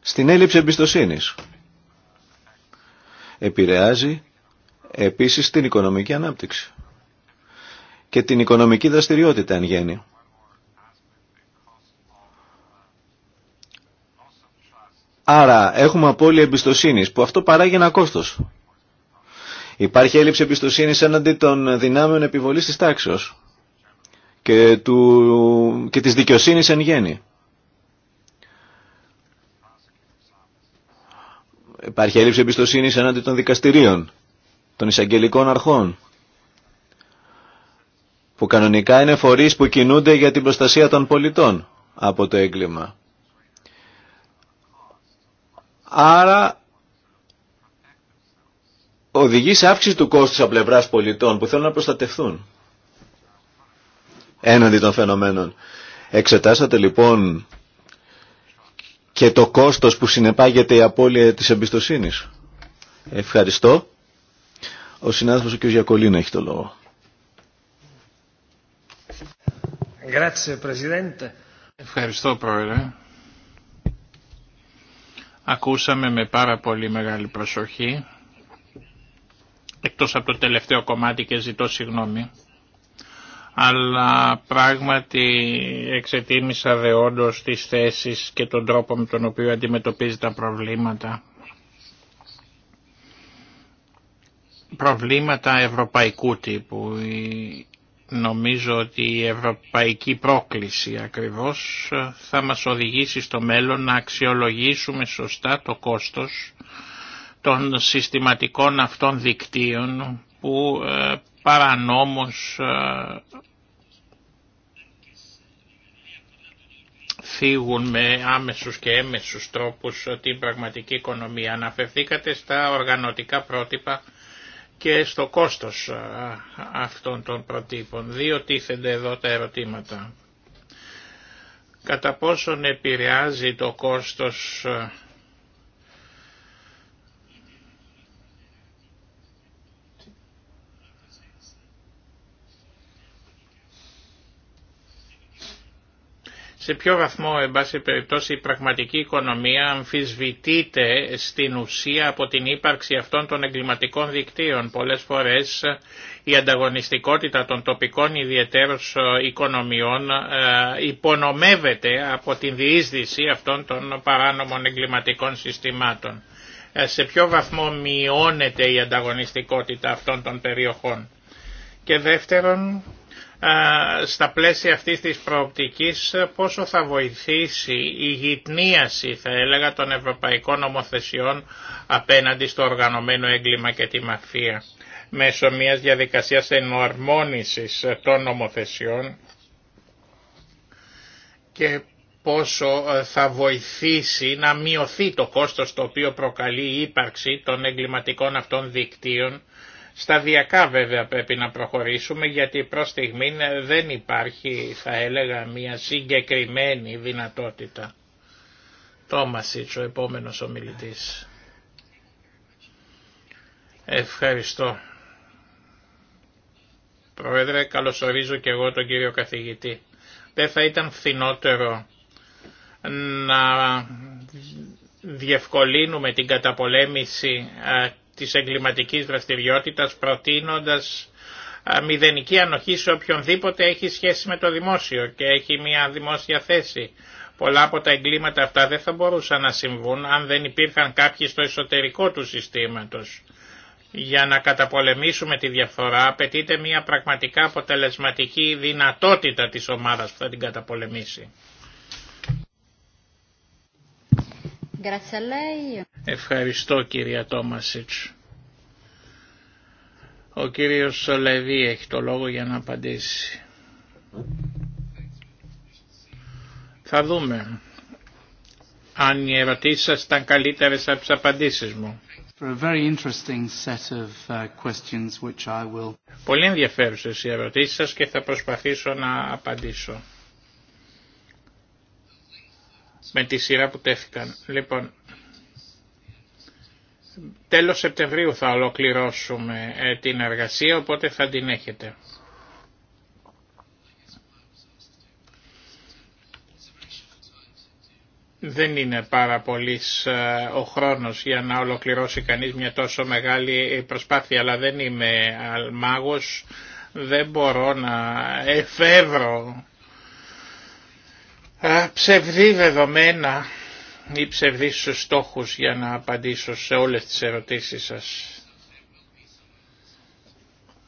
[SPEAKER 1] στην έλλειψη εμπιστοσύνης. Επηρεάζει επίσης την οικονομική ανάπτυξη και την οικονομική δραστηριότητα εν γέννη. Άρα έχουμε απώλεια εμπιστοσύνης που αυτό παράγει ένα κόστος. Υπάρχει έλλειψη εμπιστοσύνης έναντι των δυνάμεων επιβολής της τάξεως και, του, και της δικαιοσύνης εν γέννη. Υπάρχει έλλειψη εμπιστοσύνης εναντί των δικαστηρίων, των εισαγγελικών αρχών, που κανονικά είναι φορείς που κινούνται για την προστασία των πολιτών από το έγκλημα. Άρα οδηγεί σε αύξηση του κόστου από πλευρά πολιτών που θέλουν να προστατευθούν έναντι των φαινομένων. Εξετάσατε λοιπόν και το κόστος που συνεπάγεται η απώλεια της εμπιστοσύνης. Ευχαριστώ. Ο συνάδελφος ο κ. Γιακολίνο έχει το λόγο.
[SPEAKER 2] Ευχαριστώ Πρόεδρε. Ακούσαμε με πάρα πολύ μεγάλη προσοχή, εκτός από το τελευταίο κομμάτι και ζητώ συγγνώμη, αλλά πράγματι εξετίμησα δεόντως τις θέσεις και τον τρόπο με τον οποίο αντιμετωπίζει τα προβλήματα. Προβλήματα ευρωπαϊκού τύπου. Νομίζω ότι η ευρωπαϊκή πρόκληση ακριβώς θα μας οδηγήσει στο μέλλον να αξιολογήσουμε σωστά το κόστος των συστηματικών αυτών δικτύων που ε, παρανόμος ε, φύγουν με άμεσους και έμεσους τρόπους την πραγματική οικονομία. Αναφερθήκατε στα οργανωτικά πρότυπα και στο κόστος ε, αυτών των προτύπων. Δύο τίθενται εδώ τα ερωτήματα. Κατά πόσον επηρεάζει το κόστος ε, σε ποιο βαθμό, εν πάση περιπτώσει, η πραγματική οικονομία αμφισβητείται στην ουσία από την ύπαρξη αυτών των εγκληματικών δικτύων. Πολλές φορές η ανταγωνιστικότητα των τοπικών ιδιαιτέρως ε, οικονομιών ε, υπονομεύεται από την διείσδυση αυτών των παράνομων εγκληματικών συστημάτων. Ε, σε ποιο βαθμό μειώνεται η ανταγωνιστικότητα αυτών των περιοχών. Και δεύτερον, στα πλαίσια αυτής της προοπτικής πόσο θα βοηθήσει η γυτνίαση θα έλεγα των ευρωπαϊκών νομοθεσιών απέναντι στο οργανωμένο έγκλημα και τη μαφία μέσω μιας διαδικασίας ενορμόνησης των νομοθεσιών και πόσο ε, θα βοηθήσει να μειωθεί το κόστος το οποίο προκαλεί η ύπαρξη των εγκληματικών αυτών δικτύων Σταδιακά βέβαια πρέπει να προχωρήσουμε γιατί προς στιγμή ε, δεν υπάρχει θα έλεγα μια συγκεκριμένη δυνατότητα. Τόμασιτς ο επόμενος ομιλητής. Ευχαριστώ. Πρόεδρε, καλωσορίζω και εγώ τον κύριο καθηγητή. Δεν θα ήταν φθηνότερο να διευκολύνουμε την καταπολέμηση της εγκληματικής δραστηριότητας προτείνοντας μηδενική ανοχή σε οποιονδήποτε έχει σχέση με το δημόσιο και έχει μια δημόσια θέση. Πολλά από τα εγκλήματα αυτά δεν θα μπορούσαν να συμβούν αν δεν υπήρχαν κάποιοι στο εσωτερικό του συστήματος. Για να καταπολεμήσουμε τη διαφορά απαιτείται μια πραγματικά αποτελεσματική δυνατότητα της ομάδας που θα την καταπολεμήσει. Ευχαριστώ κυρία Τόμασιτς. Ο κύριος Λεβί έχει το λόγο για να απαντήσει. Θα δούμε αν οι ερωτήσεις σας ήταν καλύτερες από τις απαντήσεις μου. Πολύ ενδιαφέρουσες οι ερωτήσεις σας και θα προσπαθήσω να απαντήσω με τη σειρά που τέθηκαν. Λοιπόν, τέλος Σεπτεμβρίου θα ολοκληρώσουμε ε, την εργασία, οπότε θα την έχετε. Δεν είναι πάρα πολύ ε, ο χρόνος για να ολοκληρώσει κανείς μια τόσο μεγάλη προσπάθεια, αλλά δεν είμαι μάγος, δεν μπορώ να εφεύρω ψευδή δεδομένα ή ψευδείς στόχους για να απαντήσω σε όλες τις ερωτήσεις σας.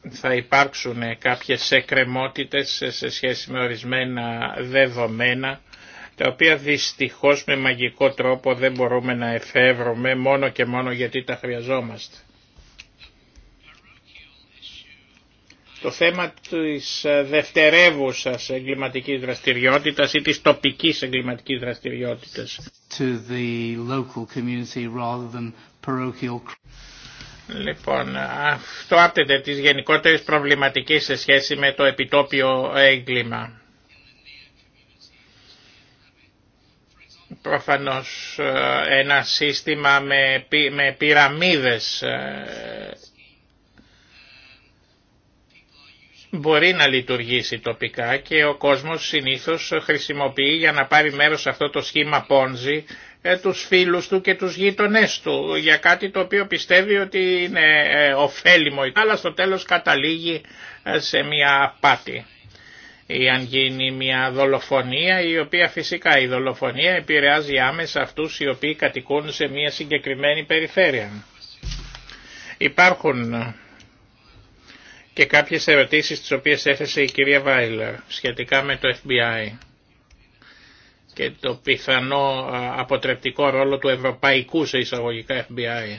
[SPEAKER 2] Θα υπάρξουν κάποιες εκκρεμότητες σε σχέση με ορισμένα δεδομένα τα οποία δυστυχώς με μαγικό τρόπο δεν μπορούμε να εφεύρουμε μόνο και μόνο γιατί τα χρειαζόμαστε. Το θέμα της ε, δευτερεύουσας εγκληματικής δραστηριότητας ή της τοπικής εγκληματικής δραστηριότητας. Λοιπόν, αυτό άπτεται της γενικότερης προβληματικής σε σχέση με το επιτόπιο έγκλημα. Προφανώς ε, ένα σύστημα με, πυ, με πυραμίδες ε, μπορεί να λειτουργήσει τοπικά και ο κόσμος συνήθως χρησιμοποιεί για να πάρει μέρος σε αυτό το σχήμα πόνζι ε, τους φίλους του και τους γείτονές του για κάτι το οποίο πιστεύει ότι είναι ε, ωφέλιμο αλλά στο τέλος καταλήγει ε, σε μια απάτη ή αν γίνει μια δολοφονία η οποία φυσικά η δολοφονία επηρεάζει άμεσα αυτούς οι οποίοι κατοικούν σε μια συγκεκριμένη περιφέρεια. Υπάρχουν και κάποιες ερωτήσεις τις οποίες έθεσε η κυρία Βάιλερ σχετικά με το FBI και το πιθανό αποτρεπτικό ρόλο του ευρωπαϊκού σε εισαγωγικά FBI.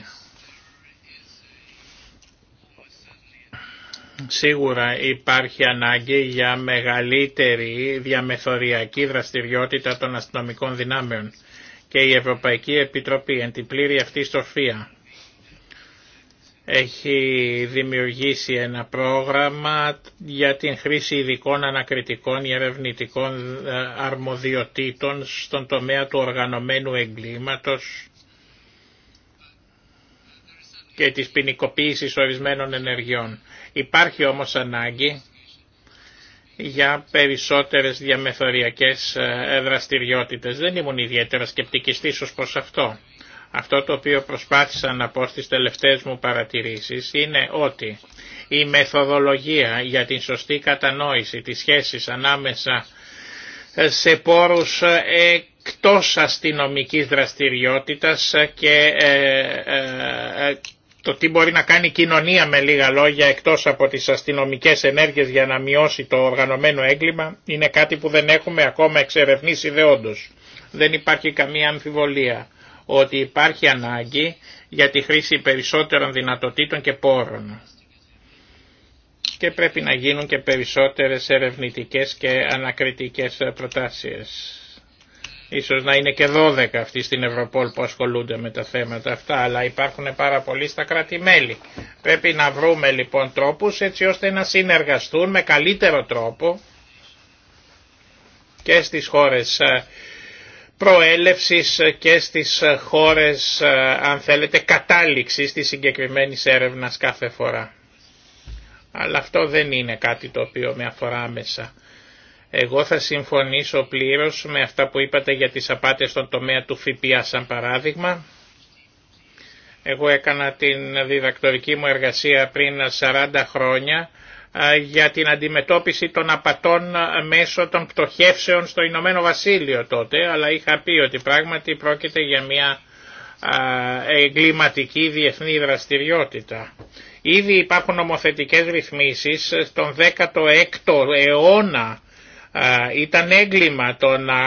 [SPEAKER 2] Σίγουρα υπάρχει ανάγκη για μεγαλύτερη διαμεθοριακή δραστηριότητα των αστυνομικών δυνάμεων και η Ευρωπαϊκή Επιτροπή εν την πλήρη αυτή έχει δημιουργήσει ένα πρόγραμμα για την χρήση ειδικών ανακριτικών ή ερευνητικών ε, αρμοδιοτήτων στον τομέα του οργανωμένου εγκλήματος και της ποινικοποίηση ορισμένων ενεργειών. Υπάρχει όμως ανάγκη για περισσότερες διαμεθοριακές ε, δραστηριότητες. Δεν ήμουν ιδιαίτερα σκεπτικιστής ως προς αυτό. Αυτό το οποίο προσπάθησα να πω στις τελευταίες μου παρατηρήσεις είναι ότι η μεθοδολογία για την σωστή κατανόηση της σχέσης ανάμεσα σε πόρους εκτός αστυνομικής δραστηριότητας και ε, ε, το τι μπορεί να κάνει η κοινωνία με λίγα λόγια εκτός από τις αστυνομικές ενέργειες για να μειώσει το οργανωμένο έγκλημα είναι κάτι που δεν έχουμε ακόμα εξερευνήσει δεόντως. Δεν υπάρχει καμία αμφιβολία ότι υπάρχει ανάγκη για τη χρήση περισσότερων δυνατοτήτων και πόρων και πρέπει να γίνουν και περισσότερες ερευνητικές και ανακριτικές προτάσεις. Ίσως να είναι και 12 αυτοί στην Ευρωπόλ που ασχολούνται με τα θέματα αυτά, αλλά υπάρχουν πάρα πολλοί στα κράτη-μέλη. Πρέπει να βρούμε λοιπόν τρόπους έτσι ώστε να συνεργαστούν με καλύτερο τρόπο και στις χώρες ε, προέλευσης και στις χώρες, ε, αν θέλετε, κατάληξης της συγκεκριμένης έρευνας κάθε φορά. Αλλά αυτό δεν είναι κάτι το οποίο με αφορά άμεσα. Εγώ θα συμφωνήσω πλήρως με αυτά που είπατε για τις απάτες στον τομέα του ΦΠΑ σαν παράδειγμα. Εγώ έκανα την διδακτορική μου εργασία πριν 40 χρόνια για την αντιμετώπιση των απατών μέσω των πτωχεύσεων στο Ηνωμένο Βασίλειο τότε, αλλά είχα πει ότι πράγματι πρόκειται για μια εγκληματική διεθνή δραστηριότητα. Ήδη υπάρχουν νομοθετικές ρυθμίσεις ε, στον 16ο αιώνα ήταν έγκλημα το να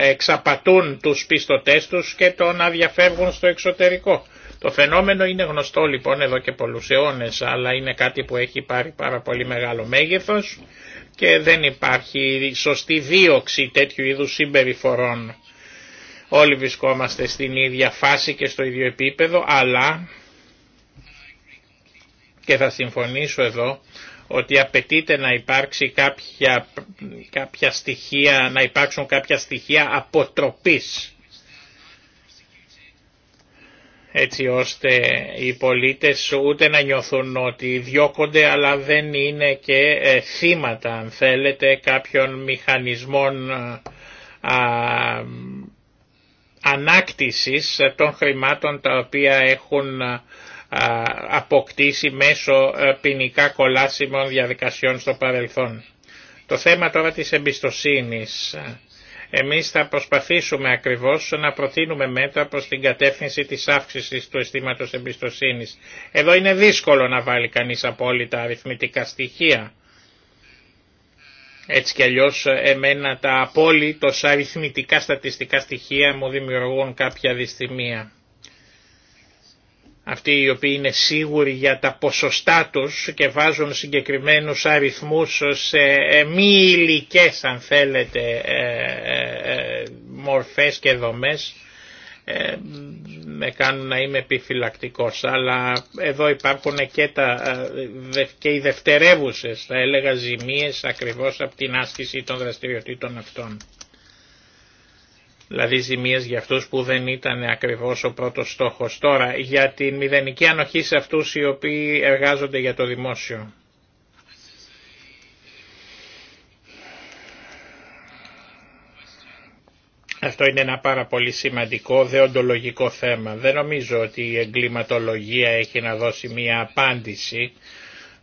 [SPEAKER 2] εξαπατούν τους πιστωτές τους και το να διαφεύγουν στο εξωτερικό. Το φαινόμενο είναι γνωστό λοιπόν εδώ και πολλούς αιώνες, αλλά είναι κάτι που έχει πάρει πάρα πολύ μεγάλο μέγεθος και δεν υπάρχει σωστή δίωξη τέτοιου είδους συμπεριφορών. Όλοι βρισκόμαστε στην ίδια φάση και στο ίδιο επίπεδο, αλλά και θα συμφωνήσω εδώ ότι απαιτείται να υπάρξει κάποια, κάποια στοιχεία, να υπάρξουν κάποια στοιχεία αποτροπής έτσι ώστε οι πολίτες ούτε να νιώθουν ότι διώκονται αλλά δεν είναι και ε, θύματα αν θέλετε κάποιων μηχανισμών ε, α, ανάκτησης των χρημάτων τα οποία έχουν ε, αποκτήσει μέσω ποινικά κολάσιμων διαδικασιών στο παρελθόν. Το θέμα τώρα της εμπιστοσύνης εμείς θα προσπαθήσουμε ακριβώς να προτείνουμε μέτρα προς την κατεύθυνση της αύξησης του αισθήματος εμπιστοσύνης. Εδώ είναι δύσκολο να βάλει κανείς απόλυτα αριθμητικά στοιχεία. Έτσι κι αλλιώς εμένα τα απόλυτος αριθμητικά στατιστικά στοιχεία μου δημιουργούν κάποια δυστημία αυτοί οι οποίοι είναι σίγουροι για τα ποσοστά τους και βάζουν συγκεκριμένους αριθμούς σε ε, μη υλικέ αν θέλετε ε, ε, μορφές και δομές με κάνουν να είμαι επιφυλακτικός αλλά εδώ υπάρχουν και, τα, και οι δευτερεύουσες θα έλεγα ζημίες ακριβώς από την άσκηση των δραστηριοτήτων αυτών δηλαδή ζημίες για αυτούς που δεν ήταν ακριβώς ο πρώτος στόχος. Τώρα, για την μηδενική ανοχή σε αυτούς οι οποίοι εργάζονται για το δημόσιο. Αυτό είναι ένα πάρα πολύ σημαντικό δεοντολογικό θέμα. Δεν νομίζω ότι η εγκληματολογία έχει να δώσει μία απάντηση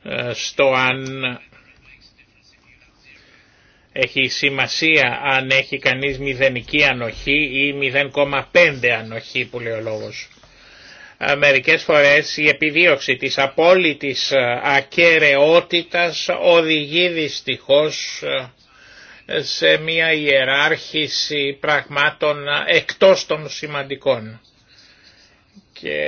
[SPEAKER 2] ε, στο αν έχει σημασία αν έχει κανείς μηδενική ανοχή ή 0,5 ανοχή που λέει ο λόγος. Ε, μερικές φορές η επιδίωξη της απόλυτης ε, ακαιρεότητας οδηγεί δυστυχώς ε, σε μια ιεράρχηση πραγμάτων εκτός των σημαντικών. Και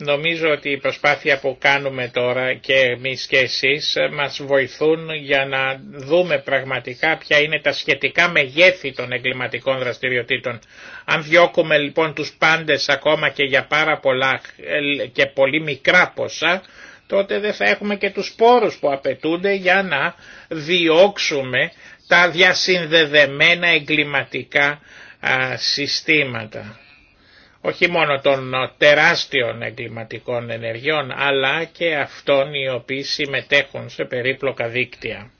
[SPEAKER 2] Νομίζω ότι η προσπάθεια που κάνουμε τώρα και εμείς και εσείς ε, μας βοηθούν για να δούμε πραγματικά ποια είναι τα σχετικά μεγέθη των εγκληματικών δραστηριοτήτων. Αν διώκουμε λοιπόν τους πάντες ακόμα και για πάρα πολλά ε, και πολύ μικρά ποσά, τότε δεν θα έχουμε και τους πόρους που απαιτούνται για να διώξουμε τα διασυνδεδεμένα εγκληματικά συστήματα όχι μόνο των ε, τεράστιων εγκληματικών ενεργειών, αλλά και αυτών οι οποίοι συμμετέχουν σε περίπλοκα δίκτυα.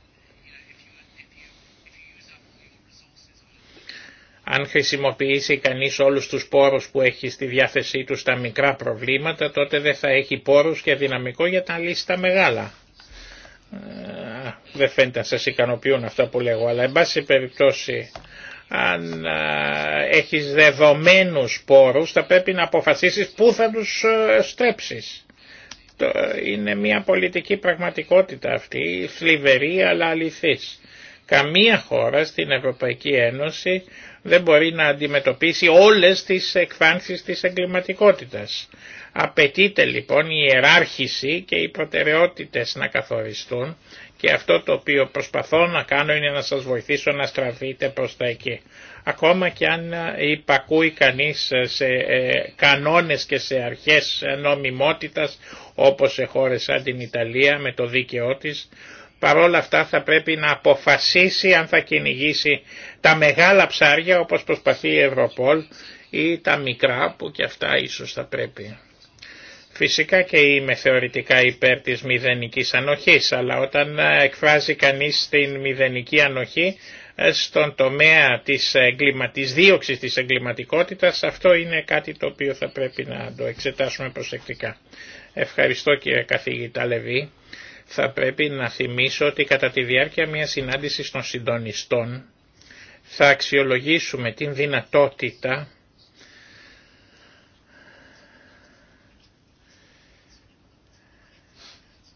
[SPEAKER 2] Αν χρησιμοποιήσει κανείς όλους τους πόρους που έχει στη διάθεσή του στα μικρά προβλήματα, τότε δεν θα έχει πόρους και δυναμικό για τα λύσει τα μεγάλα. Ε, δεν φαίνεται να σας ικανοποιούν αυτά που λέγω, αλλά εν πάση περιπτώσει αν έχεις δεδομένους πόρους θα πρέπει να αποφασίσεις πού θα τους στρέψεις. Είναι μια πολιτική πραγματικότητα αυτή, θλιβερή αλλά αληθής. Καμία χώρα στην Ευρωπαϊκή Ένωση δεν μπορεί να αντιμετωπίσει όλες τις εκφάνσεις της εγκληματικότητας. Απαιτείται λοιπόν η ιεράρχηση και οι προτεραιότητες να καθοριστούν και αυτό το οποίο προσπαθώ να κάνω είναι να σας βοηθήσω να στραβείτε προς τα εκεί. Ακόμα και αν ε, υπακούει κανείς ε, σε ε, κανόνες και σε αρχές νομιμότητας όπως σε χώρες σαν την Ιταλία με το δίκαιό της, παρόλα αυτά θα πρέπει να αποφασίσει αν θα κυνηγήσει τα μεγάλα ψάρια όπως προσπαθεί η Ευρωπόλ ή τα μικρά που και αυτά ίσως θα πρέπει Φυσικά και είμαι θεωρητικά υπέρ της μηδενικής ανοχής, αλλά όταν ε, εκφράζει κανείς την μηδενική ανοχή ε, στον τομέα της, εγκλημα... της δίωξης της εγκληματικότητας, αυτό είναι κάτι το οποίο θα πρέπει να το εξετάσουμε προσεκτικά. Ευχαριστώ κύριε καθηγητά Λεβί. Θα πρέπει να θυμίσω ότι κατά τη διάρκεια μιας συνάντησης των συντονιστών θα αξιολογήσουμε την δυνατότητα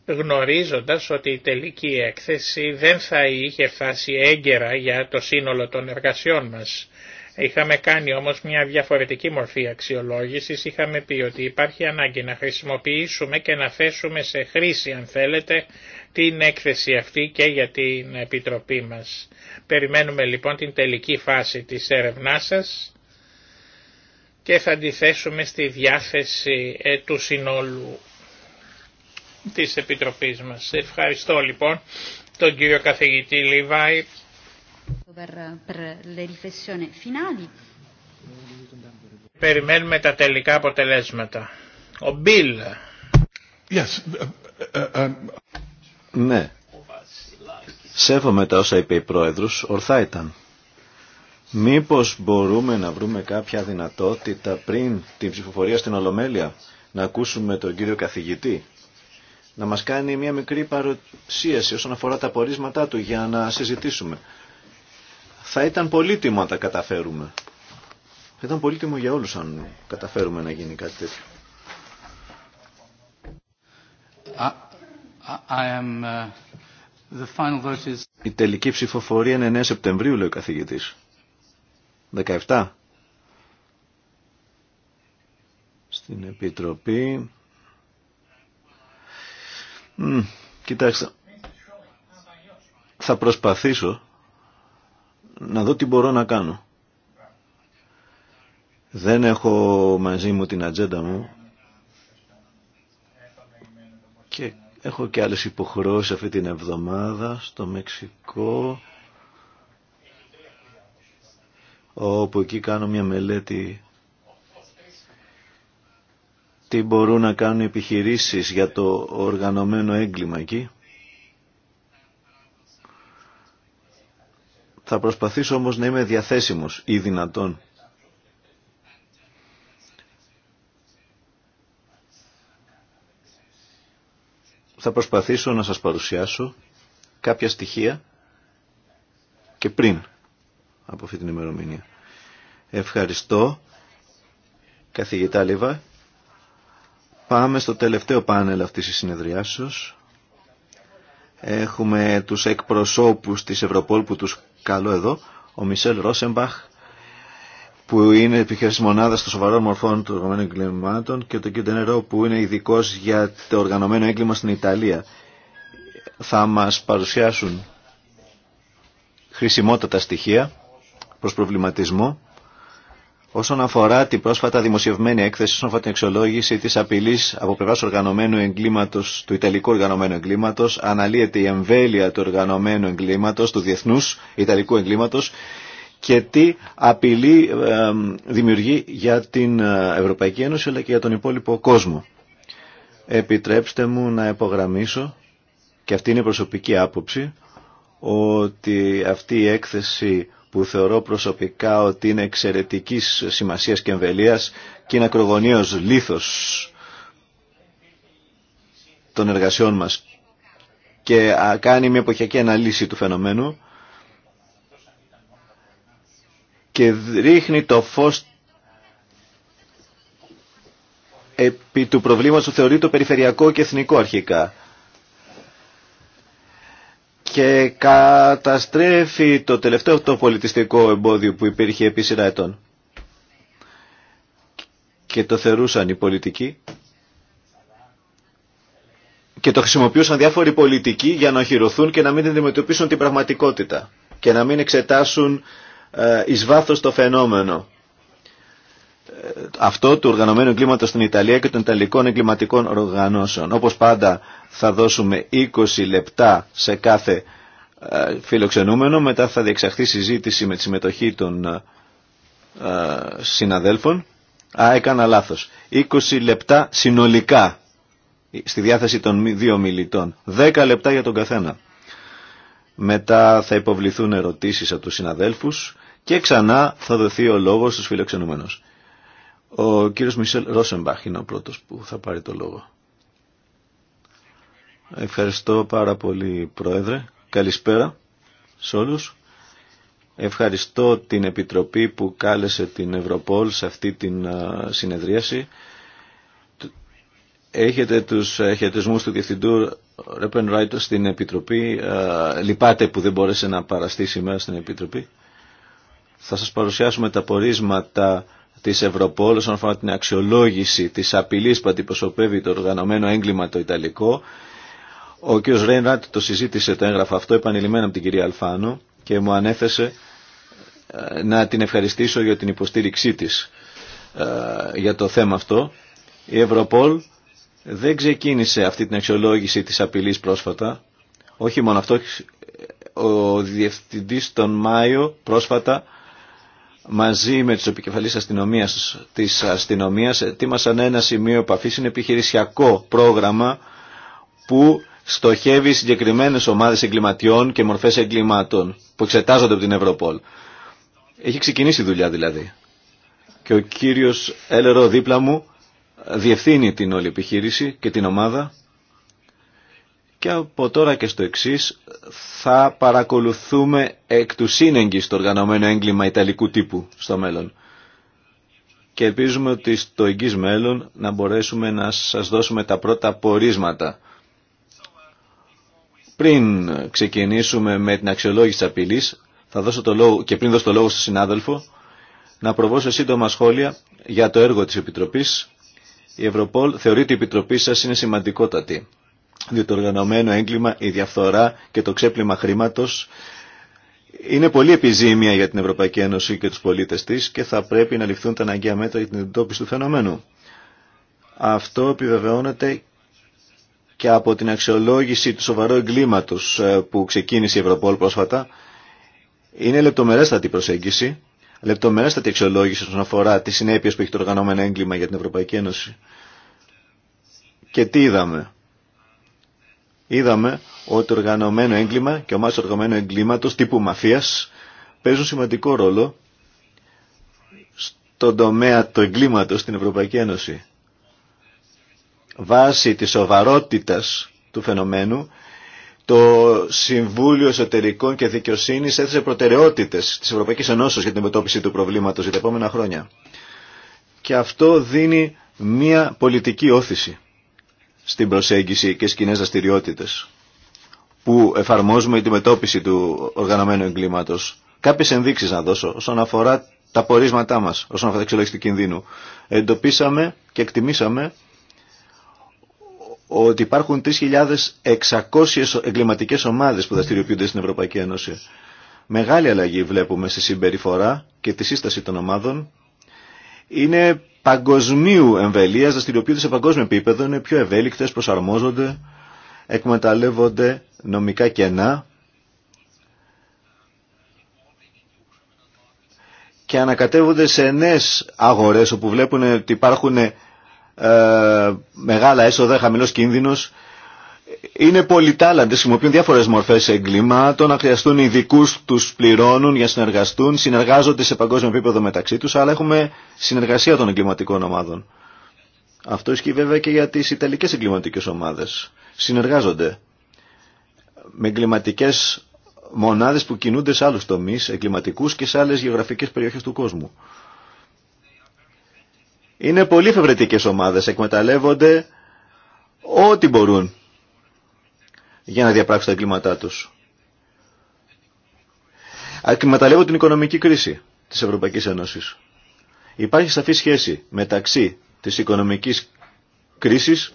[SPEAKER 2] γνωρίζοντας ότι η τελική έκθεση δεν θα είχε φτάσει έγκαιρα για το σύνολο των εργασιών μας. Είχαμε κάνει όμως μια διαφορετική μορφή αξιολόγησης, είχαμε πει ότι υπάρχει ανάγκη να χρησιμοποιήσουμε και να θέσουμε σε χρήση αν θέλετε την έκθεση αυτή και για την Επιτροπή μας. Περιμένουμε λοιπόν την τελική φάση της έρευνάς σας και θα τη στη διάθεση ε, του συνόλου της Επιτροπής μας. Ευχαριστώ λοιπόν τον κύριο καθηγητή Λιβάη. Περιμένουμε τα τελικά αποτελέσματα. Ο Μπίλ. Yes. Ε, ε, ε,
[SPEAKER 1] ναι. Σέβομαι τα όσα είπε η Πρόεδρος, ορθά ήταν. Μήπως μπορούμε να βρούμε κάποια δυνατότητα πριν την ψηφοφορία στην Ολομέλεια να ακούσουμε τον κύριο καθηγητή να μας κάνει μια μικρή παρουσίαση όσον αφορά τα πορίσματά του για να συζητήσουμε. Θα ήταν πολύτιμο αν τα καταφέρουμε. Θα ήταν πολύτιμο για όλους αν καταφέρουμε να γίνει κάτι τέτοιο. I am, uh, the final vote is... Η τελική ψηφοφορία είναι 9 Σεπτεμβρίου, λέει ο καθηγητής. 17. Στην Επιτροπή κοιτάξτε, θα προσπαθήσω να δω τι μπορώ να κάνω. Δεν έχω μαζί μου την ατζέντα μου και έχω και άλλες υποχρεώσεις αυτή την εβδομάδα στο Μεξικό όπου εκεί κάνω μια μελέτη τι μπορούν να κάνουν οι επιχειρήσεις για το οργανωμένο έγκλημα εκεί. Θα προσπαθήσω όμως να είμαι διαθέσιμος ή δυνατόν. Θα προσπαθήσω να σας παρουσιάσω κάποια στοιχεία και πριν από αυτή την ημερομηνία. Ευχαριστώ, καθηγητά Λίβα Πάμε στο τελευταίο πάνελ αυτής της συνεδριάσεως. Έχουμε τους εκπροσώπους της Ευρωπόλ που τους καλώ εδώ. Ο Μισελ Ρόσεμπαχ που είναι επιχειρήσης μονάδα των σοβαρών μορφών του οργανωμένου εγκλημάτων και τον κ. που είναι ειδικό για το οργανωμένο έγκλημα στην Ιταλία. Θα μας παρουσιάσουν χρησιμότατα στοιχεία προς προβληματισμό Όσον αφορά την πρόσφατα δημοσιευμένη έκθεση, όσον αφορά την εξολόγηση τη απειλή από πλευρά οργανωμένου εγκλήματο, του Ιταλικού οργανωμένου εγκλήματο, αναλύεται η εμβέλεια του οργανωμένου εγκλήματο, του διεθνού Ιταλικού εγκλήματο και τι απειλή δημιουργεί για την ε, Ευρωπαϊκή Ένωση αλλά και για τον υπόλοιπο κόσμο. Επιτρέψτε μου να υπογραμμίσω, και αυτή είναι η προσωπική άποψη, ότι αυτή η έκθεση που θεωρώ προσωπικά ότι είναι εξαιρετικής σημασίας και εμβελίας και είναι ακρογωνίως λήθος των εργασιών μας και κάνει μια εποχιακή αναλύση του φαινομένου και ρίχνει το φως επί του προβλήματος που θεωρεί το περιφερειακό και εθνικό αρχικά και καταστρέφει το τελευταίο το πολιτιστικό εμπόδιο που υπήρχε επί σειρά ετών. Και το θερούσαν οι πολιτικοί και το χρησιμοποιούσαν διάφοροι πολιτικοί για να οχυρωθούν και να μην αντιμετωπίσουν την πραγματικότητα και να μην εξετάσουν ε, εις βάθος το φαινόμενο αυτό του οργανωμένου εγκλήματος στην Ιταλία και των Ιταλικών εγκληματικών οργανώσεων. Όπως πάντα θα δώσουμε 20 λεπτά σε κάθε ε, φιλοξενούμενο, μετά θα διεξαχθεί συζήτηση με τη συμμετοχή των ε, συναδέλφων. Α, έκανα λάθος. 20 λεπτά συνολικά στη διάθεση των δύο μιλητών. 10 λεπτά για τον καθένα. Μετά θα υποβληθούν ερωτήσεις από τους συναδέλφους και ξανά θα δοθεί ο λόγος στους φιλοξενούμενους. Ο κύριος Μισελ Ρόσεμπαχ είναι ο πρώτος που θα πάρει το λόγο. Ευχαριστώ πάρα πολύ Πρόεδρε. Καλησπέρα σε όλους. Ευχαριστώ την Επιτροπή που κάλεσε την Ευρωπόλ σε αυτή την συνεδρίαση. Έχετε τους χαιρετισμούς του Διευθυντού Ρέπεν Ράιτο στην Επιτροπή. Λυπάτε που δεν μπόρεσε να παραστεί σήμερα στην Επιτροπή. Θα σας παρουσιάσουμε τα πορίσματα της Ευρωπόλ όσον αφορά την αξιολόγηση της απειλής που αντιπροσωπεύει το οργανωμένο έγκλημα το Ιταλικό. Ο κ. Ρέινρατ το συζήτησε το έγγραφο αυτό επανειλημμένα από την κυρία Αλφάνο και μου ανέθεσε ε, να την ευχαριστήσω για την υποστήριξή της ε, για το θέμα αυτό. Η Ευρωπόλ δεν ξεκίνησε αυτή την αξιολόγηση της απειλής πρόσφατα. Όχι μόνο αυτό, ε, ο Διευθυντής τον Μάιο πρόσφατα μαζί με τους επικεφαλής αστυνομίας της αστυνομίας ετοίμασαν ένα σημείο επαφής, είναι επιχειρησιακό πρόγραμμα που στοχεύει συγκεκριμένες ομάδες εγκληματιών και μορφές εγκλημάτων που εξετάζονται από την Ευρωπόλ. Έχει ξεκινήσει η δουλειά δηλαδή. Και ο κύριος Έλερο δίπλα μου διευθύνει την όλη επιχείρηση και την ομάδα και από τώρα και στο εξή θα παρακολουθούμε εκ του σύνεγγυ το οργανωμένο έγκλημα ιταλικού τύπου στο μέλλον. Και ελπίζουμε ότι στο εγγύς μέλλον να μπορέσουμε να σας δώσουμε τα πρώτα πορίσματα. Πριν ξεκινήσουμε με την αξιολόγηση της απειλής, θα δώσω το λόγο, και πριν δώσω το λόγο στον συνάδελφο, να προβώ σύντομα σχόλια για το έργο της Επιτροπής. Η Ευρωπόλ θεωρεί ότι η Επιτροπή σας είναι σημαντικότατη διότι το οργανωμένο έγκλημα, η διαφθορά και το ξέπλυμα χρήματος είναι πολύ επιζήμια για την Ευρωπαϊκή Ένωση και τους πολίτες της και θα πρέπει να ληφθούν τα αναγκαία μέτρα για την εντόπιση του φαινομένου. Αυτό επιβεβαιώνεται και από την αξιολόγηση του σοβαρού εγκλήματος ε, που ξεκίνησε η Ευρωπόλ πρόσφατα. Είναι λεπτομερέστατη προσέγγιση, λεπτομερέστατη αξιολόγηση όσον αφορά τι συνέπειες που έχει το οργανωμένο έγκλημα για την Ευρωπαϊκή Ένωση. Και τι είδαμε είδαμε ότι το οργανωμένο έγκλημα και ομάδες οργανωμένου εγκλήματος τύπου μαφίας παίζουν σημαντικό ρόλο στον τομέα του εγκλήματος στην Ευρωπαϊκή Ένωση. Βάσει της σοβαρότητας του φαινομένου, το Συμβούλιο Εσωτερικών και Δικαιοσύνης έθεσε προτεραιότητες της Ευρωπαϊκής Ενώσεως για την μετώπιση του προβλήματος για τα επόμενα χρόνια. Και αυτό δίνει μία πολιτική όθηση στην προσέγγιση και στις κοινέ δραστηριότητε που εφαρμόζουμε η αντιμετώπιση του οργανωμένου εγκλήματος. Κάποιες ενδείξεις να δώσω όσον αφορά τα πορίσματά μας, όσον αφορά τα εξελόγηση του κινδύνου. Εντοπίσαμε και εκτιμήσαμε ότι υπάρχουν 3.600 εγκληματικές ομάδες που δραστηριοποιούνται στην Ευρωπαϊκή Ένωση. Μεγάλη αλλαγή βλέπουμε στη συμπεριφορά και τη σύσταση των ομάδων. Είναι παγκοσμίου εμβελία, δραστηριοποιούνται σε παγκόσμιο επίπεδο, είναι πιο ευέλικτε, προσαρμόζονται, εκμεταλλεύονται νομικά κενά και ανακατεύονται σε νέε αγορέ όπου βλέπουν ότι υπάρχουν ε, μεγάλα έσοδα, χαμηλό κίνδυνο είναι πολυτάλαντες, χρησιμοποιούν διάφορες μορφές εγκλημάτων, να χρειαστούν ειδικού τους πληρώνουν για συνεργαστούν, συνεργάζονται σε παγκόσμιο επίπεδο μεταξύ τους, αλλά έχουμε συνεργασία των εγκληματικών ομάδων. Αυτό ισχύει βέβαια και για τις Ιταλικές εγκληματικές ομάδες. Συνεργάζονται με εγκληματικέ μονάδες που κινούνται σε άλλους τομείς εγκληματικούς και σε άλλες γεωγραφικές περιοχές του κόσμου. Είναι πολύ φευρετικές ομάδες, εκμεταλλεύονται ό,τι μπορούν για να διαπράξουν τα εγκλήματά τους. Ακριματαλεύω την οικονομική κρίση της Ευρωπαϊκής Ένωσης. Υπάρχει σαφή σχέση μεταξύ της οικονομικής κρίσης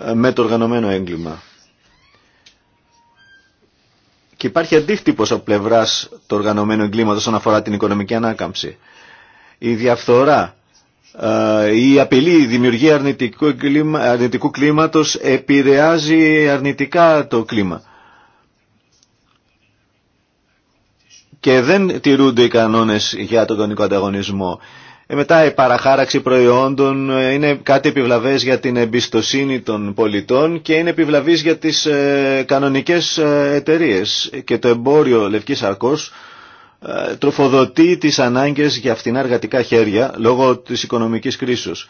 [SPEAKER 1] ε, με το οργανωμένο έγκλημα. Και υπάρχει αντίκτυπος από πλευράς του οργανωμένου εγκλήματος όσον αφορά την οικονομική ανάκαμψη. Η διαφθορά ε, η απειλή, δημιουργία αρνητικού, κλίμα, αρνητικού κλίματος επηρεάζει αρνητικά το κλίμα. Και δεν τηρούνται οι κανόνες για τον τονικό ανταγωνισμό. Ε, μετά η παραχάραξη προϊόντων ε, είναι κάτι επιβλαβές για την εμπιστοσύνη των πολιτών και είναι επιβλαβής για τις ε, κανονικές εταιρείες. Και το εμπόριο λευκής αρκός ε, τροφοδοτεί τις ανάγκες για φθηνά εργατικά χέρια λόγω της οικονομικής κρίσης.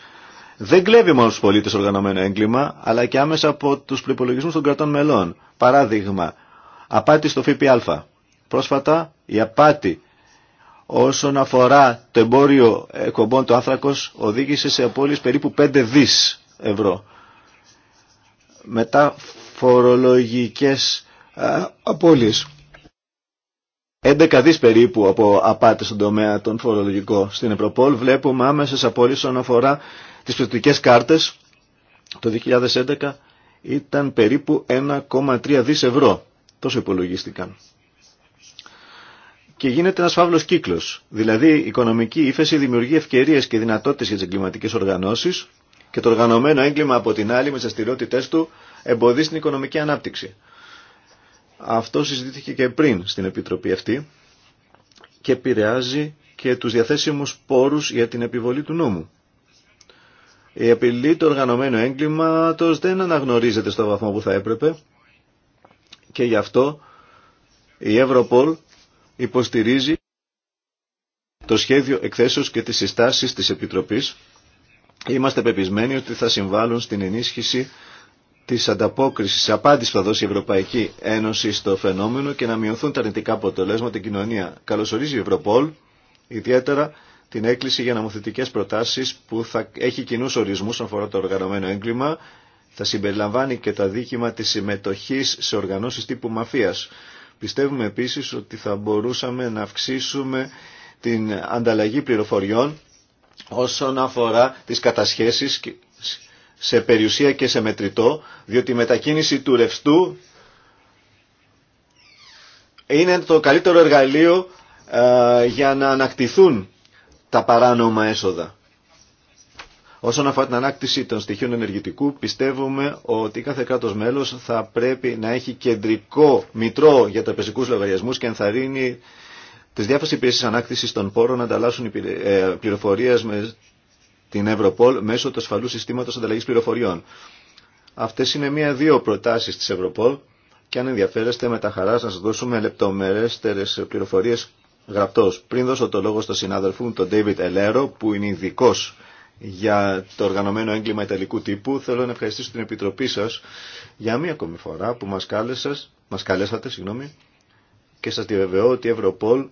[SPEAKER 1] Δεν κλέβει μόνο τους πολίτες οργανωμένο έγκλημα, αλλά και άμεσα από τους προπολογισμού των κρατών μελών. Παράδειγμα, απάτη στο ΦΠΑ. Πρόσφατα, η απάτη όσον αφορά το εμπόριο εκπομπών του άνθρακος οδήγησε σε απώλειες περίπου 5 δις ευρώ. Μετά φορολογικές ε, απώλειες 11 δις περίπου από απάτη στον τομέα των φορολογικών. Στην Ευρωπόλ βλέπουμε άμεσες απόλυσεις όσον αφορά τις πληθυντικές κάρτες. Το 2011 ήταν περίπου 1,3 δις ευρώ. Τόσο υπολογίστηκαν. Και γίνεται ένας φαύλος κύκλος. Δηλαδή η οικονομική ύφεση δημιουργεί ευκαιρίες και δυνατότητες για τις εγκληματικές οργανώσεις και το οργανωμένο έγκλημα από την άλλη με τι αστηριότητέ του εμποδίζει την οικονομική ανάπτυξη. Αυτό συζητήθηκε και πριν στην Επιτροπή αυτή και επηρεάζει και τους διαθέσιμους πόρους για την επιβολή του νόμου. Η απειλή του οργανωμένου έγκληματος δεν αναγνωρίζεται στο βαθμό που θα έπρεπε και γι' αυτό η Ευρωπόλ υποστηρίζει το σχέδιο εκθέσεως και τις συστάσεις της Επιτροπής. Είμαστε πεπισμένοι ότι θα συμβάλλουν στην ενίσχυση της ανταπόκρισης, απάντηση που θα δώσει η Ευρωπαϊκή Ένωση στο φαινόμενο και να μειωθούν τα αρνητικά αποτελέσματα την κοινωνία. Καλωσορίζει η Ευρωπόλ, ιδιαίτερα την έκκληση για νομοθετικέ προτάσει που θα έχει κοινού ορισμού όσον αφορά το οργανωμένο έγκλημα, θα συμπεριλαμβάνει και τα δίκημα τη συμμετοχή σε οργανώσει τύπου μαφία. Πιστεύουμε επίση ότι θα μπορούσαμε να αυξήσουμε την ανταλλαγή πληροφοριών όσον αφορά τι κατασχέσει σε περιουσία και σε μετρητό, διότι η μετακίνηση του ρευστού είναι το καλύτερο εργαλείο ε, για να ανακτηθούν τα παράνομα έσοδα. Όσον αφορά την ανάκτηση των στοιχείων ενεργητικού, πιστεύουμε ότι κάθε κράτος μέλος θα πρέπει να έχει κεντρικό μητρό για τα πεζικούς λογαριασμούς και ενθαρρύνει τις διάφορες υπηρεσίες ανάκτησης των πόρων να ανταλλάσσουν ε, πληροφορίες με την Ευρωπόλ μέσω του ασφαλου συστηματο συστήματο ανταλλαγής πληροφοριών. Αυτές είναι μία-δύο προτάσει τη Ευρωπόλ και αν ενδιαφέρεστε με τα χαρά σα δώσουμε λεπτομερέστερε πληροφορίε γραπτώ. Πριν δώσω το λόγο στον συνάδελφό μου, τον David Ελέρο, που είναι ειδικό για το οργανωμένο έγκλημα ιταλικού τύπου, θέλω να ευχαριστήσω την Επιτροπή σα για μία ακόμη φορά που μα μας καλέσατε συγγνώμη, και σα διαβεβαιώ ότι η Ευρωπόλ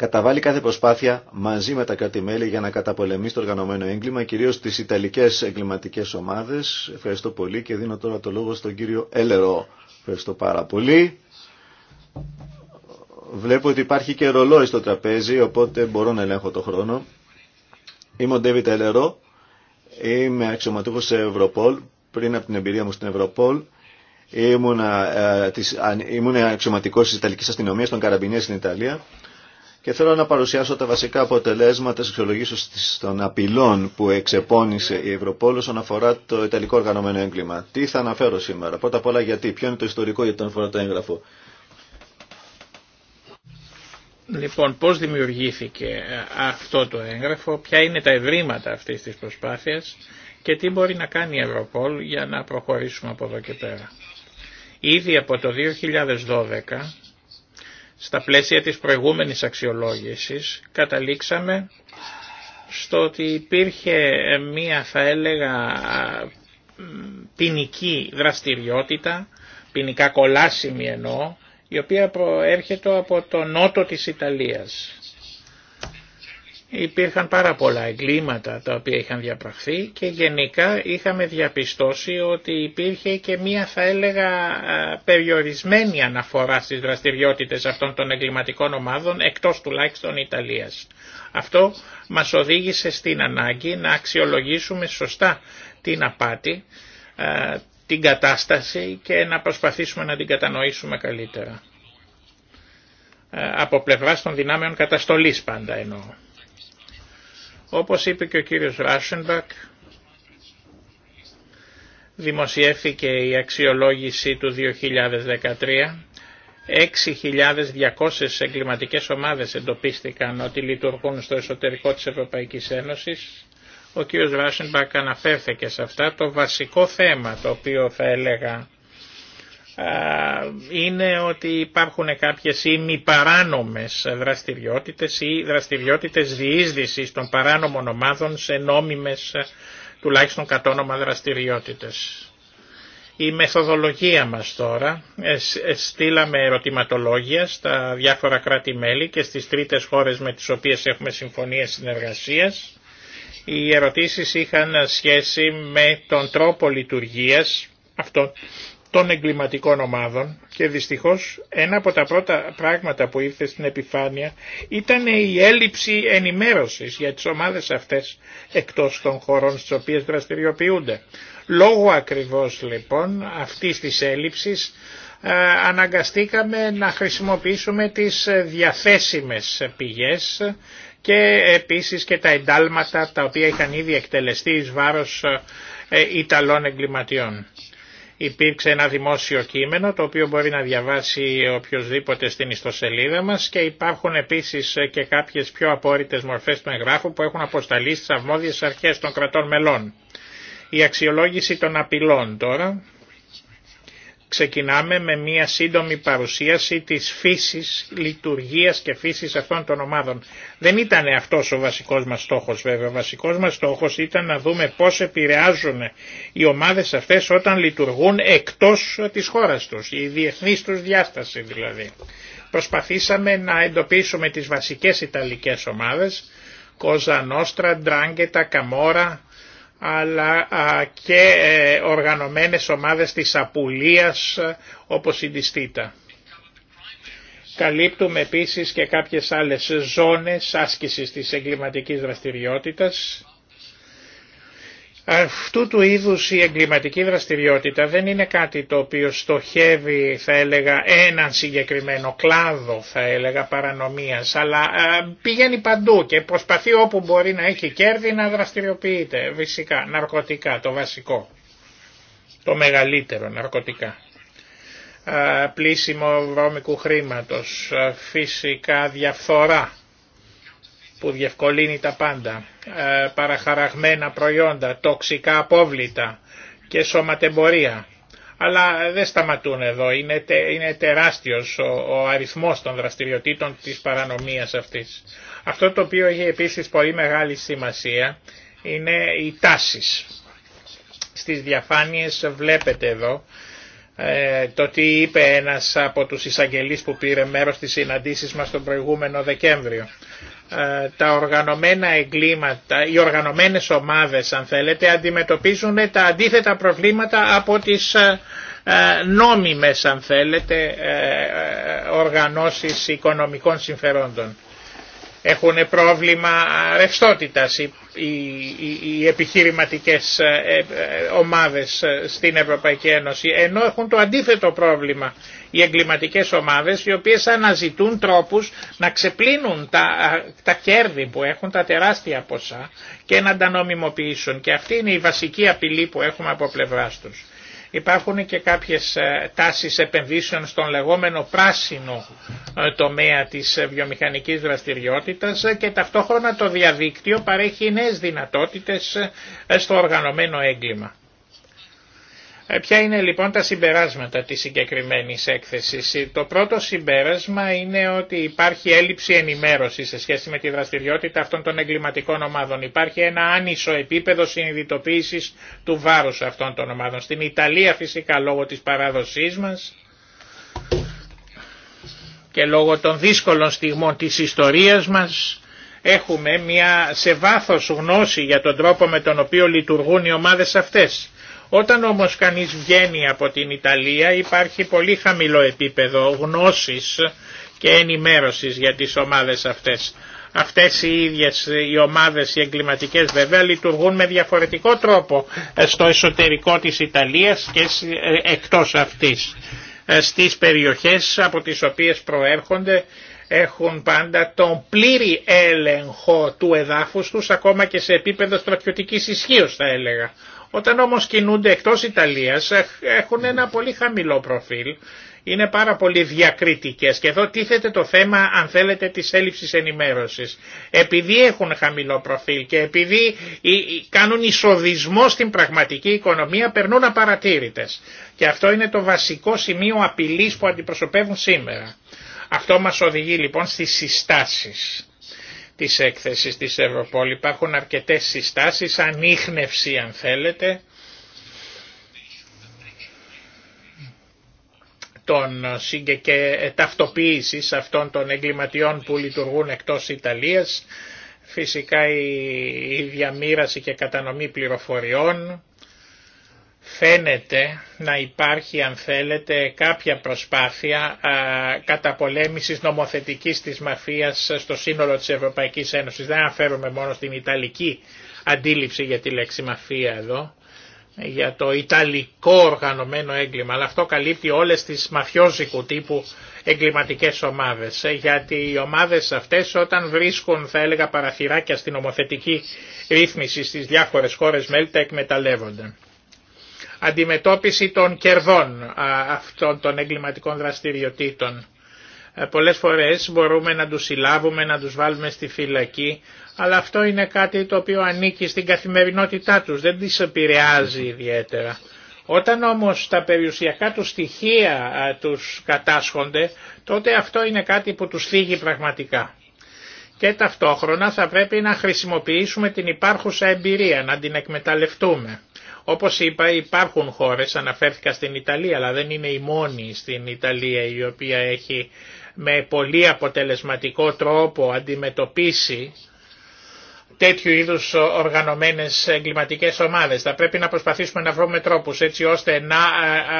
[SPEAKER 1] καταβάλει κάθε προσπάθεια μαζί με τα κράτη-μέλη για να καταπολεμήσει το οργανωμένο έγκλημα, κυρίως τις Ιταλικές εγκληματικές ομάδες. Ευχαριστώ πολύ και δίνω τώρα το λόγο στον κύριο Έλερο. Ευχαριστώ πάρα πολύ. Βλέπω ότι υπάρχει και ρολόι στο τραπέζι, οπότε μπορώ να ελέγχω το χρόνο. Είμαι ο Ντέβιτ Έλερο, είμαι αξιωματούχος σε Ευρωπόλ, πριν από την εμπειρία μου στην Ευρωπόλ. Ήμουν, ε, ήμουν αξιωματικός της Ιταλική αστυνομία των Καραμπινιέ στην Ιταλία και θέλω να παρουσιάσω τα βασικά αποτελέσματα τη εξολογήσεως των απειλών που εξεπώνησε η Ευρωπόλ όσον αφορά το Ιταλικό οργανωμένο έγκλημα. Τι θα αναφέρω σήμερα. Πρώτα απ' όλα γιατί. Ποιο είναι το ιστορικό για τον αφορά το έγγραφο.
[SPEAKER 2] Λοιπόν, πώς δημιουργήθηκε ε, αυτό το έγγραφο, ποια είναι τα ευρήματα αυτής της προσπάθειας και τι μπορεί να κάνει η Ευρωπόλ για να προχωρήσουμε από εδώ και πέρα. Ήδη από το 2012 στα πλαίσια της προηγούμενης αξιολόγησης καταλήξαμε στο ότι υπήρχε μία θα έλεγα ποινική δραστηριότητα, ποινικά κολάσιμη εννοώ, η οποία προέρχεται από το νότο της Ιταλίας υπήρχαν πάρα πολλά εγκλήματα τα οποία είχαν διαπραχθεί και γενικά είχαμε διαπιστώσει ότι υπήρχε και μία θα έλεγα περιορισμένη αναφορά στις δραστηριότητες αυτών των εγκληματικών ομάδων εκτός τουλάχιστον Ιταλίας. Αυτό μας οδήγησε στην ανάγκη να αξιολογήσουμε σωστά την απάτη, την κατάσταση και να προσπαθήσουμε να την κατανοήσουμε καλύτερα. Από πλευράς των δυνάμεων καταστολής πάντα εννοώ. Όπως είπε και ο κύριος Ράσενμπακ, δημοσιεύθηκε η αξιολόγηση του 2013. 6.200 εγκληματικές ομάδες εντοπίστηκαν ότι λειτουργούν στο εσωτερικό της Ευρωπαϊκής Ένωσης. Ο κύριος Ράσενμπακ αναφέρθηκε σε αυτά. Το βασικό θέμα το οποίο θα έλεγα ε, είναι ότι υπάρχουν κάποιες ήμι παράνομες δραστηριότητες ή δραστηριότητες διείσδυσης μη ομάδων σε νόμιμες ε, τουλάχιστον κατόνομα δραστηριότητες. Η μεθοδολογία μας τώρα, ε, στείλαμε ερωτηματολόγια στα διάφορα κράτη-μέλη και στις τρίτες χώρες με τις οποίες έχουμε συμφωνίες συνεργασίας. Οι ερωτήσεις είχαν σχέση με τον τρόπο λειτουργίας αυτών των εγκληματικών ομάδων και δυστυχώς ένα από τα πρώτα πράγματα που ήρθε στην επιφάνεια ήταν η έλλειψη ενημέρωσης για τις ομάδες αυτές εκτός των χωρών στις οποίες δραστηριοποιούνται. Λόγω ακριβώς λοιπόν αυτής της έλλειψης ε, αναγκαστήκαμε να χρησιμοποιήσουμε τις διαθέσιμες πηγές και επίσης και τα εντάλματα τα οποία είχαν ήδη εκτελεστεί εις βάρος ε, Ιταλών εγκληματιών. Υπήρξε ένα δημόσιο κείμενο το οποίο μπορεί να διαβάσει οποιοδήποτε στην ιστοσελίδα μας και υπάρχουν επίσης και κάποιες πιο απόρριτες μορφές του εγγράφου που έχουν αποσταλεί στις αρμόδιες αρχές των κρατών μελών. Η αξιολόγηση των απειλών τώρα ξεκινάμε με μία σύντομη παρουσίαση της φύσης λειτουργίας και φύσης αυτών των ομάδων. Δεν ήταν αυτός ο βασικός μας στόχος βέβαια. Ο βασικός μας στόχος ήταν να δούμε πώς επηρεάζουν οι ομάδες αυτές όταν λειτουργούν εκτός της χώρας τους, η διεθνής τους διάσταση δηλαδή. Προσπαθήσαμε να εντοπίσουμε τις βασικές Ιταλικές ομάδες, Κοζανόστρα, Ντράγκετα, Καμόρα, αλλά και ε, οργανωμένες ομάδες της απουλίας ε, όπως η Διστήτα. Καλύπτουμε επίσης και κάποιες άλλες ζώνες άσκησης της εγκληματικής δραστηριότητας Αυτού του είδους η εγκληματική δραστηριότητα δεν είναι κάτι το οποίο στοχεύει θα έλεγα έναν συγκεκριμένο κλάδο θα έλεγα παρανομίας αλλά ε, πηγαίνει παντού και προσπαθεί όπου μπορεί να έχει κέρδη να δραστηριοποιείται φυσικά ναρκωτικά το βασικό το μεγαλύτερο ναρκωτικά ε, πλήσιμο βρώμικου χρήματος ε, φυσικά διαφθορά που διευκολύνει τα πάντα ε, παραχαραγμένα προϊόντα, τοξικά απόβλητα και σωματεμπορία. Αλλά δεν σταματούν εδώ, είναι, είναι τεράστιος ο, ο αριθμός των δραστηριοτήτων της παρανομίας αυτής. Αυτό το οποίο έχει επίσης πολύ μεγάλη σημασία είναι οι τάσεις. Στις διαφάνειες βλέπετε εδώ ε, το τι είπε ένας από τους εισαγγελείς που πήρε μέρος στις συναντήσεις μας τον προηγούμενο Δεκέμβριο. Ε, τα οργανωμένα εγκλήματα, οι οργανωμένες ομάδες αν θέλετε αντιμετωπίζουν τα αντίθετα προβλήματα από τις ε, ε, νόμιμες αν θέλετε οργανώσεις οικονομικών συμφερόντων. Έχουν πρόβλημα ρευστότητας οι, οι, επιχειρηματικές ομάδες στην Ευρωπαϊκή Ένωση ενώ έχουν το αντίθετο πρόβλημα οι εγκληματικές ομάδες οι οποίες αναζητούν τρόπους να ξεπλύνουν τα, τα κέρδη που έχουν, τα τεράστια ποσά και να τα νομιμοποιήσουν και αυτή είναι η βασική απειλή που έχουμε από πλευρά τους. Υπάρχουν και κάποιες ε, τάσεις επενδύσεων στον λεγόμενο πράσινο ε, τομέα της ε, βιομηχανικής δραστηριότητας και ταυτόχρονα το διαδίκτυο παρέχει νέες δυνατότητες στο οργανωμένο έγκλημα. Ε, ποια είναι λοιπόν τα συμπεράσματα της συγκεκριμένης έκθεσης. Ε, το πρώτο συμπέρασμα είναι ότι υπάρχει έλλειψη ενημέρωσης σε σχέση με τη δραστηριότητα αυτών των εγκληματικών ομάδων. Υπάρχει ένα άνισο επίπεδο συνειδητοποίησης του βάρους αυτών των ομάδων. Στην Ιταλία φυσικά λόγω της παράδοσής μας και λόγω των δύσκολων στιγμών της ιστορίας μας έχουμε μια σε βάθος γνώση για τον τρόπο με τον οποίο λειτουργούν οι ομάδες αυτές όταν όμως κανείς βγαίνει από την Ιταλία υπάρχει πολύ χαμηλό επίπεδο γνώσης και ενημέρωσης για τις ομάδες αυτές. Αυτές οι ίδιες οι ομάδες οι εγκληματικές βέβαια λειτουργούν με διαφορετικό τρόπο ε, στο εσωτερικό της Ιταλίας και ε, εκτός αυτής. Ε, στις περιοχές από τις οποίες προέρχονται έχουν πάντα τον πλήρη έλεγχο του εδάφους τους ακόμα και σε επίπεδο στρατιωτικής ισχύω θα έλεγα. Όταν όμως κινούνται εκτός Ιταλίας έχουν ένα πολύ χαμηλό προφίλ, είναι πάρα πολύ διακριτικές και εδώ τίθεται το θέμα αν θέλετε της έλλειψης ενημέρωσης. Επειδή έχουν χαμηλό προφίλ και επειδή κάνουν εισοδισμό στην πραγματική οικονομία περνούν απαρατήρητες. Και αυτό είναι το βασικό σημείο απειλής που αντιπροσωπεύουν σήμερα. Αυτό μας οδηγεί λοιπόν στις συστάσεις της έκθεσης της Ευρωπολής Υπάρχουν αρκετές συστάσεις, ανείχνευση αν θέλετε, των και ταυτοποίησης αυτών των εγκληματιών που λειτουργούν εκτός Ιταλίας, φυσικά η, η διαμήραση και κατανομή πληροφοριών, φαίνεται να υπάρχει αν θέλετε κάποια προσπάθεια α, καταπολέμησης νομοθετικής της μαφίας στο σύνολο της Ευρωπαϊκής Ένωσης. Δεν αναφέρομαι μόνο στην Ιταλική αντίληψη για τη λέξη μαφία εδώ, για το Ιταλικό οργανωμένο έγκλημα, αλλά αυτό καλύπτει όλες τις μαφιόζικου τύπου εγκληματικές ομάδες, γιατί οι ομάδες αυτές όταν βρίσκουν θα έλεγα παραθυράκια στην νομοθετική ρύθμιση στις διάφορες χώρες μέλη τα εκμεταλλεύονται αντιμετώπιση των κερδών αυτών των εγκληματικών δραστηριοτήτων. Ε, πολλές φορές μπορούμε να τους συλλάβουμε, να τους βάλουμε στη φυλακή, αλλά αυτό είναι κάτι το οποίο ανήκει στην καθημερινότητά τους, δεν τις επηρεάζει ιδιαίτερα. Όταν όμως τα περιουσιακά του στοιχεία τους κατάσχονται, τότε αυτό είναι κάτι που τους θίγει πραγματικά. Και ταυτόχρονα θα πρέπει να χρησιμοποιήσουμε την υπάρχουσα εμπειρία, να την εκμεταλλευτούμε. Όπως είπα υπάρχουν χώρες, αναφέρθηκα στην Ιταλία, αλλά δεν είναι η μόνη στην Ιταλία η οποία έχει με πολύ αποτελεσματικό τρόπο αντιμετωπίσει τέτοιου είδους οργανωμένες εγκληματικές ομάδες. Θα πρέπει να προσπαθήσουμε να βρούμε τρόπους έτσι ώστε να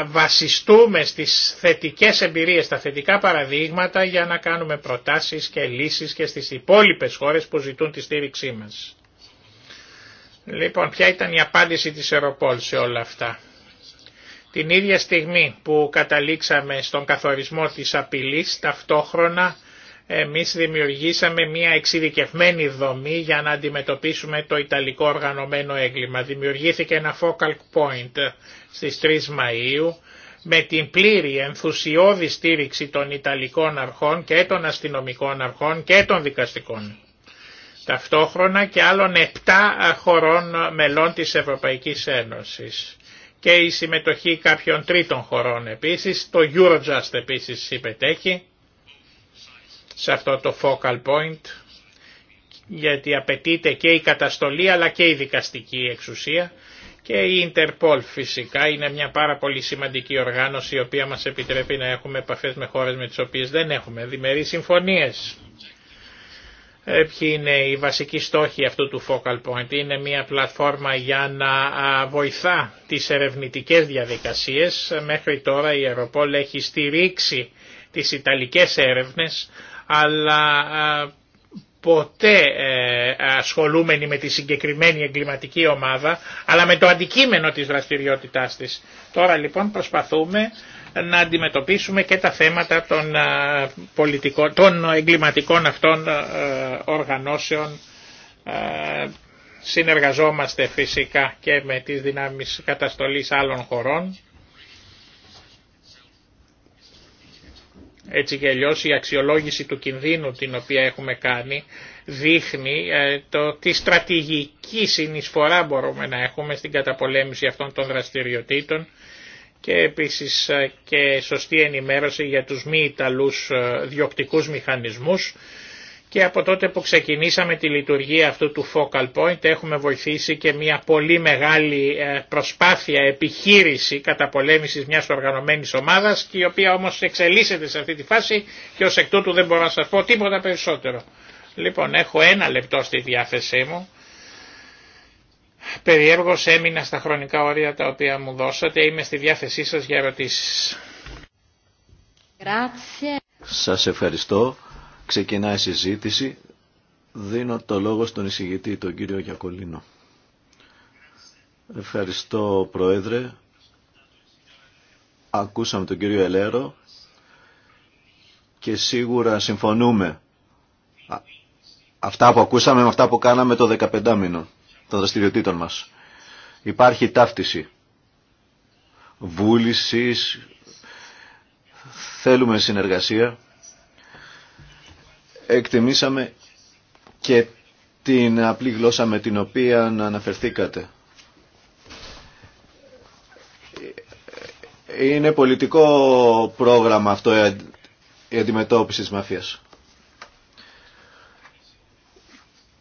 [SPEAKER 2] βασιστούμε στις θετικές εμπειρίες, τα θετικά παραδείγματα για να κάνουμε προτάσεις και λύσεις και στις υπόλοιπες χώρες που ζητούν τη στήριξή μας. Λοιπόν, ποια ήταν η απάντηση της Ευρωπόλ σε όλα αυτά. Την ίδια στιγμή που καταλήξαμε στον καθορισμό της απειλής, ταυτόχρονα εμείς δημιουργήσαμε μια εξειδικευμένη δομή για να αντιμετωπίσουμε το Ιταλικό οργανωμένο έγκλημα. Δημιουργήθηκε ένα focal point στις 3 Μαΐου με την πλήρη ενθουσιώδη στήριξη των Ιταλικών αρχών και των αστυνομικών αρχών και των δικαστικών ταυτόχρονα και άλλων 7 χωρών μελών της Ευρωπαϊκής Ένωσης και η συμμετοχή κάποιων τρίτων χωρών επίσης, το Eurojust επίσης συμμετέχει σε αυτό το focal point γιατί απαιτείται και η καταστολή αλλά και η δικαστική εξουσία και η Interpol φυσικά είναι μια πάρα πολύ σημαντική οργάνωση η οποία μας επιτρέπει να έχουμε επαφές με χώρες με τις οποίες δεν έχουμε διμερείς συμφωνίες. Ε, ποιοι είναι οι βασικοί στόχοι αυτού του Focal Point. Είναι μια πλατφόρμα για να βοηθά τις ερευνητικές διαδικασίες. Μέχρι τώρα η Αεροπόλ έχει στηρίξει τις Ιταλικές έρευνες, αλλά ποτέ ε, ασχολούμενη με τη συγκεκριμένη εγκληματική ομάδα, αλλά με το αντικείμενο της δραστηριότητάς της. Τώρα λοιπόν προσπαθούμε να αντιμετωπίσουμε και τα θέματα των, πολιτικών, των εγκληματικών αυτών οργανώσεων. Συνεργαζόμαστε φυσικά και με τις δυνάμεις καταστολής άλλων χωρών. Έτσι και αλλιώς η αξιολόγηση του κινδύνου την οποία έχουμε κάνει δείχνει ε, το, τη στρατηγική συνεισφορά μπορούμε να έχουμε στην καταπολέμηση αυτών των δραστηριοτήτων και επίσης ε, και σωστή ενημέρωση για τους μη Ιταλούς ε, διοκτικούς μηχανισμούς και από τότε που ξεκινήσαμε τη λειτουργία αυτού του focal point έχουμε βοηθήσει και μια πολύ μεγάλη ε, προσπάθεια επιχείρηση καταπολέμησης μιας οργανωμένης ομάδας η οποία όμως εξελίσσεται σε αυτή τη φάση και ως εκ τούτου δεν μπορώ να σας πω τίποτα περισσότερο. Λοιπόν έχω ένα λεπτό στη διάθεσή μου Περιέργως έμεινα στα χρονικά όρια τα οποία μου δώσατε. Είμαι στη διάθεσή σας για ερωτήσεις.
[SPEAKER 1] Σας ευχαριστώ. Ξεκινάει η συζήτηση. Δίνω το λόγο στον εισηγητή, τον κύριο Γιακολίνο. Ευχαριστώ, Πρόεδρε. Ακούσαμε τον κύριο Ελέρο και σίγουρα συμφωνούμε. Αυτά που ακούσαμε με αυτά που κάναμε το 15 μήνο των δραστηριοτήτων μας. Υπάρχει ταύτιση βούληση. θέλουμε συνεργασία. Εκτιμήσαμε και την απλή γλώσσα με την οποία αναφερθήκατε. Είναι πολιτικό πρόγραμμα αυτό η αντιμετώπιση της μαφίας.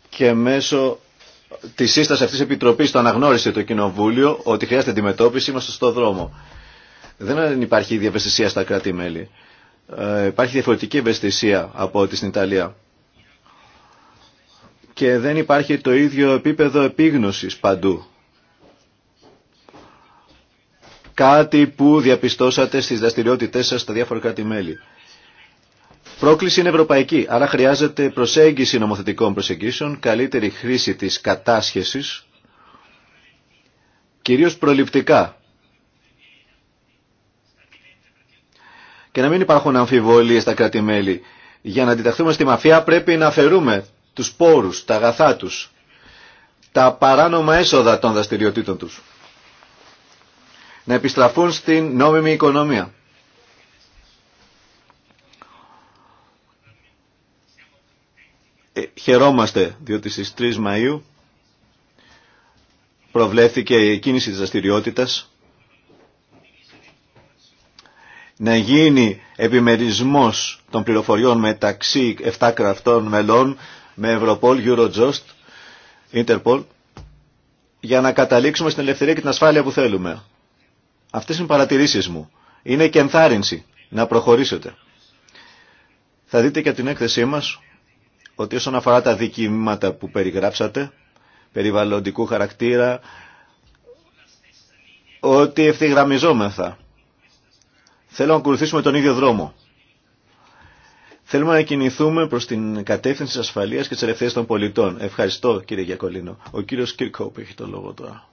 [SPEAKER 1] Και μέσω τη σύσταση αυτή τη επιτροπή το αναγνώρισε το Κοινοβούλιο ότι χρειάζεται αντιμετώπιση, είμαστε στο δρόμο. Δεν υπάρχει διαβεστησία στα κράτη-μέλη. Ε, υπάρχει διαφορετική ευαισθησία από ό,τι στην Ιταλία. Και δεν υπάρχει το ίδιο επίπεδο επίγνωσης παντού. Κάτι που διαπιστώσατε στις δραστηριότητές σας στα διάφορα κράτη-μέλη. Πρόκληση είναι ευρωπαϊκή, άρα χρειάζεται προσέγγιση νομοθετικών προσεγγίσεων, καλύτερη χρήση της κατάσχεσης, κυρίως προληπτικά. Και να μην υπάρχουν αμφιβολίες στα κράτη-μέλη. Για να αντιταχθούμε στη μαφία πρέπει να αφαιρούμε τους πόρους, τα αγαθά τους, τα παράνομα έσοδα των δραστηριοτήτων τους. Να επιστραφούν στην νόμιμη οικονομία. Ε, χαιρόμαστε διότι στις 3 Μαΐου προβλέφθηκε η κίνηση της δραστηριότητα να γίνει επιμερισμός των πληροφοριών μεταξύ 7 κρατών μελών με Ευρωπόλ, Eurojust, Interpol για να καταλήξουμε στην ελευθερία και την ασφάλεια που θέλουμε. Αυτές είναι οι παρατηρήσεις μου. Είναι και ενθάρρυνση να προχωρήσετε. Θα δείτε και την έκθεσή μας ότι όσον αφορά τα δικήματα που περιγράψατε, περιβαλλοντικού χαρακτήρα, ότι ευθυγραμμιζόμεθα. Θέλω να ακολουθήσουμε τον ίδιο δρόμο. Θέλουμε να κινηθούμε προς την κατεύθυνση της ασφαλείας και της ελευθερίας των πολιτών. Ευχαριστώ κύριε Γιακολίνο. Ο κύριος Κίρκοπ έχει το λόγο τώρα.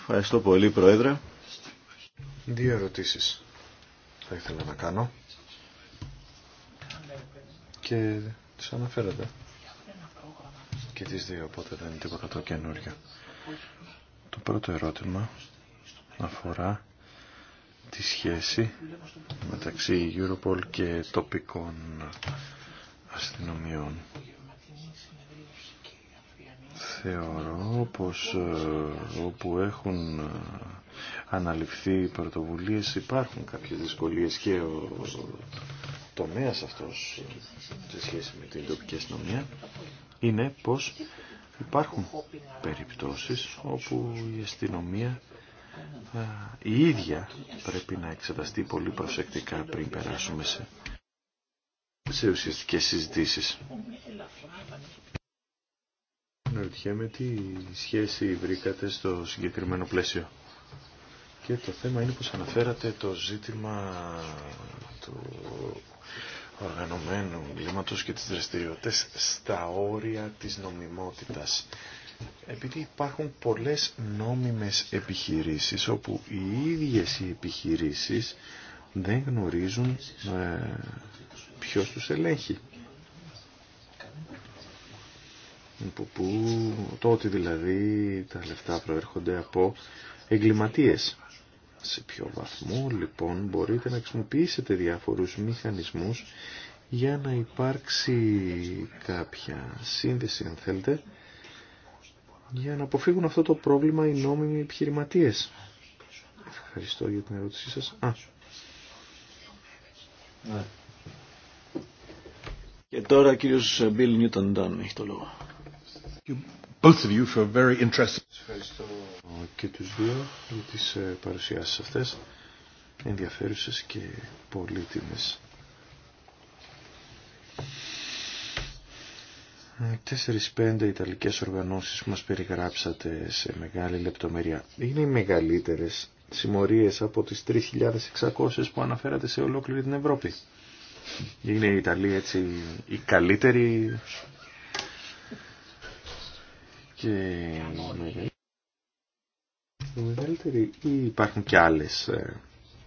[SPEAKER 1] Ευχαριστώ πολύ Πρόεδρε. Δύο ερωτήσεις
[SPEAKER 3] θα ήθελα να κάνω και τους αναφέρατε. Και τις δύο, οπότε δεν είναι τίποτα το καινούριο. Το πρώτο ερώτημα αφορά τη σχέση μεταξύ Europol και τοπικών αστυνομιών. Θεωρώ πως ε, όπου έχουν ε, αναλυφθεί πρωτοβουλίες υπάρχουν κάποιες δυσκολίες και τομέας αυτός σε σχέση με την τοπική αστυνομία είναι πως υπάρχουν περιπτώσεις όπου η αστυνομία η ίδια πρέπει να εξεταστεί πολύ προσεκτικά πριν περάσουμε σε, σε ουσιαστικές συζητήσεις. Αναρωτιέμαι τι σχέση βρήκατε στο συγκεκριμένο πλαίσιο. Και το θέμα είναι πως αναφέρατε το ζήτημα του οργανωμένου εγκλήματος και τις δραστηριότητες στα όρια της νομιμότητας. Επειδή υπάρχουν πολλές νόμιμες επιχειρήσεις όπου οι ίδιες οι επιχειρήσεις δεν γνωρίζουν ε, ποιος τους ελέγχει. Που, που, το ότι δηλαδή τα λεφτά προέρχονται από εγκληματίες. Σε ποιο βαθμό λοιπόν μπορείτε να χρησιμοποιήσετε διάφορους μηχανισμούς για να υπάρξει κάποια σύνδεση αν θέλετε για να αποφύγουν αυτό το πρόβλημα οι νόμιμοι επιχειρηματίες. Ευχαριστώ για την ερώτησή σας. Α.
[SPEAKER 1] Ναι. Και τώρα κύριος Μπίλ Νιούτον έχει το λόγο both of you for very interesting.
[SPEAKER 3] Ευχαριστώ και τους δύο για τις ε, παρουσιάσεις αυτές ενδιαφέρουσες και πολύτιμες. Ε, τέσσερις-πέντε Ιταλικές οργανώσεις που μας περιγράψατε σε μεγάλη λεπτομέρεια είναι οι μεγαλύτερες συμμορίες από τις 3.600 που αναφέρατε σε ολόκληρη την Ευρώπη. Είναι η Ιταλία έτσι η καλύτερη και μεγαλύτερη ή υπάρχουν και άλλες ε,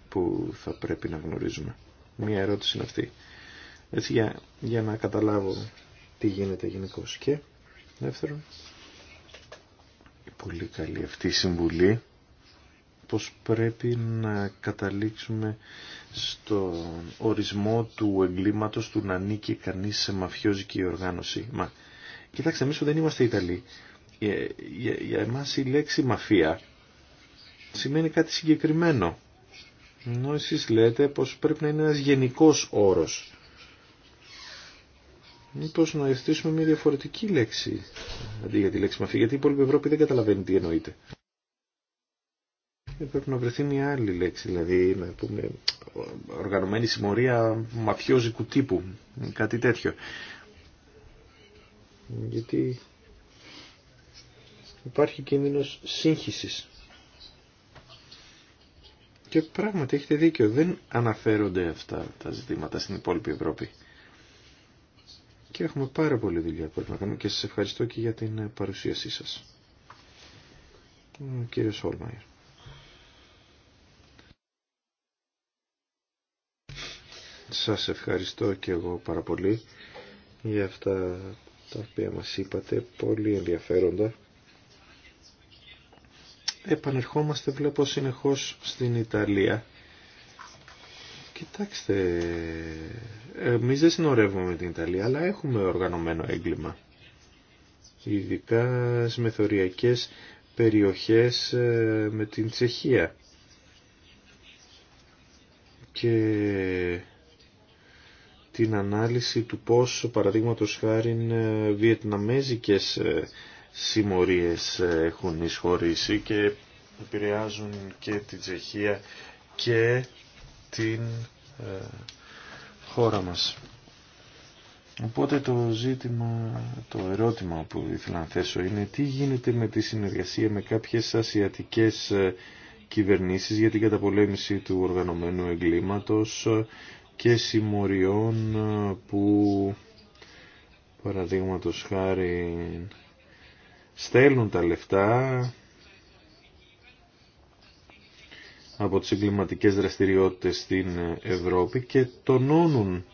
[SPEAKER 3] που θα πρέπει να γνωρίζουμε. Μία ερώτηση είναι αυτή. Έτσι για, να καταλάβω τι γίνεται γενικώ. Και δεύτερον, η πολύ καλή αυτή συμβουλή πως πρέπει να καταλήξουμε στον ορισμό του εγκλήματος του να νίκει κανείς σε μαφιόζικη οργάνωση. Μα, κοιτάξτε, εμείς δεν είμαστε Ιταλοί. Ε, για, για, εμάς η λέξη μαφία σημαίνει κάτι συγκεκριμένο. Ενώ εσείς λέτε πως πρέπει να είναι ένας γενικός όρος. Μήπως να ευθύσουμε μια διαφορετική λέξη αντί για τη λέξη μαφία, γιατί η υπόλοιπη Ευρώπη δεν καταλαβαίνει τι εννοείται. Ε, πρέπει να βρεθεί μια άλλη λέξη, δηλαδή να πούμε οργανωμένη συμμορία μαφιόζικου τύπου, κάτι τέτοιο. Γιατί υπάρχει κίνδυνος σύγχυσης. Και πράγματι έχετε δίκιο, δεν αναφέρονται αυτά τα ζητήματα στην υπόλοιπη Ευρώπη. Και έχουμε πάρα πολλή δουλειά που να κάνουμε και σας ευχαριστώ και για την ε, παρουσίασή σας. Κύριε Σολμαίρ Σας ευχαριστώ και εγώ πάρα πολύ για αυτά τα οποία μας είπατε, πολύ ενδιαφέροντα επανερχόμαστε βλέπω συνεχώς στην Ιταλία. Κοιτάξτε, εμείς δεν συνορεύουμε με την Ιταλία, αλλά έχουμε οργανωμένο έγκλημα. Ειδικά στις μεθοριακές περιοχές ε, με την Τσεχία. Και την ανάλυση του πώς, παραδείγματος χάρη, ε, βιετναμέζικες ε, συμμορίες ε, έχουν εισχωρήσει και επηρεάζουν και την Τσεχία και την ε, χώρα μας. Οπότε το ζήτημα, το ερώτημα που ήθελα να θέσω είναι τι γίνεται με τη συνεργασία με κάποιες ασιατικές ε, κυβερνήσεις για την καταπολέμηση του οργανωμένου εγκλήματος και συμμοριών που παραδείγματος χάρη στέλνουν τα λεφτά από τις εγκληματικέ δραστηριότητες στην Ευρώπη και τονώνουν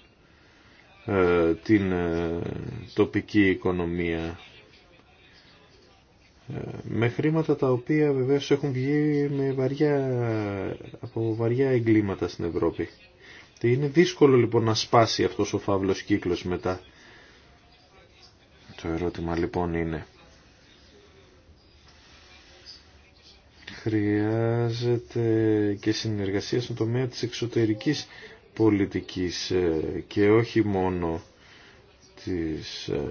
[SPEAKER 3] ε, την ε, τοπική οικονομία ε, με χρήματα τα οποία βεβαίως έχουν βγει με βαριά, από βαριά εγκλήματα στην Ευρώπη. Και είναι δύσκολο λοιπόν να σπάσει αυτός ο φαύλος κύκλος μετά. Το ερώτημα λοιπόν είναι χρειάζεται και συνεργασία στον τομέα της εξωτερικής πολιτικής ε, και όχι μόνο της ε,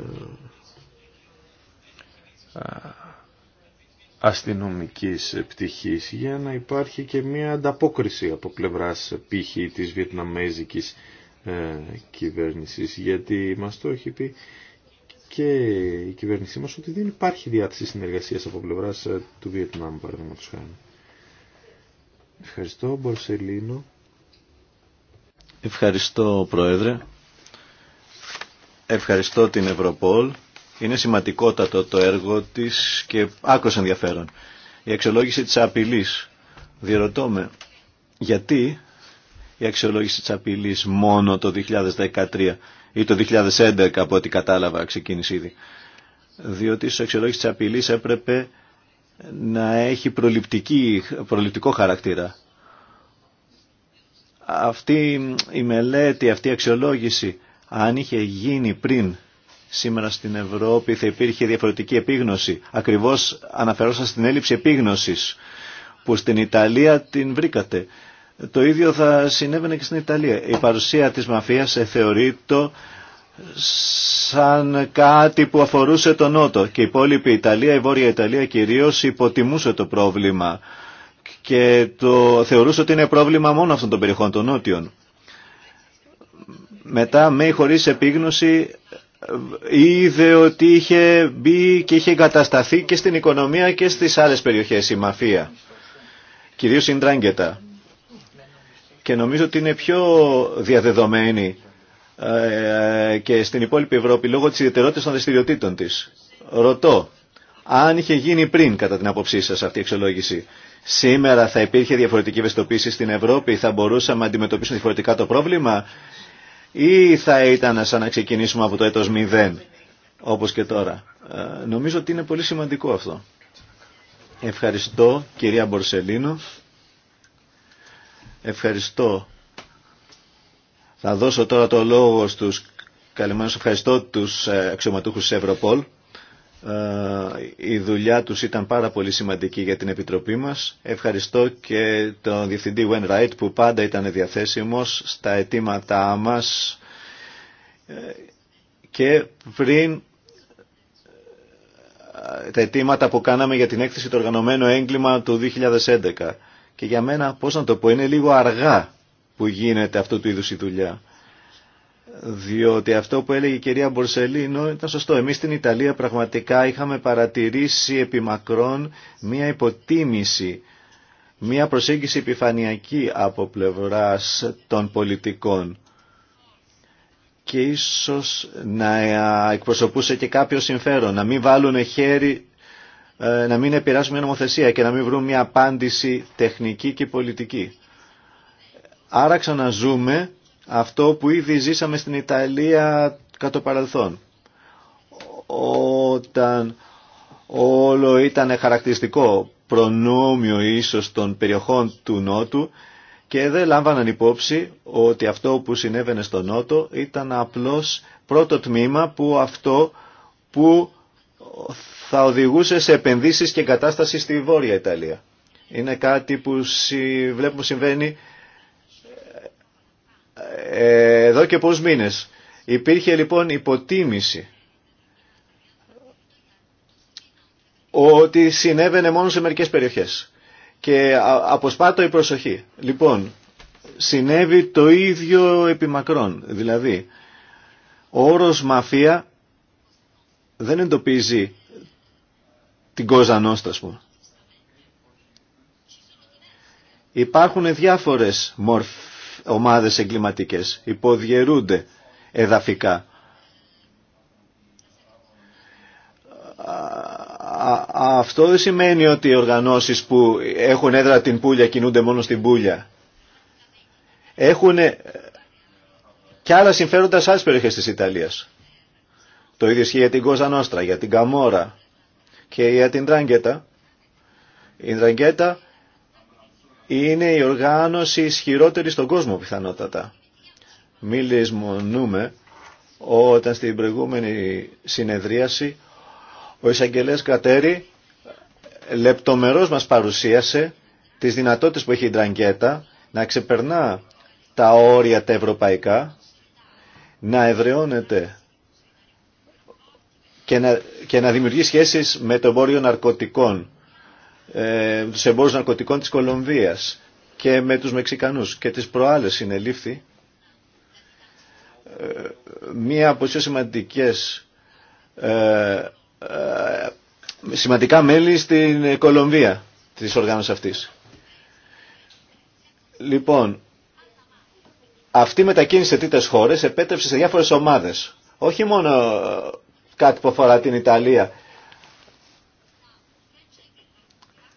[SPEAKER 3] αστυνομικής πτυχής για να υπάρχει και μια ανταπόκριση από πλευράς ε, π.χ. της βιετναμέζικης κυβέρνησης γιατί μας το έχει πει και η κυβέρνησή μας ότι δεν υπάρχει διάθεση συνεργασίας από πλευράς ε, του Βιετνάμ παραδείγματος χάρη. Ευχαριστώ Μπορσελίνο.
[SPEAKER 1] Ευχαριστώ Πρόεδρε. Ευχαριστώ την Ευρωπόλ. Είναι σημαντικότατο το έργο της και άκρος ενδιαφέρον. Η αξιολόγηση της απειλής. Διερωτώ με, γιατί η αξιολόγηση της απειλής μόνο το 2013 ή το 2011 από ό,τι κατάλαβα ξεκίνησε ήδη. Διότι στο αξιολόγηση της απειλής έπρεπε να έχει προληπτική, προληπτικό χαρακτήρα. Αυτή η μελέτη, αυτή η αξιολόγηση, αν είχε γίνει πριν σήμερα στην Ευρώπη θα υπήρχε διαφορετική επίγνωση. Ακριβώς αναφερόσα στην έλλειψη επίγνωσης που στην Ιταλία την βρήκατε. Το ίδιο θα συνέβαινε και στην Ιταλία. Η παρουσία της μαφίας θεωρεί σαν κάτι που αφορούσε τον Νότο και η υπόλοιπη Ιταλία, η Βόρεια Ιταλία κυρίως υποτιμούσε το πρόβλημα και το θεωρούσε ότι είναι πρόβλημα μόνο αυτών των περιοχών των Νότιων. Μετά με ή χωρίς επίγνωση είδε ότι είχε μπει και είχε εγκατασταθεί και στην οικονομία και στις άλλες περιοχές η μαφία, κυρίως η Ντράγκετα και νομίζω ότι είναι πιο διαδεδομένη ε, και στην υπόλοιπη Ευρώπη λόγω της ιδιαιτερότητας των δραστηριοτήτων της. Ρωτώ, αν είχε γίνει πριν κατά την άποψή σας αυτή η εξολόγηση, σήμερα θα υπήρχε διαφορετική ευαισθητοποίηση στην Ευρώπη, θα μπορούσαμε να αντιμετωπίσουμε διαφορετικά το πρόβλημα ή θα ήταν σαν να ξεκινήσουμε από το έτος 0, όπως και τώρα. Ε, νομίζω ότι είναι πολύ σημαντικό αυτό. Ευχαριστώ κυρία Μπορσελίνο. Ευχαριστώ. Θα δώσω τώρα το λόγο στους καλυμμένους. Ευχαριστώ τους ε, αξιωματούχους της Ευρωπόλ. Ε, η δουλειά τους ήταν πάρα πολύ σημαντική για την Επιτροπή μας. Ευχαριστώ και τον Διευθυντή Wen Wright που πάντα ήταν διαθέσιμος στα αιτήματά μας ε, και πριν τα αιτήματα που κάναμε για την έκθεση του οργανωμένου έγκλημα του 2011 και για μένα, πώς να το πω, είναι λίγο αργά που γίνεται αυτό του είδους η δουλειά. Διότι αυτό που έλεγε η κυρία Μπορσελίνο ήταν σωστό. Εμείς στην Ιταλία πραγματικά είχαμε παρατηρήσει μακρόν μία υποτίμηση, μία προσέγγιση επιφανειακή από πλευράς των πολιτικών και ίσως να εκπροσωπούσε και κάποιο συμφέρον, να μην βάλουν χέρι ε, να μην επηρεάσουμε μια νομοθεσία και να μην βρούμε μια απάντηση τεχνική και πολιτική. Άρα ξαναζούμε αυτό που ήδη ζήσαμε στην Ιταλία κατά το παρελθόν. Όταν όλο ήταν χαρακτηριστικό προνόμιο ίσως των περιοχών του Νότου και δεν λάμβαναν υπόψη ότι αυτό που συνέβαινε στο Νότο ήταν απλώς πρώτο τμήμα που αυτό που θα οδηγούσε σε επενδύσεις και κατάσταση στη Βόρεια Ιταλία. Είναι κάτι που βλέπουμε συμβαίνει ε, εδώ και πολλούς μήνες. Υπήρχε λοιπόν υποτίμηση ότι συνέβαινε μόνο σε μερικές περιοχές και αποσπάτω η προσοχή. Λοιπόν, συνέβη το ίδιο επιμακρών, δηλαδή ο όρος μαφία δεν εντοπίζει την Κόζα Νόστα, πούμε. Υπάρχουν διάφορες μορφ, ομάδες εγκληματικές, υποδιαιρούνται εδαφικά. Αυτό δεν σημαίνει ότι οι οργανώσεις που έχουν έδρα την πουλια κινούνται μόνο στην πουλια. Έχουν ε, και άλλα συμφέροντα σε άλλες περιοχές της Ιταλίας. Το ίδιο ισχύει για την Κόζα για την Καμόρα, και για την Τράγκετα. Η Τράγκετα είναι η οργάνωση ισχυρότερη στον κόσμο πιθανότατα. Μη λησμονούμε όταν στην προηγούμενη συνεδρίαση ο εισαγγελέας Κατέρη λεπτομερώς μας παρουσίασε τις δυνατότητες που έχει η Ντραγκέτα να ξεπερνά τα όρια τα ευρωπαϊκά, να ευρεώνεται και να, δημιουργεί σχέσεις με το εμπόριο ναρκωτικών, ε, τους εμπόρους ναρκωτικών της Κολομβίας και με τους Μεξικανούς. Και τις προάλλες συνελήφθη ε, μία από τις πιο σημαντικές ε, ε, σημαντικά μέλη στην Κολομβία της οργάνωσης αυτής. Λοιπόν, αυτή μετακίνησε τρίτες χώρες, επέτρεψε σε διάφορες ομάδες. Όχι μόνο κάτι που αφορά την Ιταλία.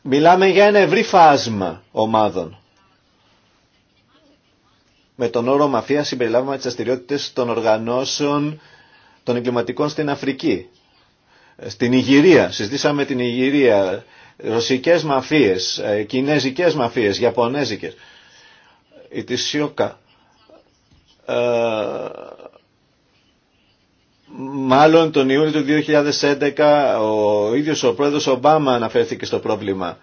[SPEAKER 1] Μιλάμε για ένα ευρύ φάσμα ομάδων. Με τον όρο μαφία συμπεριλάβουμε τις αστηριότητε των οργανώσεων των εγκληματικών στην Αφρική. Στην Ιγυρία, συζητήσαμε την Ιγυρία, ρωσικές μαφίες, ε, κινέζικες μαφίες, γιαπωνέζικες. Η Τισιόκα, ε, Μάλλον τον Ιούνιο του 2011 ο ίδιος ο πρόεδρος Ομπάμα αναφέρθηκε στο πρόβλημα.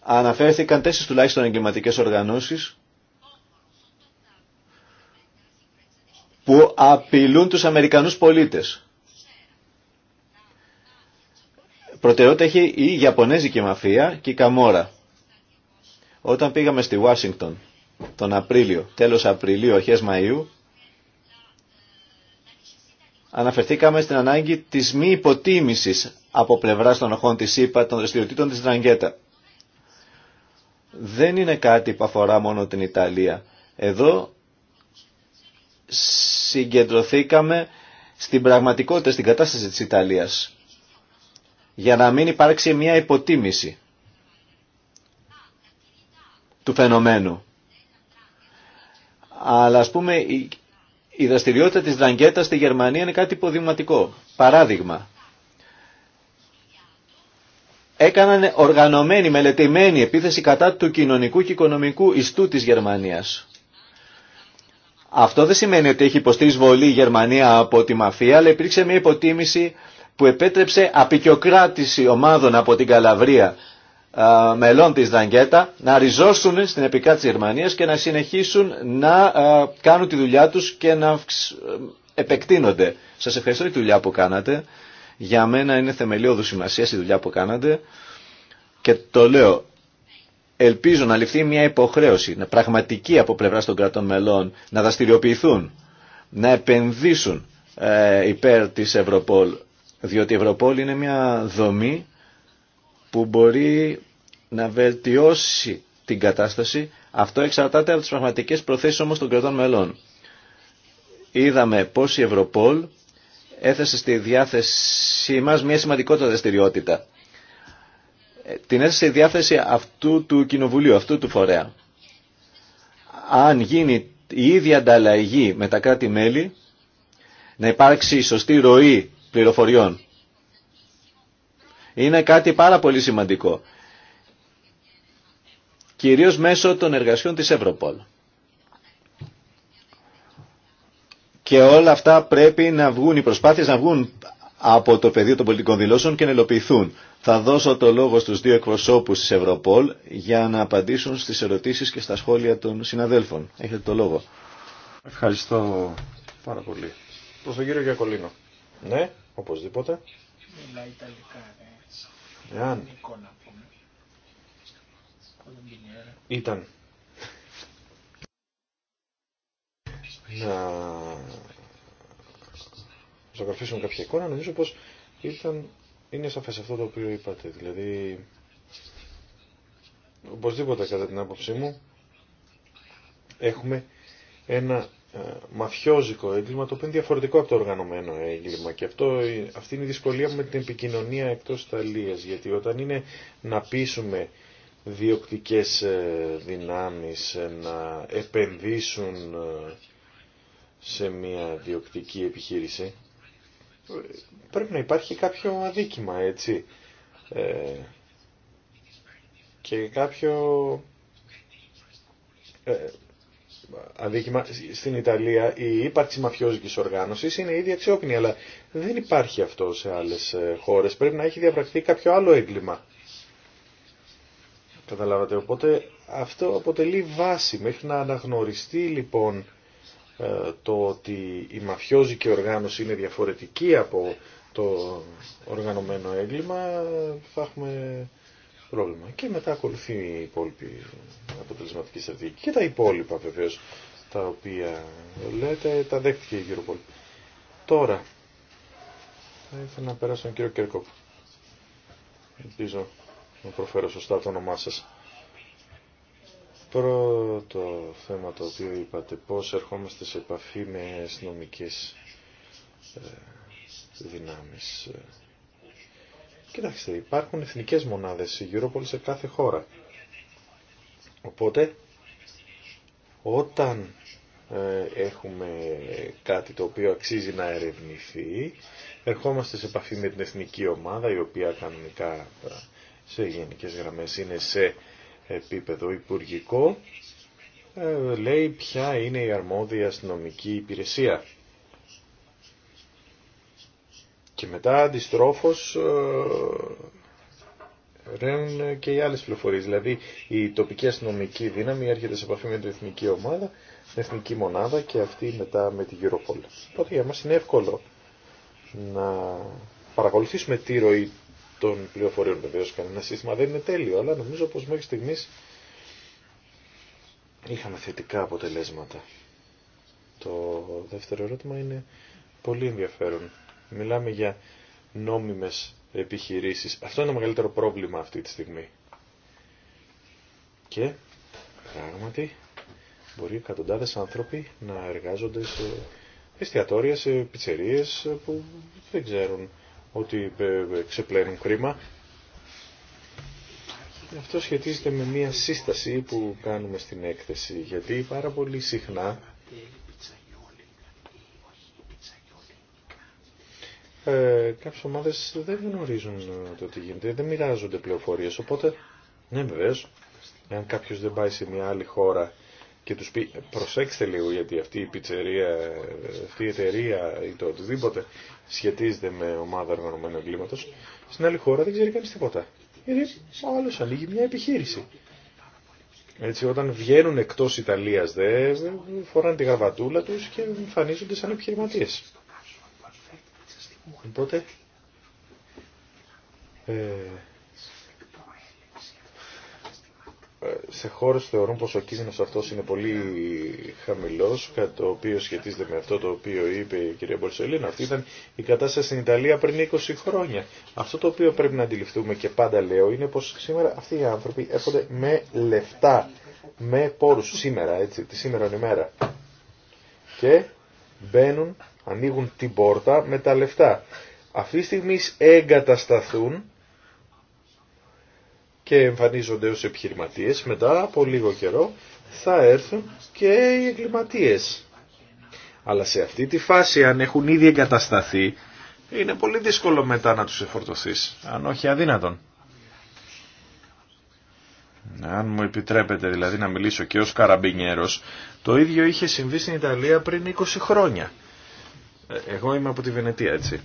[SPEAKER 1] Αναφέρθηκαν τέσσερις τουλάχιστον εγκληματικές οργανώσεις που απειλούν τους Αμερικανούς πολίτες. Προτεραιότητα έχει η Ιαπωνέζικη μαφία και η Καμόρα. Όταν πήγαμε στη Ουάσιγκτον τον Απρίλιο, τέλος Απριλίου, αρχές Μαΐου, αναφερθήκαμε στην ανάγκη της μη υποτίμησης από πλευρά των οχών της ΥΠΑ των δραστηριοτήτων της Δραγκέτα. Δεν είναι κάτι που αφορά μόνο την Ιταλία. Εδώ συγκεντρωθήκαμε στην πραγματικότητα, στην κατάσταση της Ιταλίας για να μην υπάρξει μια υποτίμηση του φαινομένου. Αλλά ας πούμε η δραστηριότητα της δραγκέτας στη Γερμανία είναι κάτι υποδειγματικό. Παράδειγμα, έκαναν οργανωμένη, μελετημένη επίθεση κατά του κοινωνικού και οικονομικού ιστού της Γερμανίας. Αυτό δεν σημαίνει ότι έχει υποστεί εισβολή η Γερμανία από τη μαφία, αλλά υπήρξε μια υποτίμηση που επέτρεψε απεικιοκράτηση ομάδων από την Καλαβρία μελών της Δαγκέτα να ριζώσουν στην επικά της Γερμανίας και να συνεχίσουν να κάνουν τη δουλειά τους και να ε, επεκτείνονται. Σας ευχαριστώ για τη δουλειά που κάνατε. Για μένα είναι θεμελιώδου σημασία η δουλειά που κάνατε και το λέω. Ελπίζω να ληφθεί μια υποχρέωση, να πραγματική από πλευρά των κρατών μελών, να δραστηριοποιηθούν, να επενδύσουν ε, υπέρ της Ευρωπόλ, διότι η Ευρωπόλ είναι μια δομή που μπορεί να βελτιώσει την κατάσταση. Αυτό εξαρτάται από τις πραγματικές προθέσεις όμως των κρατών μελών. Είδαμε πώς η Ευρωπόλ έθεσε στη διάθεσή μας μια σημαντικότητα δραστηριότητα. Ε, την έθεσε στη διάθεση αυτού του κοινοβουλίου, αυτού του φορέα. Αν γίνει η ίδια ανταλλαγή με τα κράτη-μέλη, να υπάρξει σωστή ροή πληροφοριών. Είναι κάτι πάρα πολύ σημαντικό κυρίως μέσω των εργασιών της Ευρωπόλ. Και όλα αυτά πρέπει να βγουν, οι προσπάθειες να βγουν από το πεδίο των πολιτικών δηλώσεων και να ελοπιθούν. Θα δώσω το λόγο στους δύο εκπροσώπους της Ευρωπόλ για να απαντήσουν στις ερωτήσεις και στα σχόλια των συναδέλφων. Έχετε το λόγο. Ευχαριστώ πάρα πολύ.
[SPEAKER 3] Προς τον κύριο Γιακολίνο. Ναι, οπωσδήποτε.
[SPEAKER 2] Μιλάει Ιταλικά, ναι. Εάν
[SPEAKER 3] ήταν να ζωγραφίσουμε κάποια εικόνα, νομίζω πως ήταν, είναι σαφές αυτό το οποίο είπατε. Δηλαδή, οπωσδήποτε κατά την άποψή μου, έχουμε ένα ε, μαφιόζικο έγκλημα, το οποίο είναι διαφορετικό από το οργανωμένο έγκλημα. Και αυτό, ε, αυτή είναι η δυσκολία με την επικοινωνία εκτός Ιταλίας, γιατί όταν είναι να πείσουμε διοκτικές ε, δυνάμεις ε, να επενδύσουν ε, σε μια διοκτική επιχείρηση πρέπει να υπάρχει κάποιο αδίκημα έτσι και κάποιο αδίκημα στην Ιταλία η ύπαρξη μαφιόζικης οργάνωσης είναι ήδη αξιόπινη αλλά δεν υπάρχει αυτό σε άλλες χώρες πρέπει να έχει διαπρακτεί κάποιο άλλο έγκλημα Καταλάβατε. Οπότε αυτό αποτελεί βάση μέχρι να αναγνωριστεί λοιπόν ε, το ότι η μαφιόζικη οργάνωση είναι διαφορετική από το οργανωμένο έγκλημα θα έχουμε πρόβλημα. Και μετά ακολουθεί η υπόλοιπη αποτελεσματική στρατηγική και τα υπόλοιπα βεβαίω τα οποία λέτε τα δέχτηκε η Europol. Τώρα θα ήθελα να περάσω τον κύριο Κέρκοπ. Ελπίζω να προφέρω σωστά το όνομά σας. Πρώτο θέμα το οποίο είπατε, πώς ερχόμαστε σε επαφή με αστυνομικέ ε, δυνάμεις. Κοιτάξτε, υπάρχουν εθνικές μονάδες η Europol σε κάθε χώρα. Οπότε, όταν ε, έχουμε κάτι το οποίο αξίζει να ερευνηθεί, ερχόμαστε σε επαφή με την εθνική ομάδα, η οποία κανονικά ε, σε γενικές γραμμές, είναι σε επίπεδο υπουργικό, ε, λέει ποια είναι η αρμόδια αστυνομική υπηρεσία. Και μετά αντιστρόφως ε, ρέουν και οι άλλες πληροφορίες. Δηλαδή η τοπική αστυνομική δύναμη έρχεται σε επαφή με την εθνική ομάδα, την εθνική μονάδα και αυτή μετά με την Europol. Οπότε για μας είναι εύκολο να παρακολουθήσουμε τη ροή των πληροφοριών. Βεβαίω κανένα σύστημα δεν είναι τέλειο, αλλά νομίζω πως μέχρι στιγμής είχαμε θετικά αποτελέσματα. Το δεύτερο ερώτημα είναι πολύ ενδιαφέρον. Μιλάμε για νόμιμες επιχειρήσεις. Αυτό είναι το μεγαλύτερο πρόβλημα αυτή τη στιγμή. Και πράγματι μπορεί εκατοντάδες άνθρωποι να εργάζονται σε εστιατόρια, σε πιτσερίες που δεν ξέρουν ότι ε, ε, ξεπλένουν χρήμα. Αυτό σχετίζεται με μία σύσταση που κάνουμε στην έκθεση, γιατί πάρα πολύ συχνά ε, κάποιες ομάδες δεν γνωρίζουν το τι γίνεται, δεν μοιράζονται πληροφορίες, οπότε ναι βεβαίως, εάν κάποιος δεν πάει σε μια άλλη χώρα και τους πει προσέξτε λίγο γιατί αυτή η πιτσερία, αυτή η εταιρεία ή το οτιδήποτε σχετίζεται με ομάδα οργανωμένου εγκλήματος, στην άλλη χώρα δεν ξέρει κανείς τίποτα. Γιατί ο άλλος ανοίγει μια επιχείρηση. Έτσι, όταν βγαίνουν εκτός Ιταλίας δε, φοράνε τη γαβατούλα τους και εμφανίζονται σαν επιχειρηματίες. Οπότε, ε, σε χώρε θεωρούν πω ο κίνδυνο αυτό είναι πολύ χαμηλό κάτι το οποίο σχετίζεται με αυτό το οποίο είπε η κυρία Μπορσελίνα. Αυτή ήταν η κατάσταση στην Ιταλία πριν 20 χρόνια. Αυτό το οποίο πρέπει να αντιληφθούμε και πάντα λέω είναι πω σήμερα αυτοί οι άνθρωποι έρχονται με λεφτά, με πόρου σήμερα, έτσι, τη σήμερα ημέρα. Και μπαίνουν, ανοίγουν την πόρτα με τα λεφτά. Αυτή τη στιγμή εγκατασταθούν και εμφανίζονται ως επιχειρηματίες, μετά από λίγο καιρό θα έρθουν και οι εγκληματίες. Αλλά σε αυτή τη φάση αν έχουν ήδη εγκατασταθεί είναι πολύ δύσκολο μετά να τους εφορτωθείς, αν όχι αδύνατον. Αν μου επιτρέπετε δηλαδή να μιλήσω και ως καραμπινιέρος, το ίδιο είχε συμβεί στην Ιταλία πριν 20 χρόνια. Ε, εγώ είμαι από τη Βενετία έτσι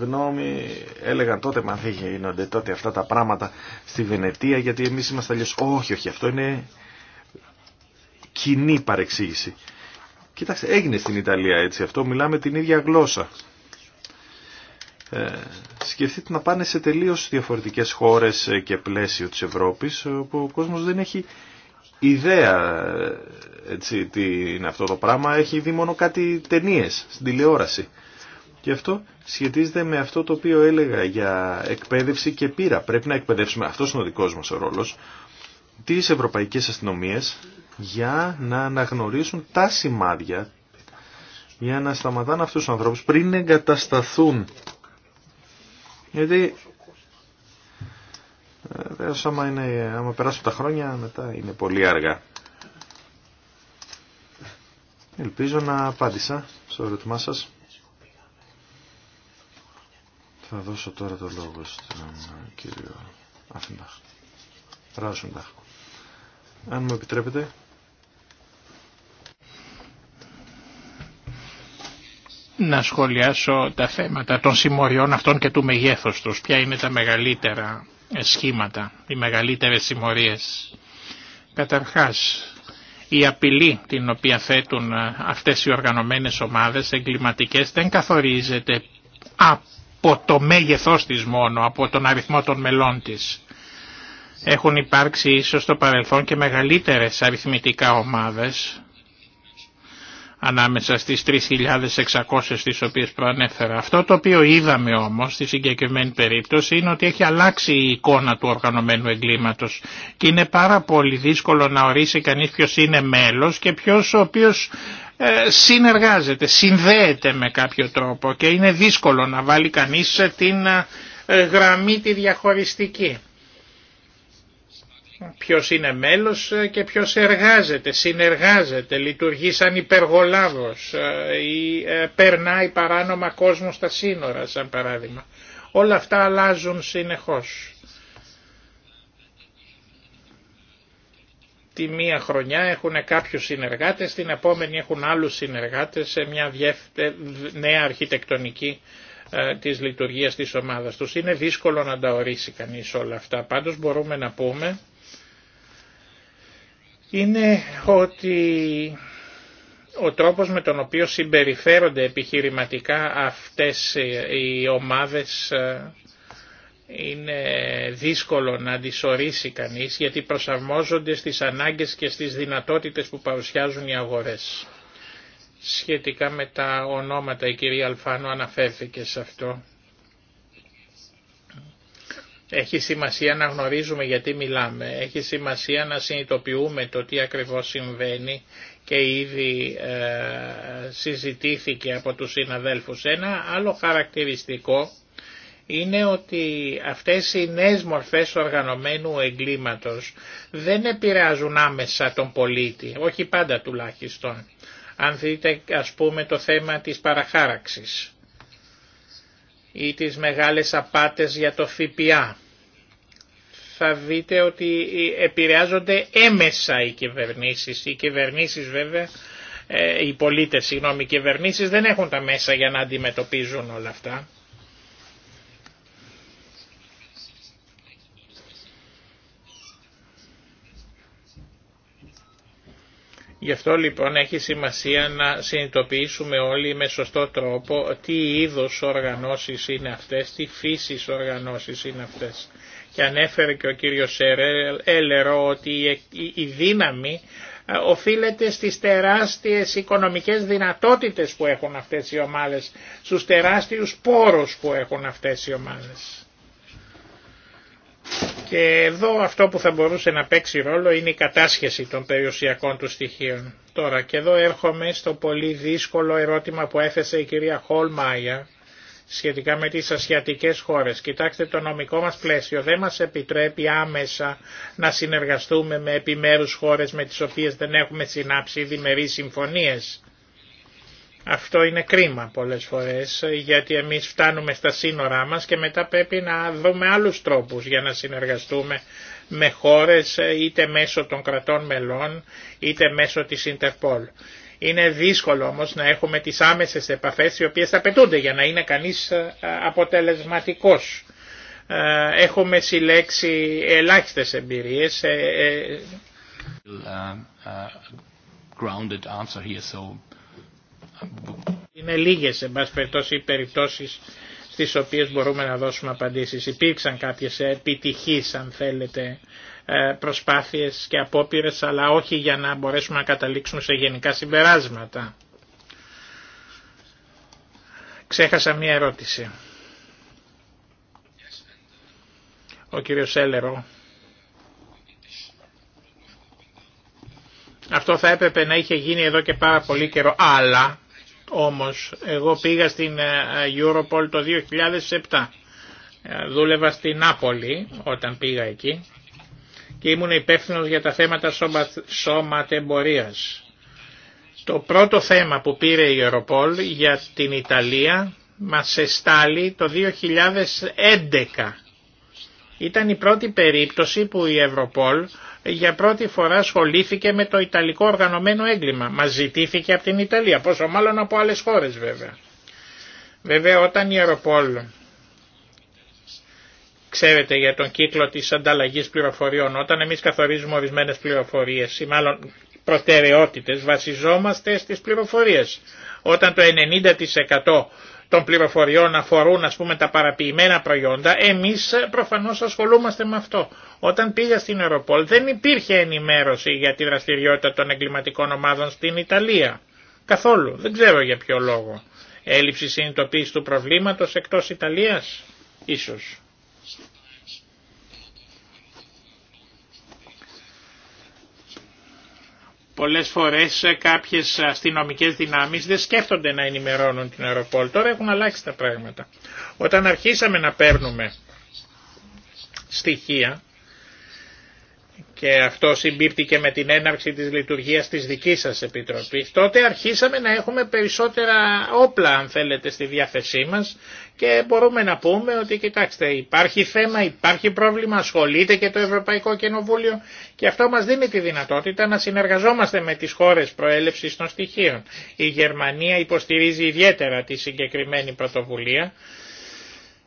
[SPEAKER 3] γνώμη έλεγαν τότε μα δεν γίνονται τότε αυτά τα πράγματα στη Βενετία γιατί εμείς είμαστε αλλιώς όχι όχι αυτό είναι κοινή παρεξήγηση Κοίταξε έγινε στην Ιταλία έτσι αυτό, μιλάμε την ίδια γλώσσα. Ε, σκεφτείτε να πάνε σε τελείως διαφορετικές χώρες και πλαίσιο της Ευρώπης, όπου ο κόσμος δεν έχει ιδέα ε, τι είναι αυτό το πράγμα, έχει δει μόνο κάτι ταινίε στην τηλεόραση. Και αυτό σχετίζεται με αυτό το οποίο έλεγα για εκπαίδευση και πείρα. Πρέπει να εκπαιδεύσουμε, αυτός είναι ο δικό μας ο ρόλος, τις ευρωπαϊκές αστυνομίες για να αναγνωρίσουν τα σημάδια, για να σταματάνε αυτούς του ανθρώπους πριν εγκατασταθούν. Γιατί ε, βέβαια άμα, είναι, άμα περάσουν τα χρόνια μετά είναι πολύ αργά. Ελπίζω να απάντησα στο ερώτημά σας. Θα δώσω τώρα το λόγο στον ε, κύριο Αφενταχ. Ράσονταχ.
[SPEAKER 2] Αν μου επιτρέπετε. Να σχολιάσω τα θέματα των συμμοριών αυτών και του μεγέθους τους. Ποια είναι τα μεγαλύτερα σχήματα, οι μεγαλύτερες συμμορίες. Καταρχάς, η απειλή την οποία θέτουν ε, αυτές οι οργανωμένες ομάδες εγκληματικές δεν καθορίζεται από από το μέγεθός της μόνο, από τον αριθμό των μελών της. Έχουν υπάρξει ίσως στο παρελθόν και μεγαλύτερες αριθμητικά ομάδες ανάμεσα στις 3.600 τις οποίες προανέφερα. Αυτό το οποίο είδαμε όμως στη συγκεκριμένη περίπτωση είναι ότι έχει αλλάξει η εικόνα του οργανωμένου εγκλήματος και είναι πάρα πολύ δύσκολο να ορίσει κανείς ποιος είναι μέλος και ποιος ο οποίος ε, συνεργάζεται, συνδέεται με κάποιο τρόπο και είναι δύσκολο να βάλει κανείς την ε, ε, γραμμή τη διαχωριστική. Ποιος είναι μέλος και ποιος εργάζεται, συνεργάζεται, λειτουργεί σαν υπεργολάβος ή περνάει παράνομα κόσμο στα σύνορα σαν παράδειγμα. Όλα αυτά αλλάζουν συνεχώς. τη μία χρονιά έχουν κάποιους συνεργάτες, την επόμενη έχουν άλλους συνεργάτες σε μια ε, νέα αρχιτεκτονική ε, της λειτουργίας της ομάδας τους. Είναι δύσκολο να τα ορίσει κανείς όλα αυτά. Πάντως μπορούμε να πούμε είναι ότι ο τρόπος με τον οποίο συμπεριφέρονται επιχειρηματικά αυτές οι ομάδες ε, είναι δύσκολο να τις κανείς γιατί προσαρμόζονται στις ανάγκες και στις δυνατότητες που παρουσιάζουν οι αγορές. Σχετικά με τα ονόματα η κυρία Αλφάνο αναφέρθηκε σε αυτό. Έχει σημασία να γνωρίζουμε γιατί μιλάμε, έχει σημασία να συνειδητοποιούμε το τι ακριβώς συμβαίνει και ήδη ε, συζητήθηκε από τους συναδέλφους. Ένα άλλο χαρακτηριστικό είναι ότι αυτές οι νέες μορφές οργανωμένου εγκλήματος δεν επηρεάζουν άμεσα τον πολίτη, όχι πάντα τουλάχιστον. Αν δείτε ας πούμε το θέμα της παραχάραξης ή τις μεγάλες απάτες για το ΦΠΑ, θα δείτε ότι επηρεάζονται έμεσα οι κυβερνήσεις. Οι κυβερνήσεις βέβαια, ε, οι πολίτες, συγγνώμη, οι κυβερνήσεις δεν έχουν τα μέσα για να αντιμετωπίζουν όλα αυτά. Γι' αυτό λοιπόν έχει σημασία να συνειδητοποιήσουμε όλοι με σωστό τρόπο τι είδος οργανώσεις είναι αυτές, τι φύσης οργανώσεις είναι αυτές. Και ανέφερε και ο κύριος Έλερο ότι η δύναμη ε, οφείλεται στις τεράστιες οικονομικές δυνατότητες που έχουν αυτές οι ομάδες, στους τεράστιους πόρους που έχουν αυτές οι ομάδες. Και εδώ αυτό που θα μπορούσε να παίξει ρόλο είναι η κατάσχεση των περιουσιακών του στοιχείων. Τώρα και εδώ έρχομαι στο πολύ δύσκολο ερώτημα που έθεσε η κυρία Χολμάια σχετικά με τις ασιατικές χώρες. Κοιτάξτε το νομικό μας πλαίσιο δεν μας επιτρέπει άμεσα να συνεργαστούμε με επιμέρους χώρες με τις οποίες δεν έχουμε συνάψει διμερείς συμφωνίες. Αυτό είναι κρίμα πολλές φορές γιατί εμείς φτάνουμε στα σύνορά μας και μετά πρέπει να δούμε άλλους τρόπους για να συνεργαστούμε με χώρες είτε μέσω των κρατών μελών είτε μέσω της Ιντερπόλ. Είναι δύσκολο όμως να έχουμε τις άμεσες επαφές οι οποίες απαιτούνται για να είναι κανείς ε, αποτελεσματικός. Ε, έχουμε συλλέξει ελάχιστες εμπειρίες. Ε, uh, uh, είναι λίγες εν πάση περιπτώσει οι περιπτώσεις στις οποίες μπορούμε να δώσουμε απαντήσεις. Υπήρξαν κάποιες επιτυχεί, αν θέλετε ε, προσπάθειες και απόπειρε, αλλά όχι για να μπορέσουμε να καταλήξουμε σε γενικά συμπεράσματα. Ξέχασα μία ερώτηση. Ο κύριος Έλερο. Αυτό θα έπρεπε να είχε γίνει εδώ και πάρα πολύ καιρό, αλλά όμως εγώ πήγα στην ε, Europol το 2007. Ε, δούλευα στην Νάπολη όταν πήγα εκεί και ήμουν υπεύθυνος για τα θέματα σώματεμπορίας. Το πρώτο θέμα που πήρε η Europol για την Ιταλία μας εστάλει το 2011. Ήταν η πρώτη περίπτωση που η Ευρωπόλ για πρώτη φορά ασχολήθηκε με το Ιταλικό οργανωμένο έγκλημα. Μα ζητήθηκε από την Ιταλία, πόσο μάλλον από άλλες χώρες βέβαια. Βέβαια όταν η Αεροπόλ, ξέρετε για τον κύκλο της ανταλλαγής πληροφοριών, όταν εμείς καθορίζουμε ορισμένες πληροφορίες ή μάλλον προτεραιότητες βασιζόμαστε στις πληροφορίες. Όταν το 90% των πληροφοριών αφορούν ας πούμε τα παραποιημένα προϊόντα, εμείς ε, προφανώς ασχολούμαστε με αυτό. Όταν πήγα στην Ευρωπόλ δεν υπήρχε ενημέρωση για τη δραστηριότητα των εγκληματικών ομάδων στην Ιταλία. Καθόλου. Δεν ξέρω για ποιο λόγο. Έλλειψη συνειδητοποίηση του προβλήματος εκτός Ιταλίας. Ίσως. Πολλές φορές ε, κάποιες αστυνομικές δυνάμεις δεν σκέφτονται να ενημερώνουν την Αεροπόλ. Τώρα έχουν αλλάξει τα πράγματα. Όταν αρχίσαμε να παίρνουμε στοιχεία και αυτό συμπίπτει και με την έναρξη της λειτουργίας της δικής σας Επιτροπής, τότε αρχίσαμε να έχουμε περισσότερα όπλα αν θέλετε στη διάθεσή μας και μπορούμε να πούμε ότι κοιτάξτε υπάρχει θέμα, υπάρχει πρόβλημα, ασχολείται και το Ευρωπαϊκό Κοινοβούλιο και αυτό μας δίνει τη δυνατότητα να συνεργαζόμαστε με τις χώρες προέλευσης των στοιχείων. Η Γερμανία υποστηρίζει ιδιαίτερα τη συγκεκριμένη πρωτοβουλία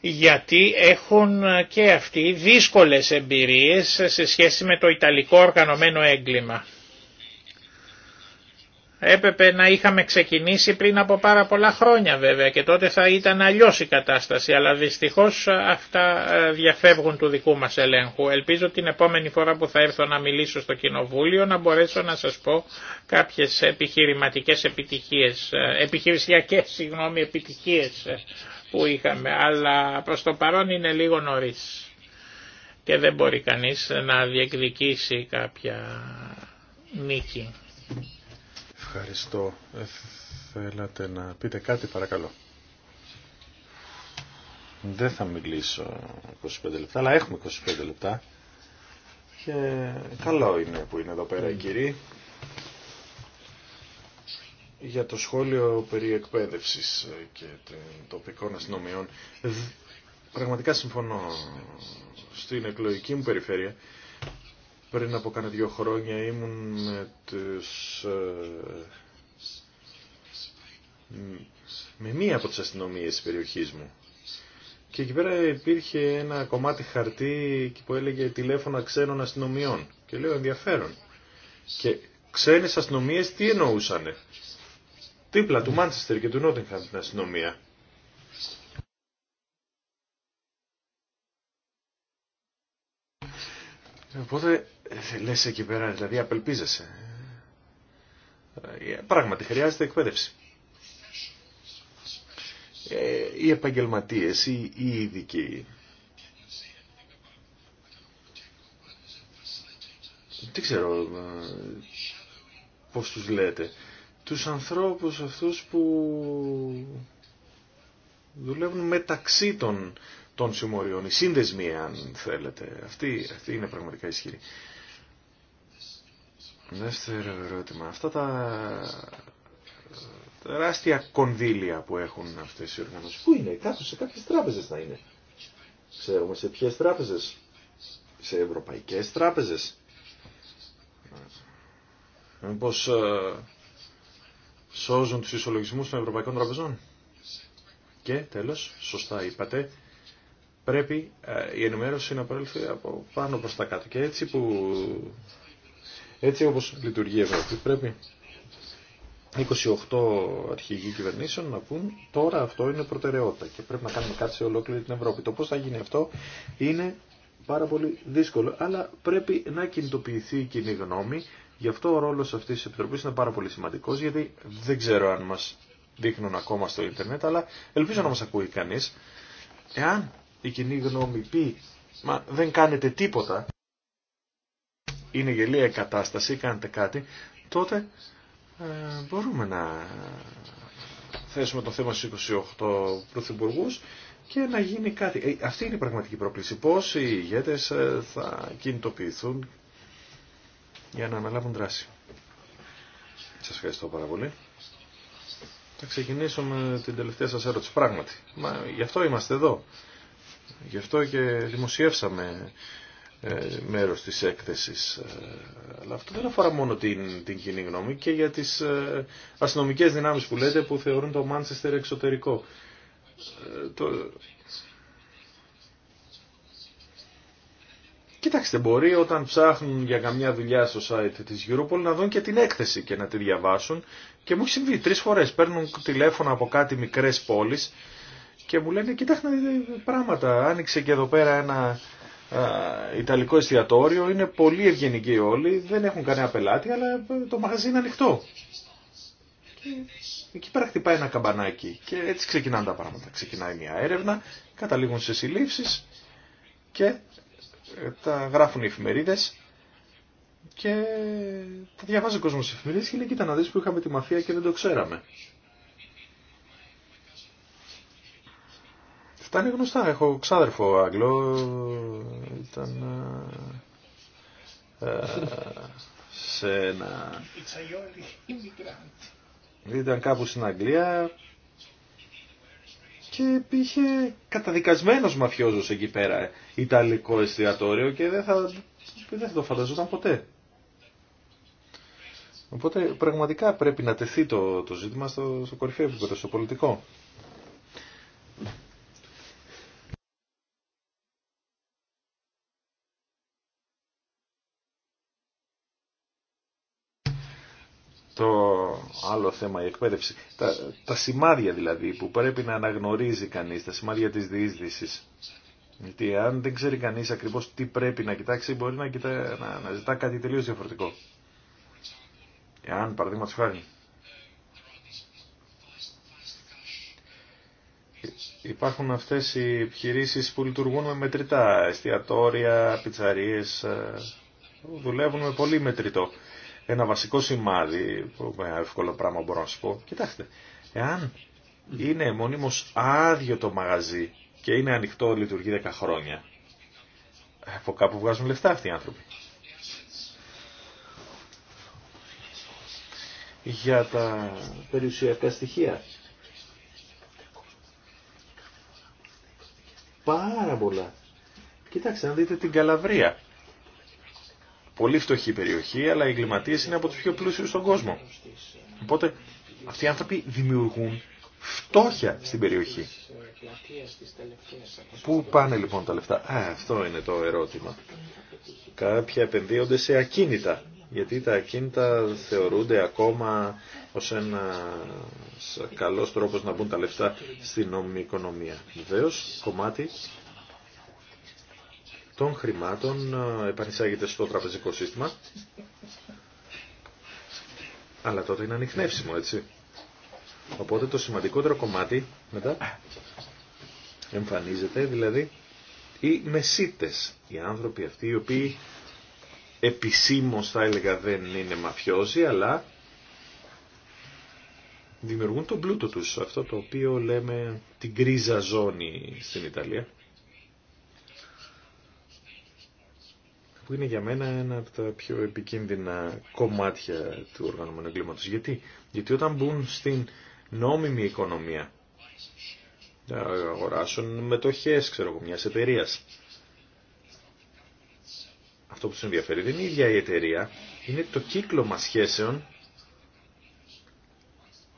[SPEAKER 2] γιατί έχουν και αυτοί δύσκολες εμπειρίες σε σχέση με το Ιταλικό οργανωμένο έγκλημα. Έπρεπε να είχαμε ξεκινήσει πριν από πάρα πολλά χρόνια βέβαια και τότε θα ήταν αλλιώς η κατάσταση, αλλά δυστυχώς αυτά ε, διαφεύγουν του δικού μας ελέγχου. Ελπίζω την επόμενη φορά που θα έρθω να μιλήσω στο Κοινοβούλιο να μπορέσω να σας πω κάποιες επιχειρηματικές επιτυχίες, ε, επιχειρησιακές συγγνώμη επιτυχίες ε, που είχαμε, αλλά προς το παρόν είναι λίγο νωρίς και δεν μπορεί κανείς να διεκδικήσει κάποια νίκη.
[SPEAKER 3] Ευχαριστώ. Ε, θέλατε να πείτε κάτι παρακαλώ. Δεν θα μιλήσω 25 λεπτά, αλλά έχουμε 25 λεπτά. Και καλό είναι που είναι εδώ πέρα οι mm. κύριοι για το σχόλιο περί εκπαίδευσης και των τοπικών αστυνομιών. Πραγματικά συμφωνώ στην εκλογική μου περιφέρεια. Πριν από κάνα δύο χρόνια ήμουν με ε, με μία από τις αστυνομίες της περιοχής μου. Και εκεί πέρα υπήρχε ένα κομμάτι χαρτί που έλεγε τηλέφωνα ξένων αστυνομιών. Και λέω ενδιαφέρον. Και ξένες αστυνομίες τι εννοούσανε δίπλα του Μάντσεστερ και του Νότιγχαμ στην αστυνομία. Οπότε ε, λες εκεί πέρα, δηλαδή απελπίζεσαι. Ε, πράγματι χρειάζεται εκπαίδευση. Ε, οι επαγγελματίες, οι, οι ειδικοί. Τι ξέρω πώς τους λέτε τους ανθρώπους αυτούς που δουλεύουν μεταξύ των, των συμμοριών, οι σύνδεσμοι αν θέλετε. Αυτή, αυτή είναι πραγματικά ισχυρή. Δεύτερο ερώτημα. Αυτά τα τεράστια κονδύλια που έχουν αυτές οι οργανώσεις. Πού είναι, κάτω σε κάποιες τράπεζες θα είναι. Ξέρουμε σε ποιες τράπεζες. Σε ευρωπαϊκές τράπεζες. Μήπως ε, σώζουν τους ισολογισμούς των Ευρωπαϊκών Τραπεζών. Και τέλος, σωστά είπατε, πρέπει ε, η ενημέρωση να προέλθει από πάνω προς τα κάτω. Και έτσι, που, έτσι όπως λειτουργεί η Ευρώπη πρέπει 28 αρχηγοί κυβερνήσεων να πούν τώρα αυτό είναι προτεραιότητα και πρέπει να κάνουμε κάτι σε ολόκληρη την Ευρώπη. Το πώς θα γίνει αυτό είναι πάρα πολύ δύσκολο, αλλά πρέπει να κινητοποιηθεί η κοινή γνώμη Γι' αυτό ο ρόλος αυτής της Επιτροπής είναι πάρα πολύ σημαντικός, γιατί δεν ξέρω αν μας δείχνουν ακόμα στο ίντερνετ, αλλά ελπίζω να μας ακούει κανείς. Εάν η κοινή γνώμη πει, μα δεν κάνετε τίποτα, είναι γελία η κατάσταση, κάνετε κάτι, τότε ε, μπορούμε να θέσουμε το θέμα στους 28 πρωθυπουργού και να γίνει κάτι. Ε, αυτή είναι η πραγματική πρόκληση. Πώς οι ηγέτες ε, θα κινητοποιηθούν για να αναλάβουν δράση. Σας ευχαριστώ πάρα πολύ. Θα ξεκινήσω με την τελευταία σας ερώτηση. Πράγματι, μα γι' αυτό είμαστε εδώ. Γι' αυτό και δημοσιεύσαμε ε, μέρος της έκθεσης. Ε, αλλά αυτό δεν αφορά μόνο την, την κοινή γνώμη και για τις ε, αστυνομικές δυνάμεις που λέτε που θεωρούν το Μάντσεστερ εξωτερικό. Ε, το, Κοιτάξτε, μπορεί όταν ψάχνουν για καμιά δουλειά στο site της Europol να δουν και την έκθεση και να τη διαβάσουν και μου έχει συμβεί τρεις φορές. Παίρνουν τηλέφωνα από κάτι μικρές πόλεις και μου λένε κοιτάξτε πράγματα. Άνοιξε και εδώ πέρα ένα Ιταλικό εστιατόριο, είναι πολύ ευγενικοί όλοι, δεν έχουν κανένα πελάτη αλλά το μαγαζί είναι ανοιχτό. εκεί πέρα χτυπάει ένα καμπανάκι και έτσι ξεκινάνε τα πράγματα. Ξεκινάει μια έρευνα, καταλήγουν σε συλλήψεις και τα γράφουν οι εφημερίδες και τα διαβάζει ο κόσμος στι εφημερίδες και λέει κοίτα να δει που είχαμε τη μαφία και δεν το ξέραμε. Αυτά είναι γνωστά. Έχω ξάδερφο Άγγλο, ήταν ε, ε, σε ένα... Ήταν κάπου στην Αγγλία και καταδικασμένος μαφιόζος εκεί πέρα ε, Ιταλικό εστιατόριο και δεν θα, δεν θα το φανταζόταν ποτέ. Οπότε πραγματικά πρέπει να τεθεί το, το ζήτημα στο, στο κορυφαίο επίπεδο, στο πολιτικό. άλλο θέμα η εκπαίδευση. Τα, τα σημάδια δηλαδή που πρέπει να αναγνωρίζει κανείς, τα σημάδια της διείσδυσης. Γιατί αν δεν ξέρει κανείς ακριβώς τι πρέπει να κοιτάξει, μπορεί να, κοιτά, να, να ζητά κάτι τελείως διαφορετικό. Εάν, παραδείγματος χάρη, υπάρχουν αυτές οι επιχειρήσεις που λειτουργούν με μετρητά, εστιατόρια, πιτσαρίες, ε, δουλεύουν με πολύ μετρητό ένα βασικό σημάδι, ένα εύκολο πράγμα μπορώ να σου πω. Κοιτάξτε, εάν είναι μονίμως άδειο το μαγαζί και είναι ανοιχτό, λειτουργεί 10 χρόνια, από κάπου βγάζουν λεφτά αυτοί οι άνθρωποι. Για τα περιουσιακά στοιχεία. Πάρα πολλά. Κοιτάξτε, αν δείτε την Καλαβρία πολύ φτωχή περιοχή, αλλά οι εγκληματίε είναι από του πιο πλούσιου στον κόσμο. Οπότε αυτοί οι άνθρωποι δημιουργούν φτώχεια στην περιοχή. Πού πάνε λοιπόν τα λεφτά. αυτό είναι το ερώτημα. Κάποια επενδύονται σε ακίνητα, γιατί τα ακίνητα θεωρούνται ακόμα ως ένα καλός τρόπος να μπουν τα λεφτά στην νόμιμη οικονομία. Βεβαίω, κομμάτι των χρημάτων ε, επανισάγεται στο τραπεζικό σύστημα. Αλλά τότε είναι ανοιχνεύσιμο, έτσι. Οπότε το σημαντικότερο κομμάτι μετά εμφανίζεται, δηλαδή οι μεσίτες, οι άνθρωποι αυτοί οι οποίοι επισήμως θα έλεγα δεν είναι μαφιόζοι, αλλά δημιουργούν τον πλούτο τους, αυτό το οποίο λέμε την κρίζα ζώνη στην Ιταλία. που είναι για μένα ένα από τα πιο επικίνδυνα κομμάτια του οργανωμένου εγκλήματος. Γιατί? Γιατί όταν μπουν στην νόμιμη οικονομία, να αγοράσουν μετοχές, ξέρω εγώ, μιας εταιρείας. Αυτό που τους ενδιαφέρει δεν είναι η ίδια η εταιρεία, είναι το κύκλωμα σχέσεων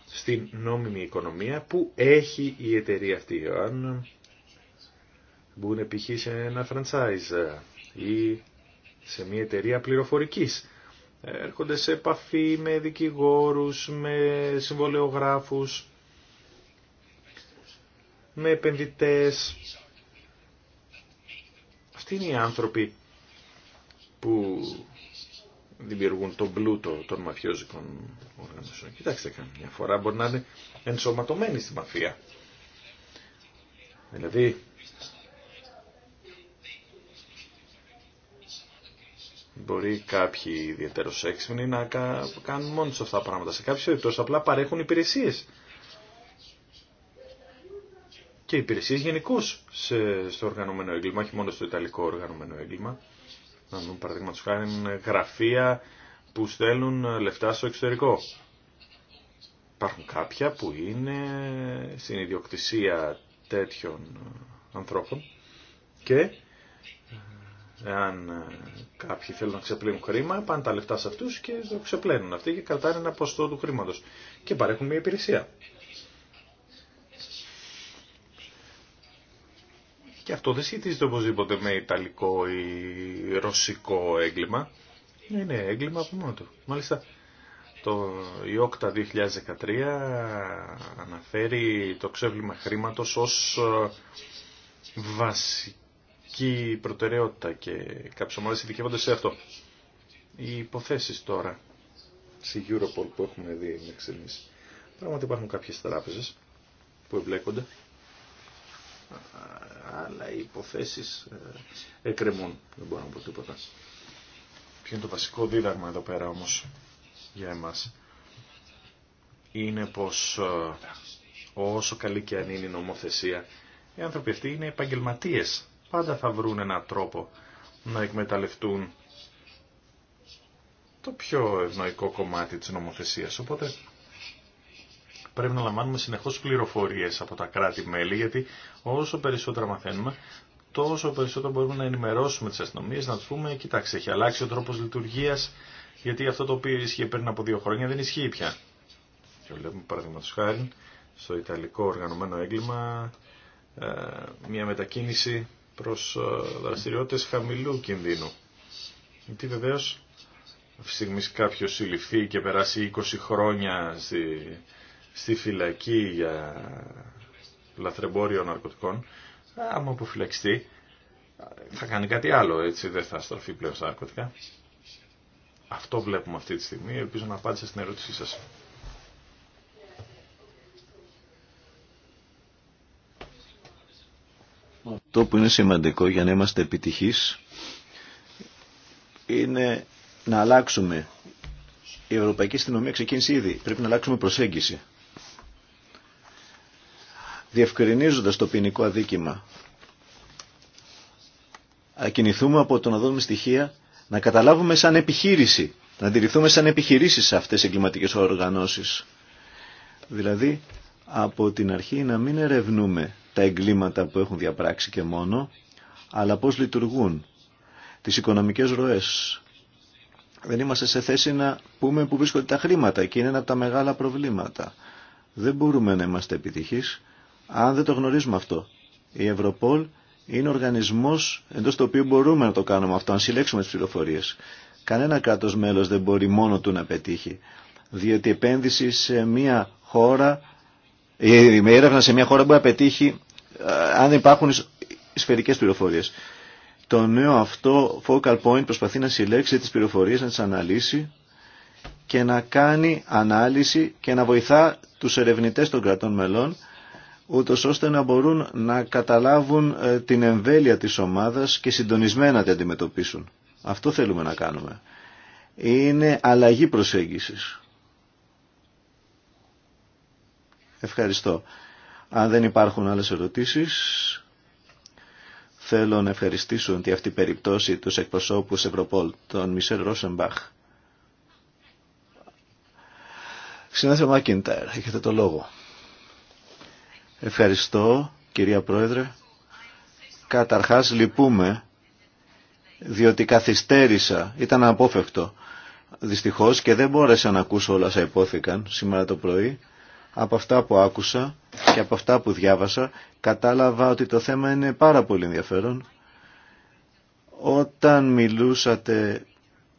[SPEAKER 3] στην νόμιμη οικονομία που έχει η εταιρεία αυτή. Αν μπουν π.χ. σε ένα franchise ή σε μια εταιρεία πληροφορικής. Ε, έρχονται σε επαφή με δικηγόρους, με συμβολεογράφους, με επενδυτές. Αυτοί είναι οι άνθρωποι που δημιουργούν τον πλούτο των μαφιόζικων οργανώσεων. Κοιτάξτε, καμιά φορά μπορεί να είναι ενσωματωμένοι στη μαφία. Δηλαδή, Μπορεί κάποιοι ιδιαίτερο έξυπνοι να κάνουν μόνο σε αυτά τα πράγματα. Σε κάποιε περιπτώσει απλά παρέχουν υπηρεσίε. Και υπηρεσίε γενικώ στο οργανωμένο έγκλημα, όχι μόνο στο ιταλικό οργανωμένο έγκλημα. Να δούμε παραδείγματος χάρη γραφεία που στέλνουν λεφτά στο εξωτερικό. Υπάρχουν κάποια που είναι στην ιδιοκτησία τέτοιων ανθρώπων και Εάν ε, κάποιοι θέλουν να ξεπλύνουν χρήμα, πάνε τα λεφτά σε αυτούς και το ξεπλένουν αυτοί και κρατάνε ένα ποστό του χρήματος και παρέχουν μια υπηρεσία. Και αυτό δεν σχετίζεται οπωσδήποτε με ιταλικό ή ρωσικό έγκλημα. Είναι έγκλημα από μόνο του. Μάλιστα, το ΙΟΚΤΑ 2013 αναφέρει το ξέβλημα χρήματος ως ε, βασικό βασική προτεραιότητα και κάποιες ομάδες ειδικεύονται σε αυτό. Οι υποθέσεις τώρα στη Europol που έχουμε δει μέχρι στιγμής. Πράγματι υπάρχουν κάποιες τράπεζες που εμπλέκονται αλλά οι υποθέσεις ε, εκκρεμούν. Δεν μπορώ να πω τίποτα. Ποιο είναι το βασικό δίδαγμα εδώ πέρα όμως για εμάς. Είναι πως ε, όσο καλή και αν είναι η νομοθεσία οι άνθρωποι αυτοί είναι επαγγελματίες πάντα θα βρουν έναν τρόπο να εκμεταλλευτούν το πιο ευνοϊκό κομμάτι της νομοθεσίας. Οπότε πρέπει να λαμβάνουμε συνεχώς πληροφορίες από τα κράτη-μέλη, γιατί όσο περισσότερα μαθαίνουμε, τόσο περισσότερο μπορούμε να ενημερώσουμε τις αστυνομίες, να τους πούμε, κοιτάξτε, έχει αλλάξει ο τρόπος λειτουργίας, γιατί αυτό το οποίο ίσχυε πριν από δύο χρόνια δεν ισχύει πια. Και βλέπουμε παραδείγματος χάρη στο Ιταλικό οργανωμένο έγκλημα ε, μια μετακίνηση προς ε, δραστηριότητες χαμηλού κινδύνου. Γιατί βεβαίω αυτή τη στιγμή κάποιος συλληφθεί και περάσει 20 χρόνια στη, φυλακή για λαθρεμπόριο ναρκωτικών, άμα αποφυλακιστεί θα κάνει κάτι άλλο, έτσι δεν θα στραφεί πλέον στα ναρκωτικά. Αυτό βλέπουμε αυτή τη στιγμή, ελπίζω να απάντησα στην ερώτησή σας.
[SPEAKER 1] Αυτό που είναι σημαντικό για να είμαστε επιτυχείς είναι να αλλάξουμε. Η Ευρωπαϊκή Αστυνομία ξεκίνησε ήδη. Πρέπει να αλλάξουμε προσέγγιση. Διευκρινίζοντας το ποινικό αδίκημα, ακινηθούμε από το να δούμε στοιχεία, να καταλάβουμε σαν επιχείρηση, να αντιληφθούμε σαν επιχειρήσεις σε αυτές οι εγκληματικές οργανώσεις. Δηλαδή, από την αρχή να μην ερευνούμε τα εγκλήματα που έχουν διαπράξει και μόνο, αλλά πώς λειτουργούν, τις οικονομικές ροές. Δεν είμαστε σε θέση να πούμε που βρίσκονται τα χρήματα και είναι ένα από τα μεγάλα προβλήματα. Δεν μπορούμε να είμαστε επιτυχείς αν δεν το γνωρίζουμε αυτό. Η Ευρωπόλ είναι οργανισμός εντός του οποίου μπορούμε να το κάνουμε αυτό, αν συλλέξουμε τις πληροφορίες. Κανένα κράτος μέλος δεν μπορεί μόνο του να πετύχει, διότι η επένδυση σε μια χώρα, η έρευνα σε μια χώρα μπορεί να πετύχει ε, αν δεν υπάρχουν σφαιρικές πληροφορίες. Το νέο αυτό focal point προσπαθεί να συλλέξει τις πληροφορίες, να τις αναλύσει και να κάνει ανάλυση και να βοηθά τους ερευνητές των κρατών μελών ούτως ώστε να μπορούν να καταλάβουν ε, την εμβέλεια της ομάδας και συντονισμένα να την αντιμετωπίσουν. Αυτό θέλουμε να κάνουμε. Είναι αλλαγή προσέγγισης. Ευχαριστώ. Αν δεν υπάρχουν άλλες ερωτήσεις, θέλω να ευχαριστήσω τη αυτή περιπτώση τους εκπροσώπους Ευρωπόλ, τον Μισελ Ρόσεμπαχ. Συνάδελφε Μάκιντάρ, έχετε το λόγο. Ευχαριστώ, κυρία Πρόεδρε. Καταρχάς λυπούμε, διότι καθυστέρησα, ήταν απόφευκτο, δυστυχώς, και δεν μπόρεσα να ακούσω όλα όσα υπόθηκαν σήμερα το πρωί. Από αυτά που άκουσα και από αυτά που διάβασα κατάλαβα ότι το θέμα είναι πάρα πολύ ενδιαφέρον. Όταν μιλούσατε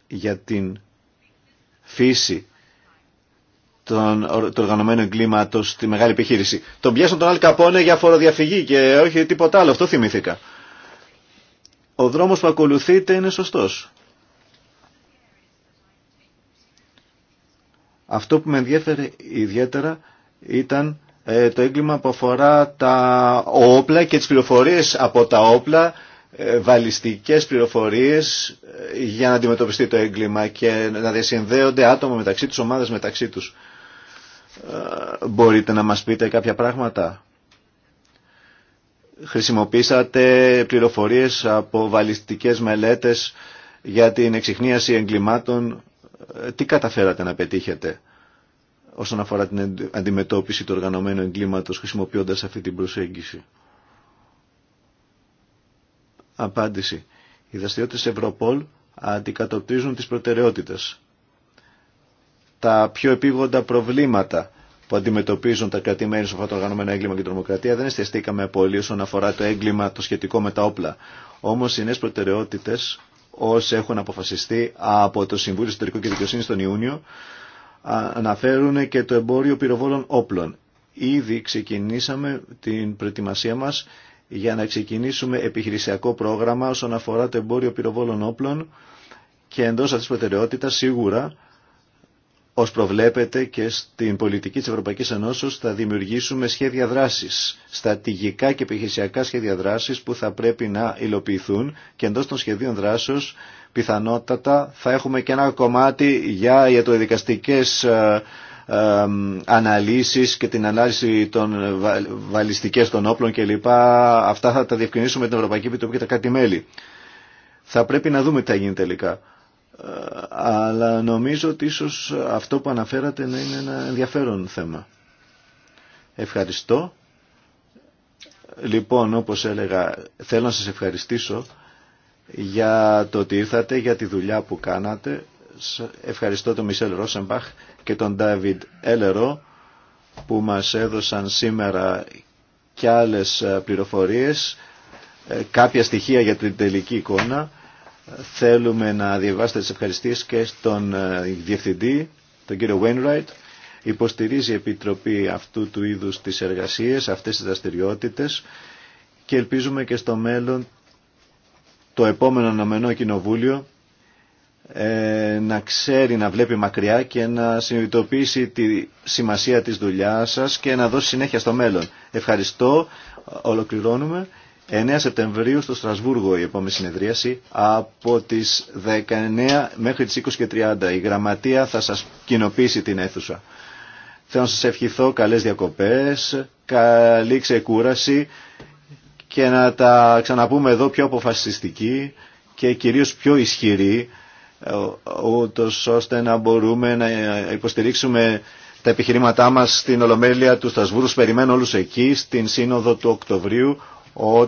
[SPEAKER 1] για την φύση του οργανωμένου εγκλήματο στη μεγάλη επιχείρηση. Τον πιάσαν τον καπόνε για φοροδιαφυγή και όχι τίποτα άλλο. Αυτό θυμήθηκα. Ο δρόμος που ακολουθείτε είναι σωστός. Αυτό που με ενδιαφέρει ιδιαίτερα ήταν ε, το έγκλημα που αφορά τα όπλα και τις πληροφορίες από τα όπλα, ε, βαλιστικές πληροφορίες ε, για να αντιμετωπιστεί το έγκλημα και να διασυνδέονται άτομα μεταξύ τους, ομάδες μεταξύ τους. Μπορείτε να μας πείτε κάποια πράγματα. Χρησιμοποίησατε πληροφορίες από βαλιστικές μελέτες για την εξυχνίαση εγκλημάτων. Τι καταφέρατε να πετύχετε όσον αφορά την αντιμετώπιση του οργανωμένου εγκλήματος χρησιμοποιώντας αυτή την προσέγγιση. Απάντηση. Οι δραστηριότητες Ευρωπόλ αντικατοπτρίζουν τις προτεραιότητες. Τα πιο επίγοντα προβλήματα που αντιμετωπίζουν τα κρατημένη σε αυτό το οργανωμένο έγκλημα και τρομοκρατία δεν εστιαστήκαμε πολύ όσον αφορά το έγκλημα το σχετικό με τα όπλα. Όμως οι νέες προτεραιότητες όσοι έχουν αποφασιστεί από το Συμβούλιο Ιστορικού και Δικαιοσύνη τον Ιούνιο αναφέρουν και το εμπόριο πυροβόλων όπλων. Ήδη ξεκινήσαμε την προετοιμασία μας για να ξεκινήσουμε επιχειρησιακό πρόγραμμα όσον αφορά το εμπόριο πυροβόλων όπλων και εντός αυτής της προτεραιότητας σίγουρα ως προβλέπεται και στην πολιτική της Ευρωπαϊκής Ενώσεως θα δημιουργήσουμε σχέδια δράσης, στατηγικά και επιχειρησιακά σχέδια δράσης που θα πρέπει να υλοποιηθούν και εντός των σχεδίων δράσεως πιθανότατα θα έχουμε και ένα κομμάτι για ιατροδικαστικές ε, ε, αναλύσεις και την ανάλυση των βα, βαλιστικές των όπλων κλπ. Αυτά θα τα διευκρινίσουμε με την Ευρωπαϊκή Επιτροπή και τα κάτι μέλη. Θα πρέπει να δούμε τι θα γίνει τελικά. Ε, αλλά νομίζω ότι ίσως αυτό που αναφέρατε να είναι ένα ενδιαφέρον θέμα. Ευχαριστώ. Λοιπόν, όπως έλεγα, θέλω να σας ευχαριστήσω για το ότι ήρθατε, για τη δουλειά που κάνατε. Ευχαριστώ τον Μισελ Ρόσεμπαχ και τον Ντάβιντ Έλερο που μας έδωσαν σήμερα και άλλες ε, πληροφορίες, ε, κάποια στοιχεία για την τελική εικόνα. Θέλουμε να διαβάσετε τις ευχαριστίες και στον ε, Διευθυντή, τον κύριο Wainwright. Υποστηρίζει η Επιτροπή αυτού του είδους τις εργασίες, αυτές τις δραστηριότητες και ελπίζουμε και στο μέλλον το επόμενο νομενό κοινοβούλιο ε, να ξέρει, να βλέπει μακριά και να συνειδητοποιήσει τη σημασία της δουλειάς σας και να δώσει συνέχεια στο μέλλον. Ευχαριστώ. Ολοκληρώνουμε. 9 Σεπτεμβρίου στο Στρασβούργο η επόμενη συνεδρίαση από τις 19 μέχρι τις 20 και 30. Η γραμματεία θα σας κοινοποιήσει την αίθουσα. Θέλω να σας ευχηθώ καλές διακοπές, καλή ξεκούραση και να τα ξαναπούμε εδώ πιο αποφασιστικοί και κυρίως πιο ισχυροί ε, ούτως ώστε να μπορούμε να υποστηρίξουμε τα επιχειρήματά μας στην Ολομέλεια του Στασβούρου. Περιμένω όλους εκεί στην Σύνοδο του Οκτωβρίου